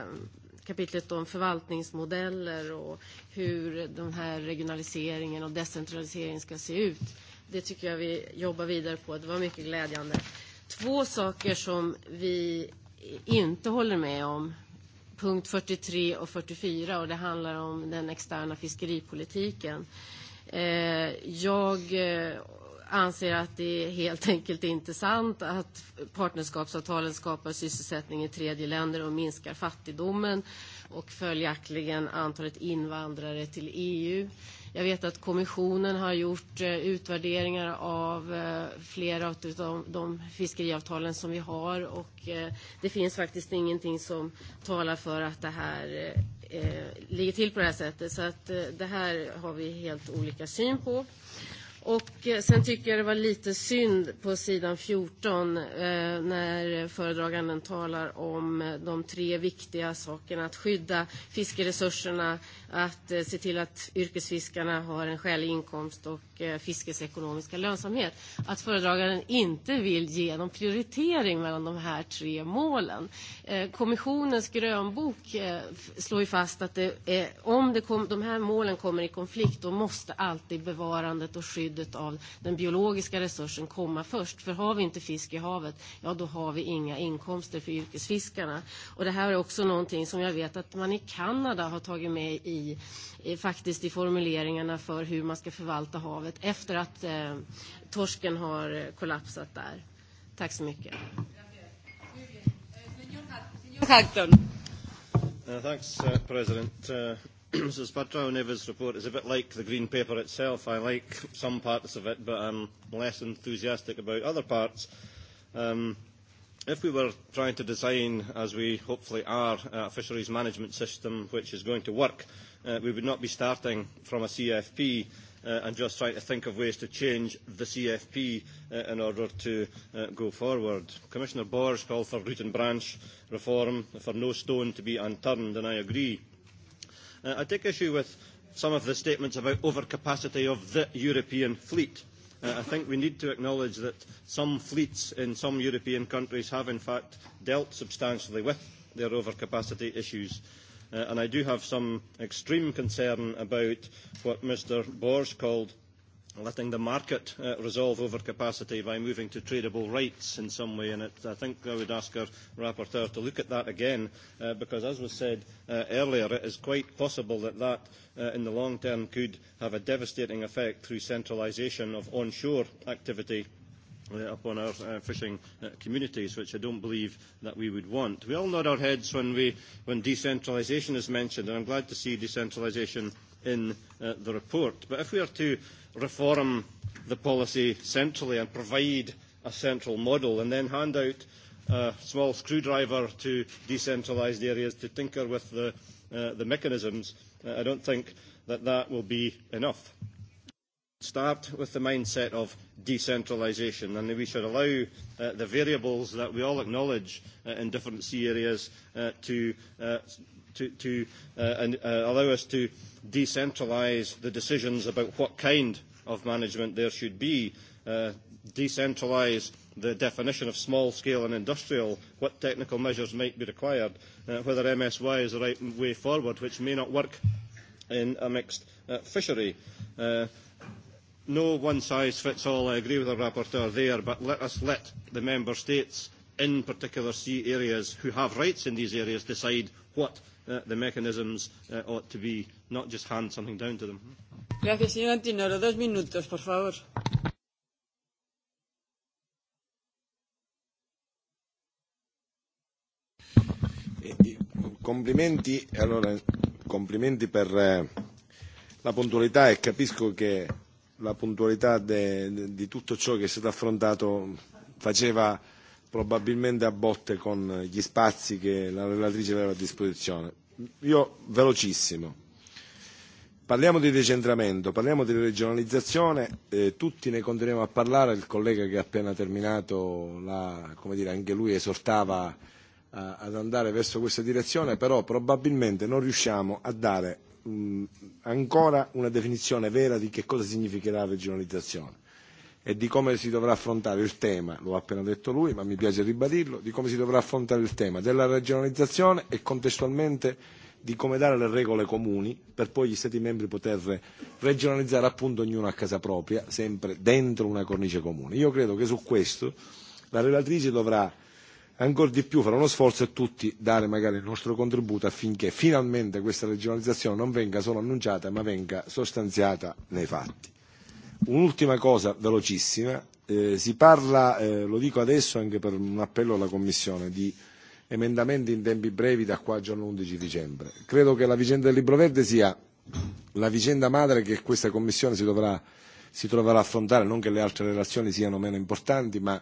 kapitlet om förvaltningsmodeller och hur den här regionaliseringen och decentraliseringen ska se ut. Det tycker jag vi jobbar vidare på. Det var mycket glädjande. Två saker som vi inte håller med om, punkt 43 och 44, och det handlar om den externa fiskeripolitiken. Jag anser att det är helt enkelt inte sant att partnerskapsavtalen skapar sysselsättning i tredje länder och minskar fattigdomen och följaktligen antalet invandrare till EU. Jag vet att kommissionen har gjort utvärderingar av flera av de fiskeriavtalen som vi har och det finns faktiskt ingenting som talar för att det här ligger till på det här sättet. Så att det här har vi helt olika syn på. Och sen tycker jag det var lite synd på sidan 14 när föredraganden talar om de tre viktiga sakerna att skydda fiskeresurserna att se till att yrkesfiskarna har en skälig inkomst och fiskets ekonomiska lönsamhet. Att föredraganden inte vill ge någon prioritering mellan de här tre målen. Kommissionens grönbok slår ju fast att det, om det kom, de här målen kommer i konflikt då måste alltid bevarandet och skyddet av den biologiska resursen komma först. För har vi inte fisk i havet, ja då har vi inga inkomster för yrkesfiskarna. Och det här är också någonting som jag vet att man i Kanada har tagit med i faktiskt i formuleringarna för hur man ska förvalta havet efter att eh, torsken har kollapsat där. Tack så mycket. Uh, thanks, uh, President. Uh, Mrs. Patrao-Neves' report is a bit like the Green Paper itself. I like some parts of it, but I'm less enthusiastic about other parts. Um, if we were trying to design, as we hopefully are, a fisheries management system which is going to work, uh, we would not be starting from a CFP uh, and just trying to think of ways to change the CFP uh, in order to uh, go forward. Commissioner Borges called for root and branch reform, for no stone to be unturned, and I agree. Uh, I take issue with some of the statements about overcapacity of the European fleet. I think we need to acknowledge that some fleets in some European countries have in fact dealt substantially with their overcapacity issues and I do have some extreme concern about what Mr. Bors called letting the market resolve overcapacity by moving to tradable rights in some way. And it, I think I would ask our rapporteur to look at that again, because as was said earlier, it is quite possible that that in the long term could have a devastating effect through centralisation of onshore activity upon our uh, fishing uh, communities, which I don't believe that we would want. We all nod our heads when, we, when decentralisation is mentioned, and I'm glad to see decentralisation in uh, the report. But if we are to reform the policy centrally and provide a central model and then hand out a small screwdriver to decentralised areas to tinker with the, uh, the mechanisms, uh, I don't think that that will be enough start with the mindset of decentralisation and that we should allow uh, the variables that we all acknowledge uh, in different sea areas uh, to, uh, to, to uh, and, uh, allow us to decentralise the decisions about what kind of management there should be, uh, decentralise the definition of small scale and industrial, what technical measures might be required, uh, whether MSY is the right way forward, which may not work in a mixed uh, fishery. Uh, no one-size-fits-all. I agree with the rapporteur there, but let us let the member states in particular sea areas who have rights in these areas decide what the mechanisms ought to be, not just hand something down to them. Gracias, señor Antinoro. Dos minutos, por favor. Complimenti, allora, complimenti per la puntualità e capisco che la puntualità di tutto ciò che è stato affrontato faceva probabilmente a botte con gli spazi che la relatrice aveva a disposizione. Io velocissimo. Parliamo di decentramento, parliamo di regionalizzazione, eh, tutti ne continuiamo a parlare, il collega che ha appena terminato, la, come dire, anche lui esortava a, ad andare verso questa direzione, però probabilmente non riusciamo a dare ancora una definizione vera di che cosa significherà regionalizzazione e di come si dovrà affrontare il tema, lo ha appena detto lui, ma mi piace ribadirlo, di come si dovrà affrontare il tema della regionalizzazione e contestualmente di come dare le regole comuni per poi gli Stati membri poter regionalizzare appunto ognuno a casa propria, sempre dentro una cornice comune. Io credo che su questo la relatrice dovrà ancor di più farà uno sforzo e tutti dare magari il nostro contributo affinché finalmente questa regionalizzazione non venga solo annunciata ma venga sostanziata nei fatti. Un'ultima cosa velocissima, si parla, lo dico adesso anche per un appello alla Commissione, di emendamenti in tempi brevi da qua al giorno 11 dicembre. Credo che la vicenda del Libro Verde sia la vicenda madre che questa Commissione si, dovrà, si troverà a affrontare, non che le altre relazioni siano meno importanti, ma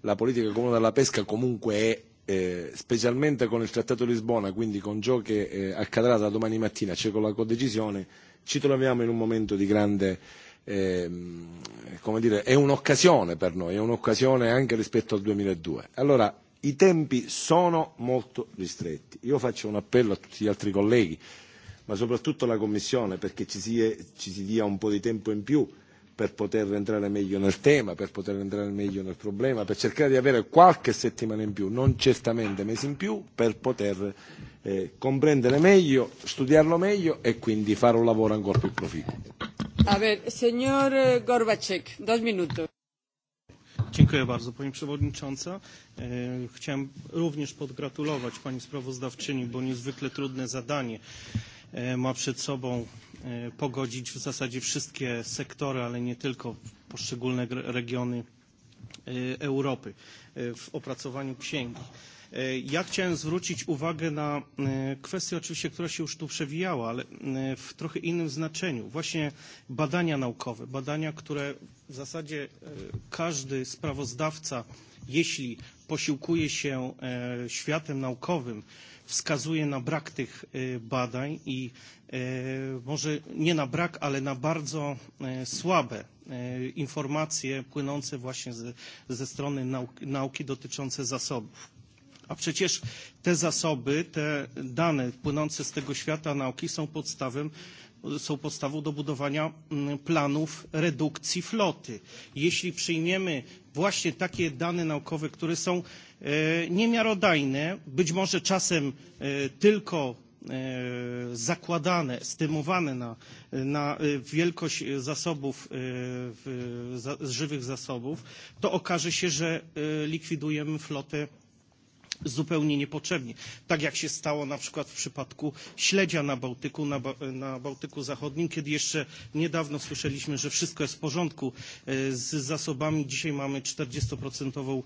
la politica comune della pesca comunque è eh, specialmente con il Trattato di Lisbona, quindi con ciò che eh, accadrà da domani mattina, cioè con la codecisione, ci troviamo in un momento di grande, eh, come dire, è un'occasione per noi, è un'occasione anche rispetto al 2002. Allora, i tempi sono molto ristretti. Io faccio un appello a tutti gli altri colleghi, ma soprattutto alla Commissione, perché ci si, ci si dia un po' di tempo in più per poter entrare meglio nel tema, per poter entrare meglio nel problema, per cercare di avere qualche settimana in più, non certamente mesi in più, per poter eh, comprendere meglio, studiarlo meglio e quindi fare un lavoro ancora più proficuo. A ver, signor Gorbacek, dos minuti. Dziękuję bardzo Pani Przewodnicząca. Chciałem również podgratulować Pani sprawozdawczyni, bo niezwykle trudne zadanie ma przed sobą pogodzić w zasadzie wszystkie sektory, ale nie tylko poszczególne regiony Europy w opracowaniu księgi. Ja chciałem zwrócić uwagę na kwestię oczywiście, która się już tu przewijała, ale w trochę innym znaczeniu. Właśnie badania naukowe, badania, które w zasadzie każdy sprawozdawca, jeśli posiłkuje się światem naukowym, wskazuje na brak tych badań i może nie na brak, ale na bardzo słabe informacje płynące właśnie ze strony nauki dotyczące zasobów. A przecież te zasoby, te dane płynące z tego świata nauki są podstawą są podstawą do budowania planów redukcji floty. Jeśli przyjmiemy właśnie takie dane naukowe, które są niemiarodajne, być może czasem tylko zakładane, stymowane na, na wielkość zasobów, żywych zasobów, to okaże się, że likwidujemy flotę zupełnie niepotrzebnie. Tak jak się stało na przykład w przypadku śledzia na Bałtyku, na, na Bałtyku Zachodnim, kiedy jeszcze niedawno słyszeliśmy, że wszystko jest w porządku z zasobami. Dzisiaj mamy 40%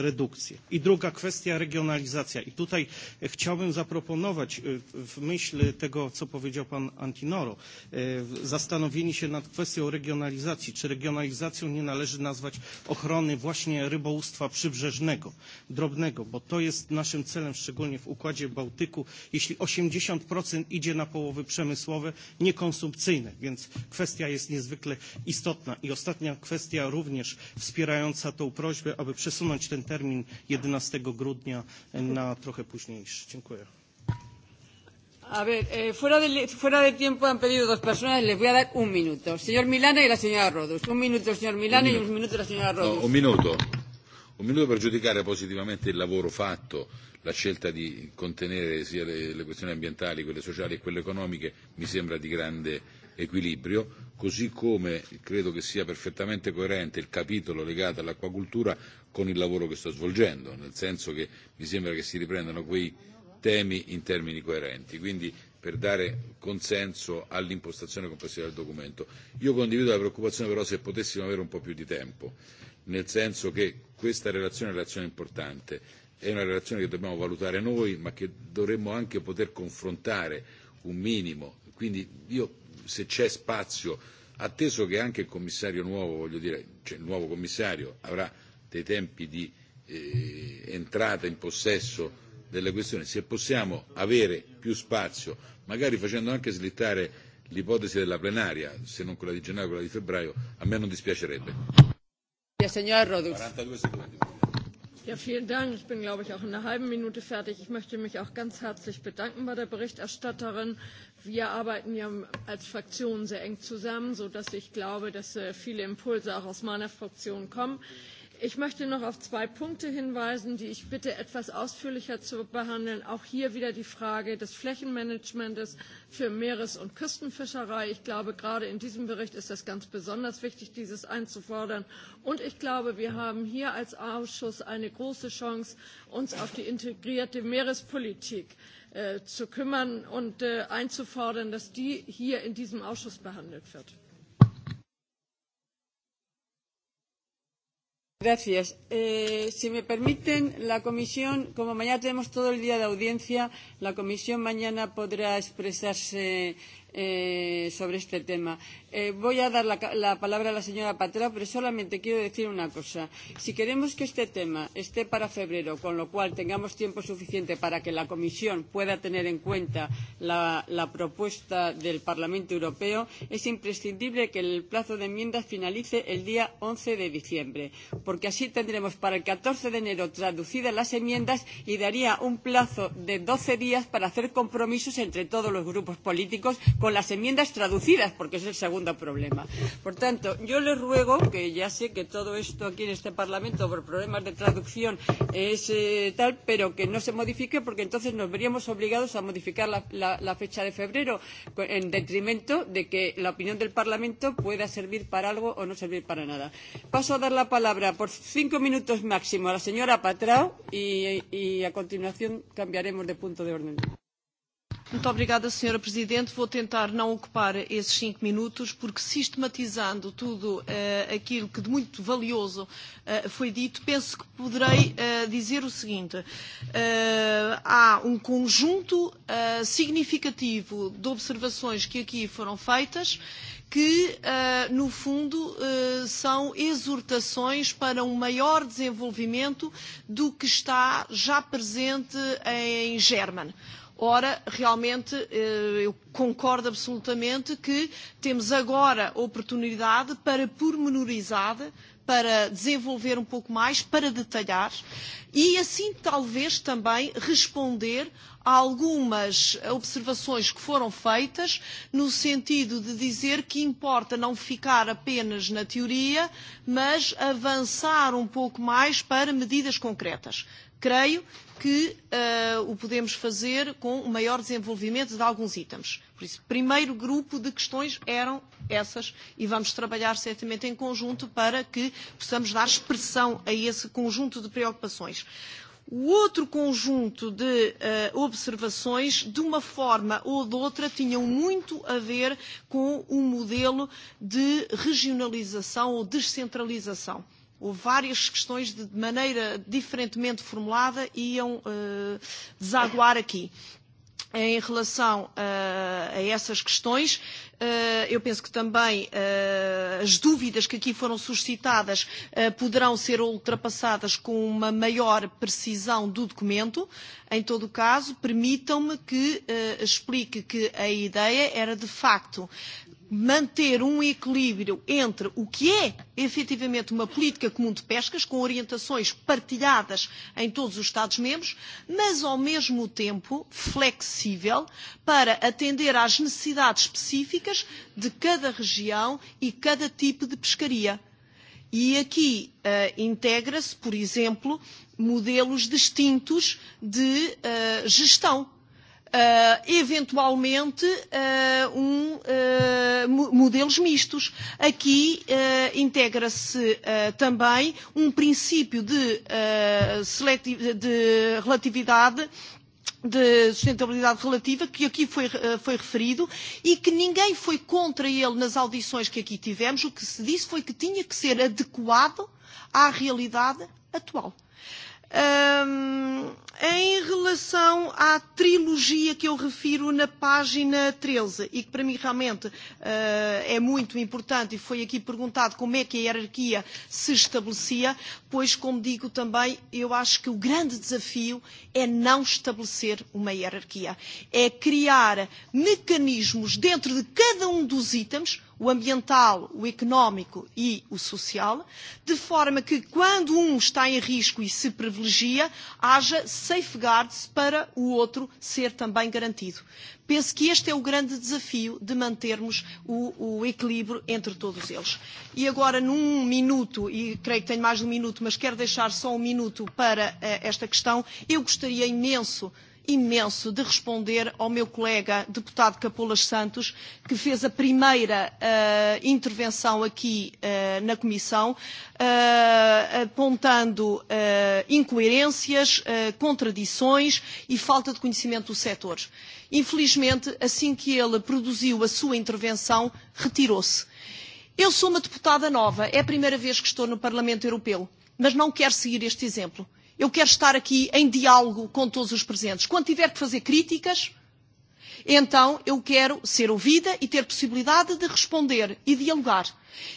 redukcję. I druga kwestia, regionalizacja. I tutaj chciałbym zaproponować w myśl tego, co powiedział pan Antinoro, zastanowienie się nad kwestią regionalizacji. Czy regionalizacją nie należy nazwać ochrony właśnie rybołówstwa przybrzeżnego, drobnego, bo To jest naszym celem, szczególnie w Układzie Bałtyku, jeśli 80% idzie na połowy przemysłowe, niekonsumpcyjne, więc kwestia jest niezwykle istotna. I ostatnia kwestia również wspierająca tą prośbę, aby przesunąć ten termin 11 grudnia na trochę późniejszy. Dziękuję. A ver, eh, fuera, de, fuera de tiempo han pedido dos personas, les voy a dar un minuto. Señor Milana y la señora Rodos. Un minuto, señor Milana, un minuto. y un minuto la señora Rodos. No, un minuto un minuto per giudicare positivamente il lavoro fatto, la scelta di contenere sia le, le questioni ambientali, quelle sociali e quelle economiche mi sembra di grande equilibrio, così come credo che sia perfettamente coerente il capitolo legato all'acquacultura con il lavoro che sto svolgendo, nel senso che mi sembra che si riprendano quei temi in termini coerenti, quindi per dare consenso all'impostazione complessiva del documento. Io condivido la preoccupazione però se potessimo avere un po' più di tempo, nel senso che questa relazione è una relazione importante, è una relazione che dobbiamo valutare noi, ma che dovremmo anche poter confrontare un minimo. Quindi io, se c'è spazio, atteso che anche il commissario nuovo, voglio dire, cioè il nuovo commissario avrà dei tempi di eh, entrata in possesso delle questioni, se possiamo avere più spazio, magari facendo anche slittare l'ipotesi della plenaria, se non quella di gennaio, quella di febbraio, a me non dispiacerebbe. Der Senor Rodus. Ja, vielen Dank. Ich bin, glaube ich, auch in einer halben Minute fertig. Ich möchte mich auch ganz herzlich bedanken bei der Berichterstatterin. Wir arbeiten ja als Fraktion sehr eng zusammen, sodass ich glaube, dass viele Impulse auch aus meiner Fraktion kommen. Ich möchte noch auf zwei Punkte hinweisen, die ich bitte etwas ausführlicher zu behandeln. Auch hier wieder die Frage des Flächenmanagements für Meeres- und Küstenfischerei. Ich glaube, gerade in diesem Bericht ist es ganz besonders wichtig, dies einzufordern. Und ich glaube, wir haben hier als Ausschuss eine große Chance, uns auf die integrierte Meerespolitik zu kümmern und einzufordern, dass die hier in diesem Ausschuss behandelt wird. Gracias. Eh, si me permiten, la comisión, como mañana tenemos todo el día de audiencia, la comisión mañana podrá expresarse eh, sobre este tema. Eh, voy a dar la, la palabra a la señora Patrao, pero solamente quiero decir una cosa. Si queremos que este tema esté para febrero, con lo cual tengamos tiempo suficiente para que la Comisión pueda tener en cuenta la, la propuesta del Parlamento Europeo, es imprescindible que el plazo de enmiendas finalice el día 11 de diciembre, porque así tendremos para el 14 de enero traducidas las enmiendas y daría un plazo de 12 días para hacer compromisos entre todos los grupos políticos con las enmiendas traducidas, porque es el segundo problema. Por tanto, yo les ruego que ya sé que todo esto aquí en este Parlamento por problemas de traducción es eh, tal, pero que no se modifique porque entonces nos veríamos obligados a modificar la, la, la fecha de febrero en detrimento de que la opinión del Parlamento pueda servir para algo o no servir para nada. Paso a dar la palabra por cinco minutos máximo a la señora Patrao y, y a continuación cambiaremos de punto de orden. Muito obrigada, Sra. Presidente. Vou tentar não ocupar esses cinco minutos, porque sistematizando tudo uh, aquilo que de muito valioso uh, foi dito, penso que poderei uh, dizer o seguinte. Uh, há um conjunto uh, significativo de observações que aqui foram feitas, que, no fundo, são exortações para um maior desenvolvimento do que está já presente em German. Ora, realmente, eu concordo absolutamente que temos agora oportunidade para pormenorizada, para desenvolver um pouco mais, para detalhar e assim talvez também responder a algumas observações que foram feitas no sentido de dizer que importa não ficar apenas na teoria, mas avançar um pouco mais para medidas concretas. Creio que uh, o podemos fazer com o maior desenvolvimento de alguns itens. Por isso, primeiro grupo de questões eram essas e vamos trabalhar certamente em conjunto para que possamos dar expressão a esse conjunto de preocupações. O outro conjunto de uh, observações, de uma forma ou de outra, tinham muito a ver com o um modelo de regionalização ou descentralização. Houve várias questões de maneira diferentemente formulada e iam uh, desaguar aqui em relação uh, a essas questões. Uh, eu penso que também uh, as dúvidas que aqui foram suscitadas uh, poderão ser ultrapassadas com uma maior precisão do documento. Em todo o caso, permitam-me que uh, explique que a ideia era, de facto, manter um equilíbrio entre o que é efetivamente uma política comum de pescas, com orientações partilhadas em todos os Estados-membros, mas ao mesmo tempo flexível para atender às necessidades específicas de cada região e cada tipo de pescaria. E aqui uh, integra-se, por exemplo, modelos distintos de uh, gestão uh, eventualmente uh, um, uh, modelos mistos. Aqui uh, integra-se uh, também um princípio de, uh, de relatividade de sustentabilidade relativa, que aqui foi, foi referido, e que ninguém foi contra ele nas audições que aqui tivemos. O que se disse foi que tinha que ser adequado à realidade atual. Um, em relação à trilogia que eu refiro na página 13, e que para mim realmente uh, é muito importante, e foi aqui perguntado como é que a hierarquia se estabelecia, pois, como digo também, eu acho que o grande desafio é não estabelecer uma hierarquia, é criar mecanismos dentro de cada um dos itens o ambiental, o económico e o social, de forma que quando um está em risco e se privilegia, haja safeguards para o outro ser também garantido. Penso que este é o grande desafio de mantermos o, o equilíbrio entre todos eles. E agora, num minuto, e creio que tenho mais de um minuto, mas quero deixar só um minuto para uh, esta questão, eu gostaria imenso imenso de responder ao meu colega deputado Capolas Santos, que fez a primeira uh, intervenção aqui uh, na Comissão, uh, apontando uh, incoerências, uh, contradições e falta de conhecimento do setor. Infelizmente, assim que ele produziu a sua intervenção, retirou-se. Eu sou uma deputada nova, é a primeira vez que estou no Parlamento Europeu, mas não quero seguir este exemplo Eu quero estar aqui em diálogo com todos os presentes. Quando tiver que fazer críticas, então eu quero ser ouvida e ter possibilidade de responder e dialogar.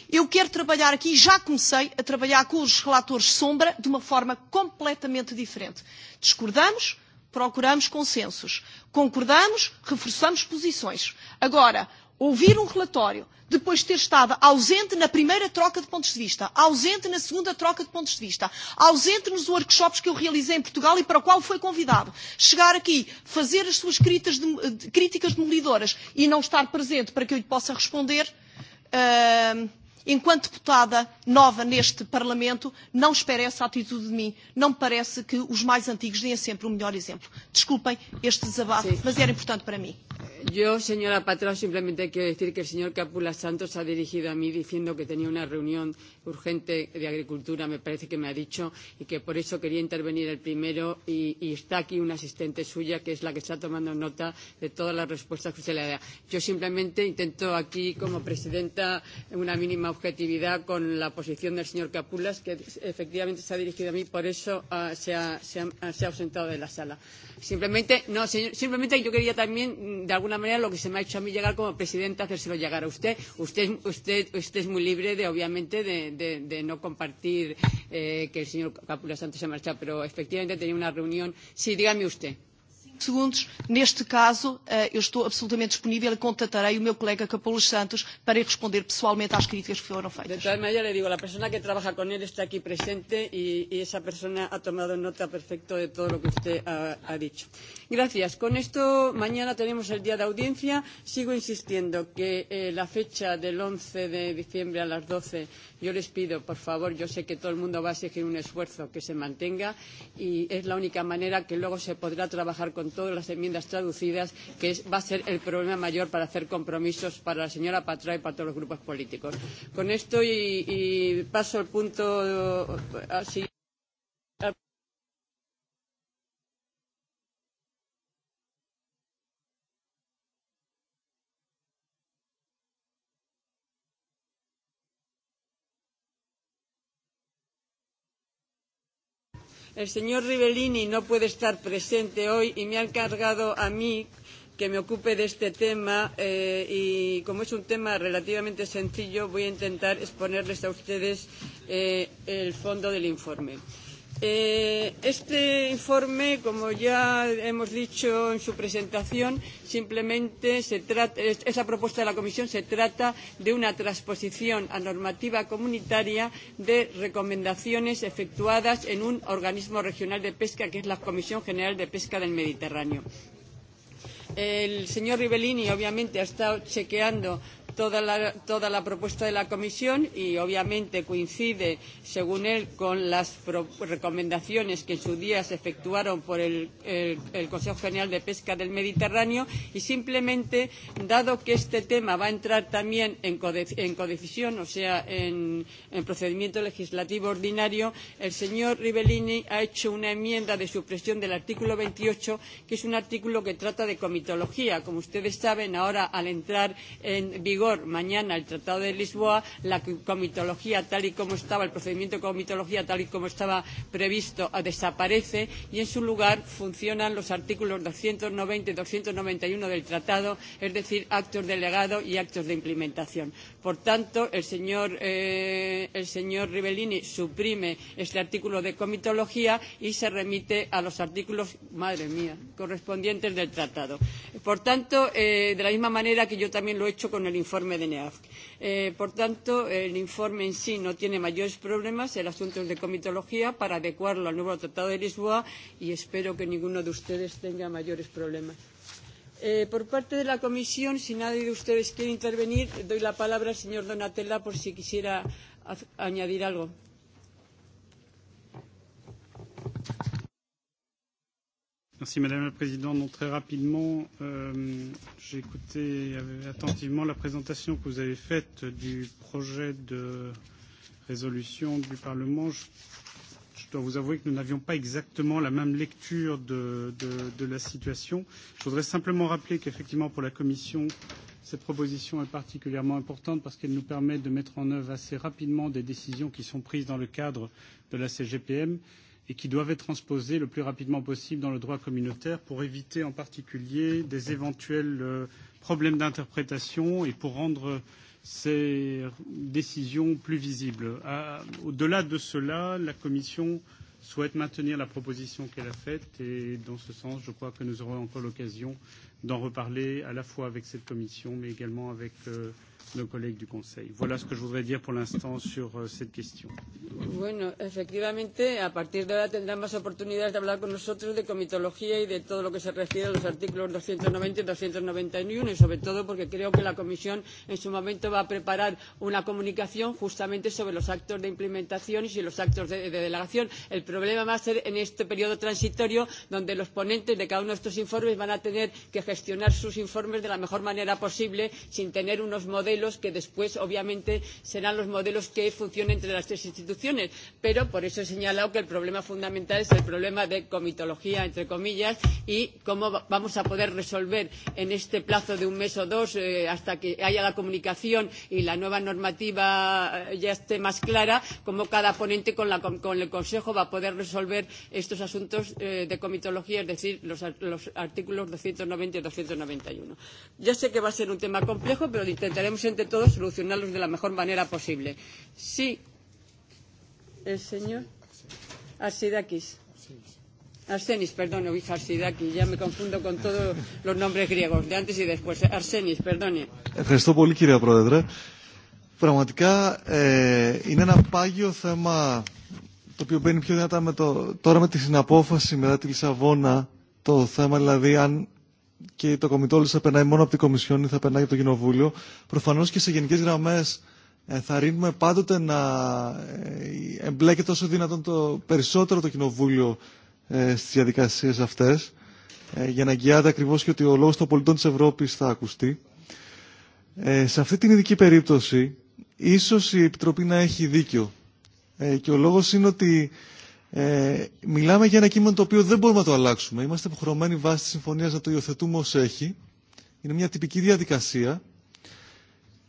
Eu quero trabalhar aqui, já comecei a trabalhar com os relatores sombra de uma forma completamente diferente. Discordamos, procuramos consensos. Concordamos, reforçamos posições. Agora, ouvir um relatório, depois de ter estado ausente na primeira troca de pontos de vista, ausente na segunda troca de pontos de vista, ausente nos workshops que eu realizei em Portugal e para o qual foi convidado, chegar aqui, fazer as suas críticas, de, críticas demolidoras e não estar presente para que eu lhe possa responder, uh, enquanto deputada nova neste Parlamento, não espere essa atitude de mim. Não me parece que os mais antigos deem sempre o melhor exemplo. Desculpem este desabafo, mas era importante para mim. Yo, señora Patrao, simplemente quiero decir que el señor Capula Santos ha dirigido a mí diciendo que tenía una reunión urgente de agricultura, me parece que me ha dicho, y que por eso quería intervenir el primero. Y, y está aquí una asistente suya, que es la que está tomando nota de todas las respuestas que usted le da. Yo simplemente intento aquí, como presidenta, una mínima objetividad con la posición del señor Capulas, que efectivamente se ha dirigido a mí, por eso uh, se, ha, se, ha, se ha ausentado de la sala. Simplemente, no, señor, simplemente yo quería también de alguna manera lo que se me ha hecho a mí llegar como presidenta, hacérselo llegar a usted. Usted, usted, usted es muy libre de, obviamente, de, de, de no compartir eh, que el señor Capula Santos se ha marchado, pero efectivamente tenía una reunión. Sí, dígame usted segundos. Neste caso, eu estou absolutamente disponível e contatarei o meu colega Capolos Santos para ir responder pessoalmente às críticas que foram feitas. De todas maneras, le digo, la persona que trabaja con él está aquí presente y, esa persona ha tomado nota perfecta de todo lo que usted ha, dicho. Gracias. Con esto, mañana tenemos el día de audiencia. Sigo insistiendo que eh, la fecha del 11 de diciembre a las 12, yo les pido, por favor, yo sé que todo el mundo va a exigir un esfuerzo que se mantenga y es la única manera que luego se podrá trabajar con todas las enmiendas traducidas, que es, va a ser el problema mayor para hacer compromisos para la señora Patra y para todos los grupos políticos. Con esto y, y paso el punto. Así. El señor Rivellini no puede estar presente hoy y me ha encargado a mí que me ocupe de este tema eh, y como es un tema relativamente sencillo voy a intentar exponerles a ustedes eh, el fondo del informe este informe, como ya hemos dicho en su presentación, simplemente se trata, esa propuesta de la Comisión se trata de una transposición a normativa comunitaria de recomendaciones efectuadas en un organismo regional de pesca, que es la Comisión General de Pesca del Mediterráneo. El señor Rivellini, obviamente, ha estado chequeando toda la, toda la propuesta de la Comisión y obviamente coincide, según él, con las recomendaciones que en su día se efectuaron por el, el, el Consejo General de Pesca del Mediterráneo y simplemente, dado que este tema va a entrar también en, code, en codecisión, o sea, en, en procedimiento legislativo ordinario, el señor Rivellini ha hecho una enmienda de supresión del artículo 28, que es un artículo que trata de comitología. Como ustedes saben, ahora al entrar en vigor vigor mañana el Tratado de Lisboa, la comitología tal y como estaba, el procedimiento de comitología tal y como estaba previsto desaparece y en su lugar funcionan los artículos doscientos noventa y doscientos noventa y uno del Tratado, es decir, actos delegados y actos de implementación. Por tanto, el señor, Rivellini suprime este artículo de comitología y se remite a los artículos, madre mía, correspondientes del Tratado. Por tanto, de la misma manera que yo también lo he hecho con el informe informe de NEAF. Eh, por tanto, el informe en sí no tiene mayores problemas. El asunto es de comitología para adecuarlo al nuevo Tratado de Lisboa y espero que ninguno de ustedes tenga mayores problemas. Eh, por parte de la comisión, si nadie de ustedes quiere intervenir, doy la palabra al señor Donatella por si quisiera añadir algo. Merci Madame la Présidente. Donc, très rapidement, euh, j'ai écouté attentivement la présentation que vous avez faite du projet de résolution du Parlement. Je, je dois vous avouer que nous n'avions pas exactement la même lecture de, de, de la situation. Je voudrais simplement rappeler qu'effectivement pour la Commission, cette proposition est particulièrement importante parce qu'elle nous permet de mettre en œuvre assez rapidement des décisions qui sont prises dans le cadre de la CGPM et qui doivent être transposées le plus rapidement possible dans le droit communautaire pour éviter en particulier des éventuels problèmes d'interprétation et pour rendre ces décisions plus visibles. Au-delà de cela, la Commission souhaite maintenir la proposition qu'elle a faite et dans ce sens, je crois que nous aurons encore l'occasion d'en reparler à la fois avec cette commission mais également avec euh, nos collègues du Conseil. Voilà ce que je voudrais dire pour l'instant sur cette question. Bueno, efectivamente, a partir de ahora tendrán más oportunidades de hablar con nosotros de comitología y de todo lo que se refiere a los artículos 290 y 291, y sobre todo porque creo que la Comisión en su momento va a preparar una comunicación justamente sobre los actos de implementación y los actos de, de delegación. El problema va a ser en este periodo transitorio donde los ponentes de cada uno de estos informes van a tener que gestionar sus informes de la mejor manera posible sin tener unos modelos modelos que después, obviamente, serán los modelos que funcionen entre las tres instituciones. Pero por eso he señalado que el problema fundamental es el problema de comitología, entre comillas, y cómo vamos a poder resolver en este plazo de un mes o dos, hasta que haya la comunicación y la nueva normativa ya esté más clara, cómo cada ponente con, el Consejo va a poder resolver estos asuntos de comitología, es decir, los, artículos doscientos noventa y doscientos noventa y uno. Ya sé que va a ser un tema complejo, pero lo intentaremos podemos entre todos solucionarlos de la mejor manera posible. Sí, el señor Arsidakis. Arsenis, perdone, dije Arsidakis, ya me confundo con todos los nombres griegos, de antes y después. Arsenis, perdone. Πραγματικά ε, είναι ένα πάγιο θέμα το οποίο μπαίνει πιο δυνατά με το, τώρα με τη συναπόφαση μετά τη Λισαβόνα το θέμα δηλαδή αν και το κομιτόλι θα περνάει μόνο από την Κομισιόν ή θα περνάει από το Κοινοβούλιο. Προφανώ και σε γενικέ γραμμέ θα ρίχνουμε πάντοτε να εμπλέκεται όσο δυνατόν το περισσότερο το Κοινοβούλιο στι διαδικασίε αυτέ για να εγγυάται ακριβώ και ότι ο λόγο των πολιτών τη Ευρώπη θα ακουστεί. Ε, σε αυτή την ειδική περίπτωση, ίσω η Επιτροπή να έχει δίκιο. Ε, και ο λόγο είναι ότι Ε, μιλάμε για ένα κείμενο το οποίο δεν μπορούμε να το αλλάξουμε. Είμαστε υποχρεωμένοι βάσει τη συμφωνία να το υιοθετούμε ω έχει. Είναι μια τυπική διαδικασία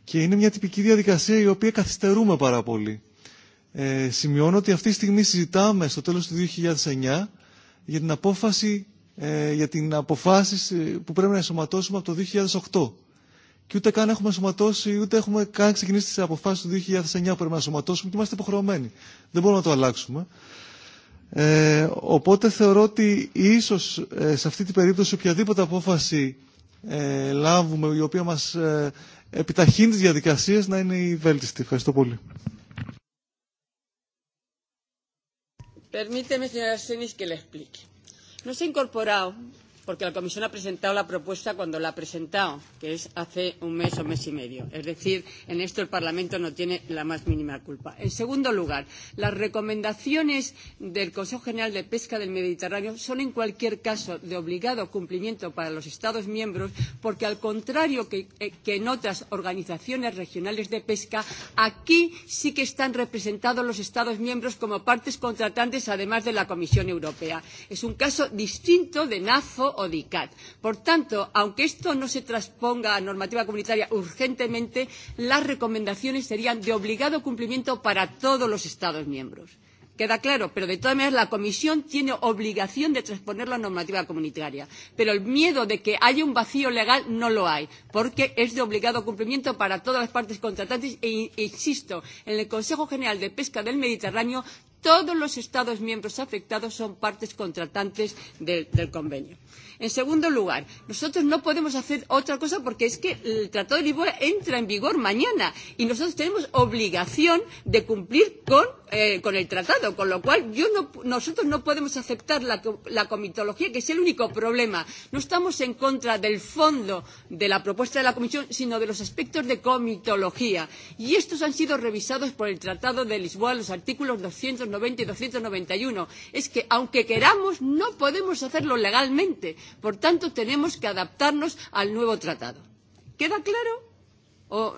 και είναι μια τυπική διαδικασία η οποία καθυστερούμε πάρα πολύ. Ε, σημειώνω ότι αυτή τη στιγμή συζητάμε στο τέλος του 2009 για την απόφαση ε, για την αποφάση που πρέπει να ενσωματώσουμε από το 2008. Και ούτε καν έχουμε ενσωματώσει, ούτε έχουμε καν ξεκινήσει τις αποφάσεις του 2009 που πρέπει να ενσωματώσουμε και είμαστε υποχρεωμένοι. Δεν μπορούμε να το αλλάξουμε. Ε, οπότε θεωρώ ότι ίσως ε, σε αυτή την περίπτωση οποιαδήποτε απόφαση ε, λάβουμε η οποία μας ε, επιταχύνει τις διαδικασίες να είναι η βέλτιστη. Ευχαριστώ πολύ. Permíteme, señora Senis, que le explique. No se ha incorporado porque la Comisión ha presentado la propuesta cuando la ha presentado, que es hace un mes o mes y medio. Es decir, en esto el Parlamento no tiene la más mínima culpa. En segundo lugar, las recomendaciones del Consejo General de Pesca del Mediterráneo son en cualquier caso de obligado cumplimiento para los Estados miembros, porque al contrario que, en otras organizaciones regionales de pesca, aquí sí que están representados los Estados miembros como partes contratantes, además de la Comisión Europea. Es un caso distinto de NAFO ODICAT. Por tanto, aunque esto no se transponga a normativa comunitaria urgentemente, las recomendaciones serían de obligado cumplimiento para todos los Estados miembros. Queda claro, pero de todas maneras la Comisión tiene obligación de transponer la normativa comunitaria. Pero el miedo de que haya un vacío legal no lo hay, porque es de obligado cumplimiento para todas las partes contratantes e insisto, en el Consejo General de Pesca del Mediterráneo todos los Estados miembros afectados son partes contratantes del, del convenio. En segundo lugar, nosotros no podemos hacer otra cosa porque es que el Tratado de Lisboa entra en vigor mañana y nosotros tenemos obligación de cumplir con, eh, con el tratado, con lo cual yo no, nosotros no podemos aceptar la, la comitología, que es el único problema. No estamos en contra del fondo de la propuesta de la Comisión, sino de los aspectos de comitología. Y estos han sido revisados por el Tratado de Lisboa, los artículos 290 y 291. Es que, aunque queramos, no podemos hacerlo legalmente. Por tanto, tenemos que adaptarnos al nuevo tratado. ¿Queda claro? O,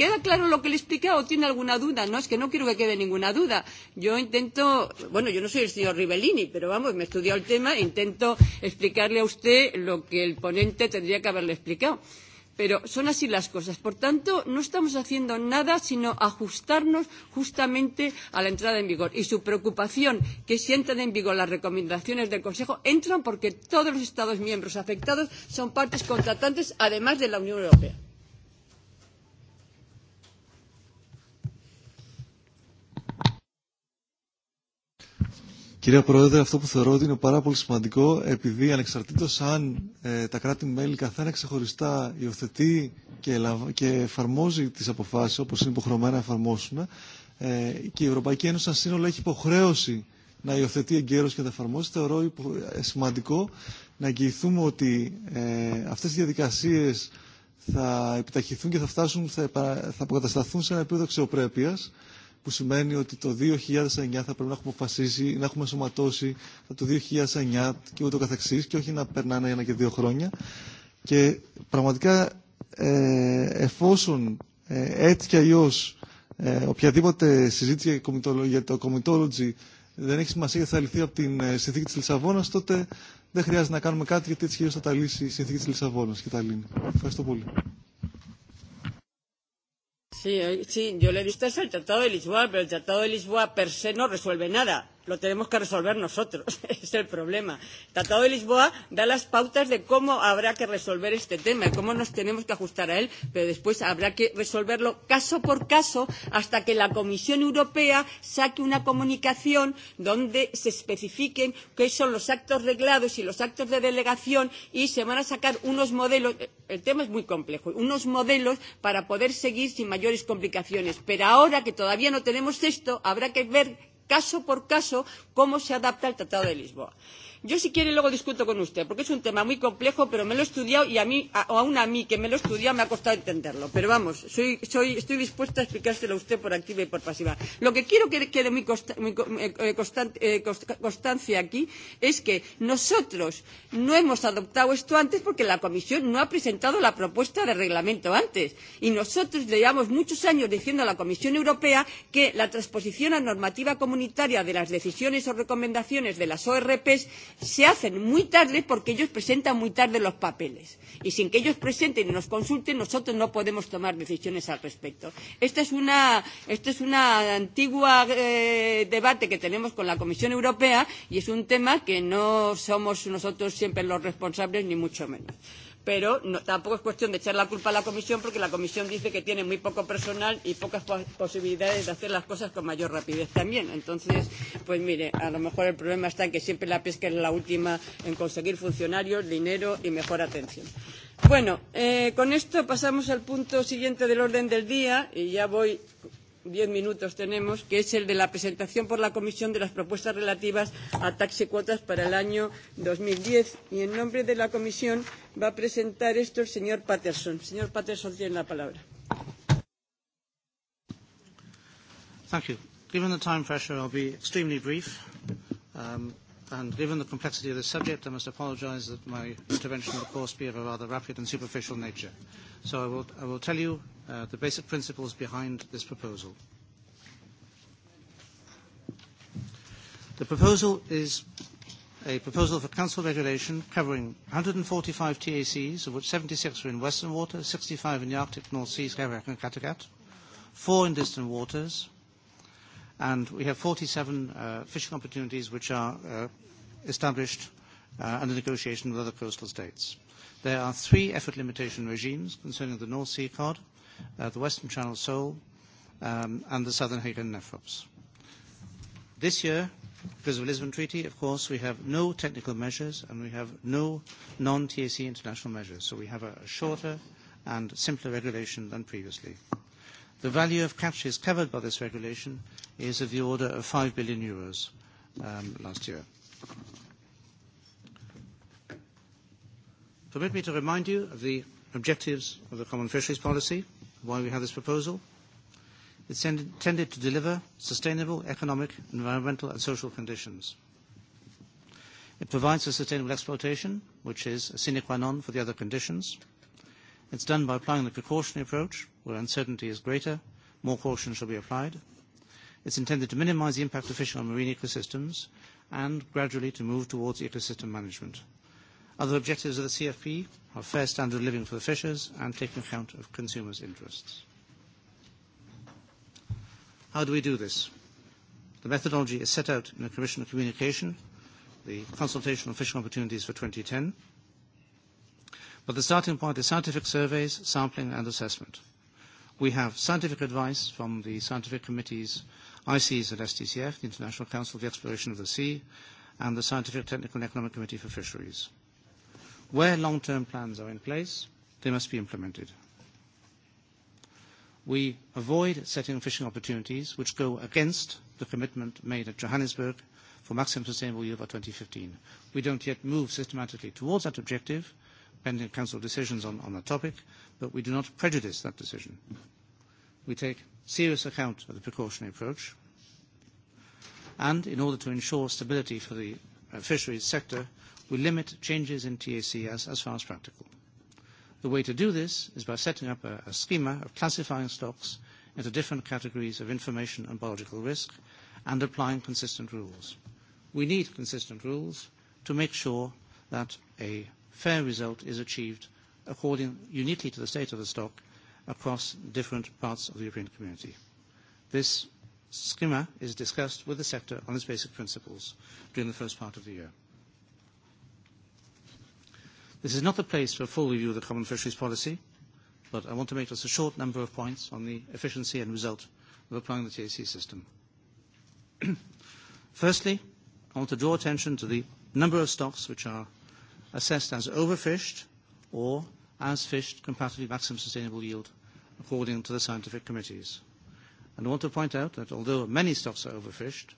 ¿Queda claro lo que le he explicado o tiene alguna duda? No, es que no quiero que quede ninguna duda. Yo intento, bueno, yo no soy el señor Rivellini, pero vamos, me he estudiado el tema e intento explicarle a usted lo que el ponente tendría que haberle explicado. Pero son así las cosas. Por tanto, no estamos haciendo nada sino ajustarnos justamente a la entrada en vigor. Y su preocupación que si entran en vigor las recomendaciones del Consejo, entran porque todos los Estados miembros afectados son partes contratantes, además de la Unión Europea. Κύριε Πρόεδρε, αυτό που θεωρώ ότι είναι πάρα πολύ σημαντικό, επειδή ανεξαρτήτως αν ε, τα κράτη-μέλη καθένα ξεχωριστά υιοθετεί και, και εφαρμόζει τις αποφάσεις όπως είναι υποχρεωμένα να εφαρμόσουμε. ε, και η Ευρωπαϊκή Ένωση σαν σύνολο έχει υποχρέωση να υιοθετεί εγκαίρως και να εφαρμόσει, θεωρώ υπο... σημαντικό να εγγυηθούμε ότι ε, αυτές οι διαδικασίες θα επιταχυθούν και θα, φτάσουν, θα, θα αποκατασταθούν σε ένα επίπεδο αξιοπρέπειας, που σημαίνει ότι το 2009 θα πρέπει να έχουμε αποφασίσει, να έχουμε σωματώσει το 2009 και ούτω καθεξής και όχι να περνάνε ένα και δύο χρόνια. Και πραγματικά ε, εφόσον ε, έτσι και αλλιώ ε, οποιαδήποτε συζήτηση για το commentology δεν έχει σημασία γιατί θα λυθεί από την ε, συνθήκη της Λισαβόνας, τότε δεν χρειάζεται να κάνουμε κάτι γιατί έτσι και θα τα λύσει η συνθήκη της Λισαβόνας και τα λύνει. Ευχαριστώ πολύ. Sí, sí, yo le he visto eso, el Tratado de Lisboa, pero el Tratado de Lisboa per se no resuelve nada lo tenemos que resolver nosotros. es el problema. El Tratado de Lisboa da las pautas de cómo habrá que resolver este tema y cómo nos tenemos que ajustar a él, pero después habrá que resolverlo caso por caso hasta que la Comisión Europea saque una comunicación donde se especifiquen qué son los actos reglados y los actos de delegación y se van a sacar unos modelos. El tema es muy complejo. Unos modelos para poder seguir sin mayores complicaciones. Pero ahora que todavía no tenemos esto, habrá que ver caso por caso cómo se adapta el Tratado de Lisboa. Yo si quiere luego discuto con usted, porque es un tema muy complejo, pero me lo he estudiado y a mí, a, aún a mí que me lo he estudiado me ha costado entenderlo. Pero vamos, soy, soy, estoy dispuesta a explicárselo a usted por activa y por pasiva. Lo que quiero que quede muy, consta, muy eh, constant, eh, constancia aquí es que nosotros no hemos adoptado esto antes porque la Comisión no ha presentado la propuesta de reglamento antes. Y nosotros llevamos muchos años diciendo a la Comisión Europea que la transposición a normativa comunitaria de las decisiones o recomendaciones de las ORP se hacen muy tarde porque ellos presentan muy tarde los papeles. Y sin que ellos presenten y nos consulten, nosotros no podemos tomar decisiones al respecto. Este es un este es una antigua eh, debate que tenemos con la Comisión Europea y es un tema que no somos nosotros siempre los responsables, ni mucho menos pero no, tampoco es cuestión de echar la culpa a la Comisión porque la Comisión dice que tiene muy poco personal y pocas posibilidades de hacer las cosas con mayor rapidez también. Entonces, pues mire, a lo mejor el problema está en que siempre la pesca es la última en conseguir funcionarios, dinero y mejor atención. Bueno, eh, con esto pasamos al punto siguiente del orden del día y ya voy diez minutos tenemos, que es el de la presentación por la Comisión de las propuestas relativas a taxe cuotas para el año 2010. Y en nombre de la Comisión va a presentar esto el señor Patterson. Señor Patterson, tiene la palabra. Thank you. Given the time pressure, I'll be extremely brief. Um, and given the complexity of this subject, I must apologize that my intervention will, of course, be of a rather rapid and superficial nature. So I will, I will tell you uh, the basic principles behind this proposal. The proposal is a proposal for council regulation covering 145 TACs, of which 76 are in Western Water, 65 in the Arctic North Sea, Skagerrak and Kattegat, four in distant waters, and we have 47 uh, fishing opportunities which are uh, established uh, under negotiation with other coastal states. There are three effort limitation regimes concerning the North Sea cod, uh, the Western Channel Seoul, um, and the Southern Hagen Nephrops. This year, because of the Lisbon Treaty, of course, we have no technical measures and we have no non-TAC international measures. So we have a, a shorter and simpler regulation than previously. The value of catches covered by this regulation is of the order of 5 billion euros um, last year. Permit me to remind you of the objectives of the Common Fisheries Policy why we have this proposal. It's intended to deliver sustainable economic, environmental and social conditions. It provides for sustainable exploitation, which is a sine qua non for the other conditions. It's done by applying the precautionary approach, where uncertainty is greater, more caution shall be applied. It's intended to minimize the impact of fishing on marine ecosystems and gradually to move towards ecosystem management. Other objectives of the CFP are fair standard of living for the fishers and taking account of consumers' interests. How do we do this? The methodology is set out in the Commission communication, the consultation on fishing opportunities for 2010, but the starting point is scientific surveys, sampling and assessment. We have scientific advice from the scientific committees ICs and STCF, the International Council for the Exploration of the Sea, and the Scientific, Technical and Economic Committee for Fisheries. Where long-term plans are in place, they must be implemented. We avoid setting fishing opportunities which go against the commitment made at Johannesburg for maximum sustainable yield by 2015. We don't yet move systematically towards that objective, pending council decisions on on the topic, but we do not prejudice that decision. We take serious account of the precautionary approach, and in order to ensure stability for the fisheries sector, we limit changes in TAC as, as far as practical. The way to do this is by setting up a, a schema of classifying stocks into different categories of information and biological risk and applying consistent rules. We need consistent rules to make sure that a fair result is achieved according uniquely to the state of the stock across different parts of the European community. This schema is discussed with the sector on its basic principles during the first part of the year. This is not the place for a full review of the common fisheries policy, but I want to make just a short number of points on the efficiency and result of applying the TAC system. Firstly, I want to draw attention to the number of stocks which are assessed as overfished or as fished comparatively maximum sustainable yield according to the scientific committees. And I want to point out that although many stocks are overfished,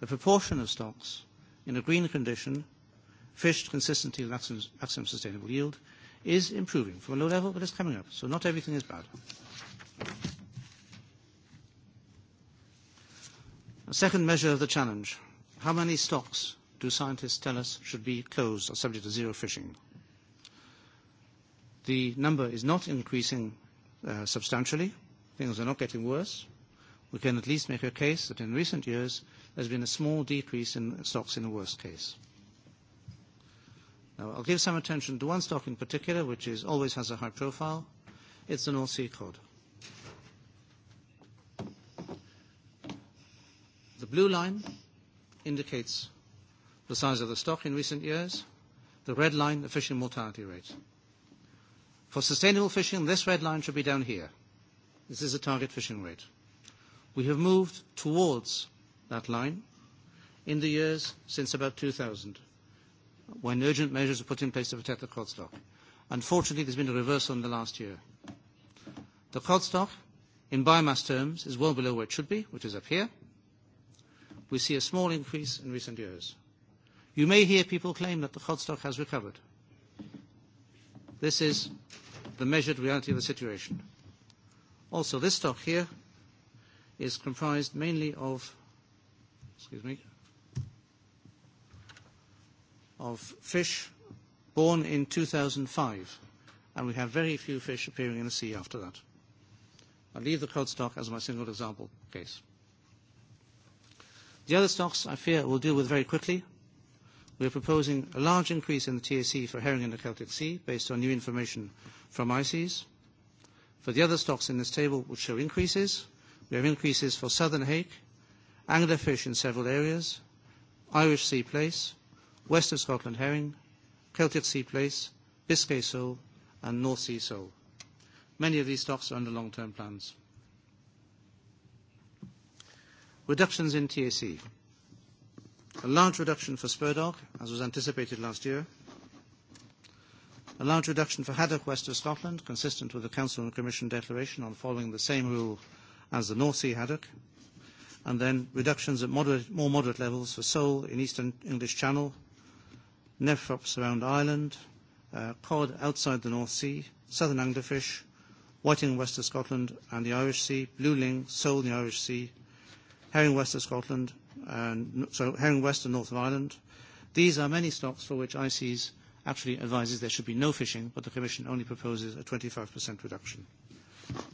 the proportion of stocks in a green condition fish consistently maximum sustainable yield is improving from a low level, but it's coming up. So not everything is bad. A second measure of the challenge. How many stocks do scientists tell us should be closed or subject to zero fishing? The number is not increasing uh, substantially. Things are not getting worse. We can at least make a case that in recent years there's been a small decrease in stocks in the worst case. Now, I'll give some attention to one stock in particular, which is always has a high profile. It's the North Sea cod. The blue line indicates the size of the stock in recent years, the red line, the fishing mortality rate. For sustainable fishing, this red line should be down here. This is the target fishing rate. We have moved towards that line in the years since about 2000 when urgent measures were put in place to protect the cod stock. Unfortunately, there's been a reversal in the last year. The cod stock, in biomass terms, is well below where it should be, which is up here. We see a small increase in recent years. You may hear people claim that the cod stock has recovered. This is the measured reality of the situation. Also, this stock here is comprised mainly of, excuse me, of fish born in 2005, and we have very few fish appearing in the sea after that. I'll leave the cod stock as my single example case. The other stocks, I fear, we'll deal with very quickly. We are proposing a large increase in the TAC for herring in the Celtic Sea based on new information from ICES. For the other stocks in this table which show increases, we have increases for southern hake, anglerfish in several areas, Irish sea place, West of Scotland herring, Celtic sea Place, Biscay sole, and North Sea sole. Many of these stocks are under long-term plans. Reductions in TAC. A large reduction for Spurdock, as was anticipated last year. A large reduction for haddock west of Scotland, consistent with the Council and Commission declaration on following the same rule as the North Sea haddock. And then reductions at moderate, more moderate levels for Seoul in Eastern English Channel, nephrops around Ireland, uh, cod outside the North Sea, southern anglerfish, whiting west of Scotland and the Irish Sea, blue ling, sole in the Irish Sea, herring west of Scotland, and, so herring west and north of Ireland. These are many stocks for which ICES actually advises there should be no fishing, but the Commission only proposes a 25% reduction.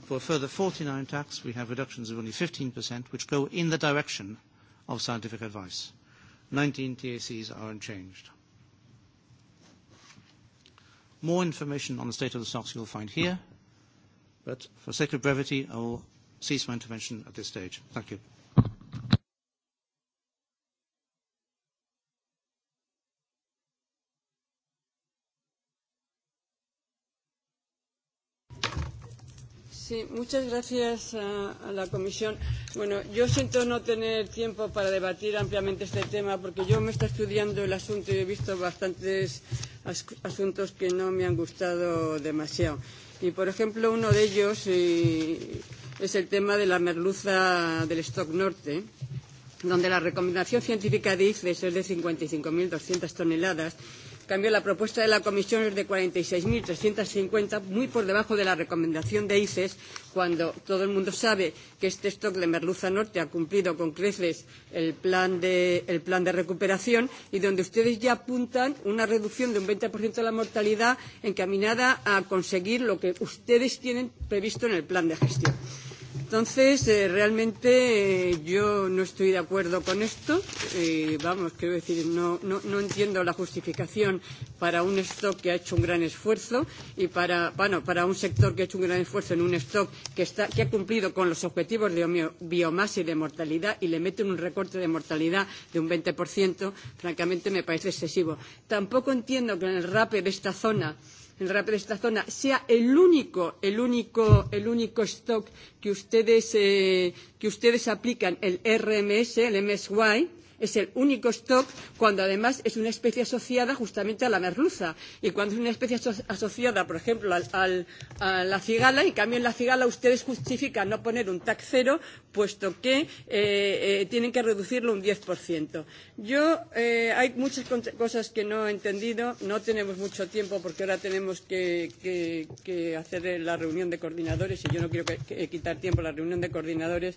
For a further 49 tax, we have reductions of only 15%, which go in the direction of scientific advice. 19 TACs are unchanged. More information on the state of the stocks you'll find here, but for sake of brevity, I will cease my intervention at this stage. Thank you. Sí, muchas gracias a, a la comisión. Bueno, yo siento no tener tiempo para debatir ampliamente este tema porque yo me estoy estudiando el asunto y he visto bastantes as, asuntos que no me han gustado demasiado. Y, por ejemplo, uno de ellos y, es el tema de la merluza del stock norte donde la recomendación científica dice es de 55.200 toneladas cambio, la propuesta de la Comisión es de 46.350, muy por debajo de la recomendación de ICES, cuando todo el mundo sabe que este stock de merluza norte ha cumplido con creces el plan de, el plan de recuperación y donde ustedes ya apuntan una reducción de un 20% de la mortalidad encaminada a conseguir lo que ustedes tienen previsto en el plan de gestión. Entonces, eh, realmente eh, yo no estoy de acuerdo con esto. Eh, vamos, quiero decir, no, no, no entiendo la justificación para un stock que ha hecho un gran esfuerzo y para, bueno, para un sector que ha hecho un gran esfuerzo en un stock que, está, que ha cumplido con los objetivos de biomasa y de mortalidad y le meten un recorte de mortalidad de un 20%, francamente me parece excesivo. Tampoco entiendo que en el RAPE de esta zona el RAP de esta zona sea el único, el único, el único stock que ustedes, eh, que ustedes aplican, el RMS, el MSY, es el único stock cuando además es una especie asociada justamente a la merluza y cuando es una especie aso asociada, por ejemplo, al, al, a la cigala y cambio en la cigala ustedes justifican no poner un TAC cero puesto que eh, eh, tienen que reducirlo un 10%. Yo, eh, hay muchas cosas que no he entendido, no tenemos mucho tiempo porque ahora tenemos que, que, que hacer la reunión de coordinadores y yo no quiero que, que, quitar tiempo a la reunión de coordinadores,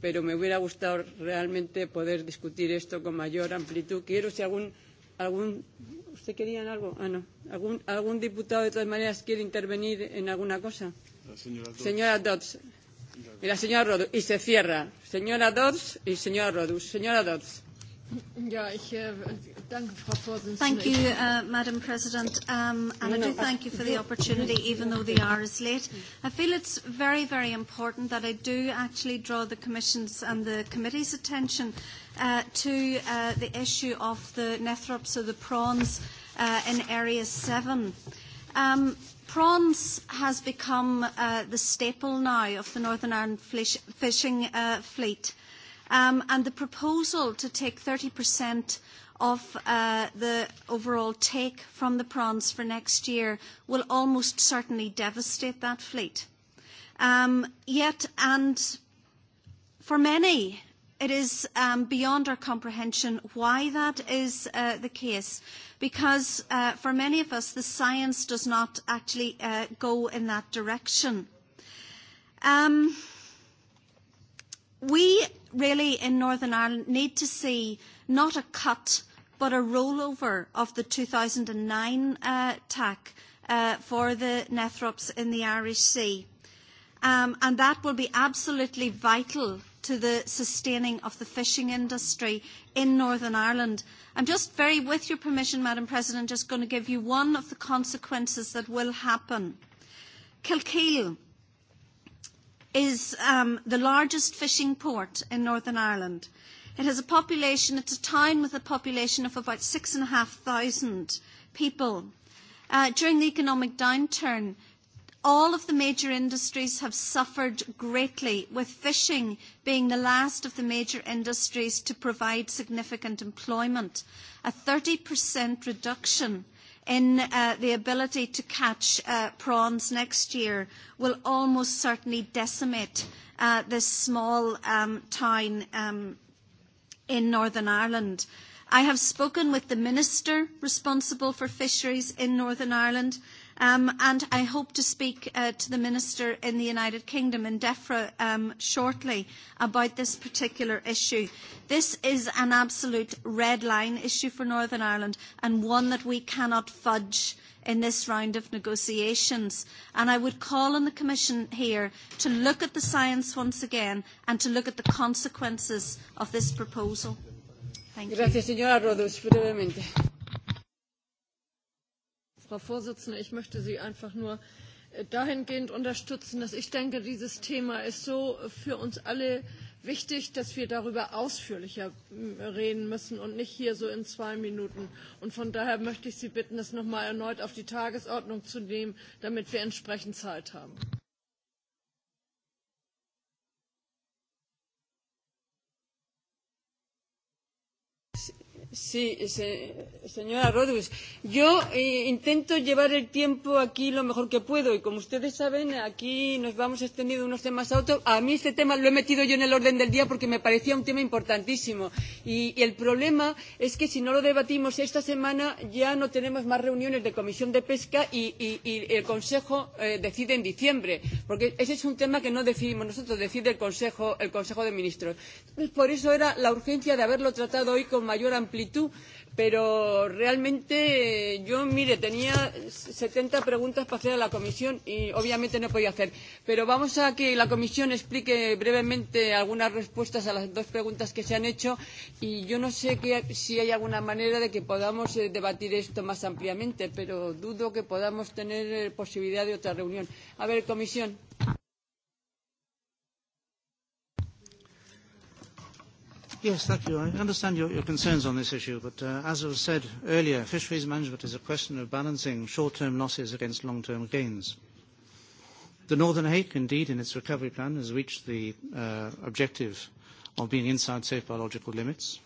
pero me hubiera gustado realmente poder discutir esto con mayor amplitud. Quiero si algún algún usted quería algo ah no algún algún diputado de todas maneras quiere intervenir en alguna cosa señora Dodds señora Rodus. Y se cierra. Señora Dodds y Rodus. Señora Dodds. Thank you, uh, Madam President, um, and I do thank you for the opportunity, even though the hour is late. I feel it's very, very important that I do actually draw the Commission's and the Committee's attention uh, to uh, the issue of the nethrops or the prawns, uh, in Area 7. Um, Prawns has become uh, the staple now of the Northern Ireland fishing uh, fleet. Um, and the proposal to take 30% of uh, the overall take from the prawns for next year will almost certainly devastate that fleet. Um, yet, and for many, it is um, beyond our comprehension why that is uh, the case because uh, for many of us the science does not actually uh, go in that direction. Um, we really in Northern Ireland need to see not a cut but a rollover of the 2009 uh, TAC uh, for the Nethrops in the Irish Sea. Um, and that will be absolutely vital to the sustaining of the fishing industry in Northern Ireland. I'm just very, with your permission, Madam President, just going to give you one of the consequences that will happen. Kilkeel is um, the largest fishing port in Northern Ireland. It has a population, it's a town with a population of about six and a half thousand people. Uh, during the economic downturn, All of the major industries have suffered greatly, with fishing being the last of the major industries to provide significant employment. A 30% reduction in the ability to catch prawns next year will almost certainly decimate this small town in Northern Ireland. I have spoken with the Minister responsible for fisheries in Northern Ireland Um, and I hope to speak uh, to the Minister in the United Kingdom, in DEFRA, um, shortly about this particular issue. This is an absolute red line issue for Northern Ireland and one that we cannot fudge in this round of negotiations. And I would call on the Commission here to look at the science once again and to look at the consequences of this proposal. Thank you. Gracias, señora Rodos, Frau Vorsitzende, ich möchte Sie einfach nur dahingehend unterstützen, dass ich denke, dieses Thema ist so für uns alle wichtig, dass wir darüber ausführlicher reden müssen und nicht hier so in zwei Minuten. Und von daher möchte ich Sie bitten, das nochmal erneut auf die Tagesordnung zu nehmen, damit wir entsprechend Zeit haben. Sí, se, señora Rodus, yo eh, intento llevar el tiempo aquí lo mejor que puedo y como ustedes saben, aquí nos vamos extendiendo unos temas a otros. A mí este tema lo he metido yo en el orden del día porque me parecía un tema importantísimo y, y el problema es que si no lo debatimos esta semana ya no tenemos más reuniones de comisión de pesca y, y, y el Consejo eh, decide en diciembre, porque ese es un tema que no decidimos nosotros, decide el Consejo, el Consejo de Ministros. Entonces, por eso era la urgencia de haberlo tratado hoy con mayor amplitud amplitud, pero realmente yo, mire, tenía 70 preguntas para hacer a la comisión y obviamente no podía hacer. Pero vamos a que la comisión explique brevemente algunas respuestas a las dos preguntas que se han hecho y yo no sé que, si hay alguna manera de que podamos eh, debatir esto más ampliamente, pero dudo que podamos tener posibilidad de otra reunión. A ver, comisión. Yes, thank you. I understand your, your concerns on this issue, but uh, as was said earlier, fisheries management is a question of balancing short-term losses against long-term gains. The Northern Hake, indeed, in its recovery plan, has reached the uh, objective of being inside safe biological limits.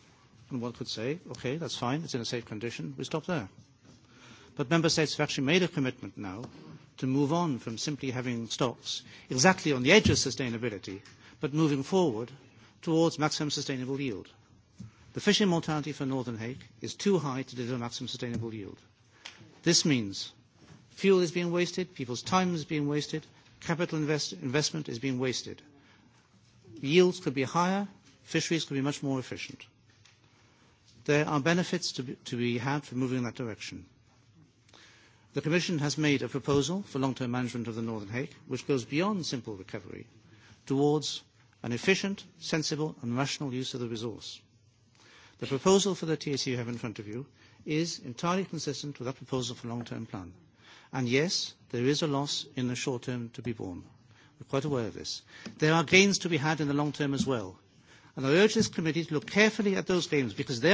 And one could say, okay, that's fine, it's in a safe condition, we stop there. But member states have actually made a commitment now to move on from simply having stocks exactly on the edge of sustainability, but moving forward towards maximum sustainable yield. The fishing mortality for northern hake is too high to deliver maximum sustainable yield. This means fuel is being wasted, people's time is being wasted, capital investment is being wasted. Yields could be higher, fisheries could be much more efficient. There are benefits to be, to be had from moving in that direction. The Commission has made a proposal for long-term management of the Northern Hake, which goes beyond simple recovery towards an efficient, sensible and rational use of the resource. The proposal for the TAC you have in front of you is entirely consistent with that proposal for long-term plan. And yes, there is a loss in the short term to be borne. We're quite aware of this. There are gains to be had in the long term as well. And I urge this committee to look carefully at those gains because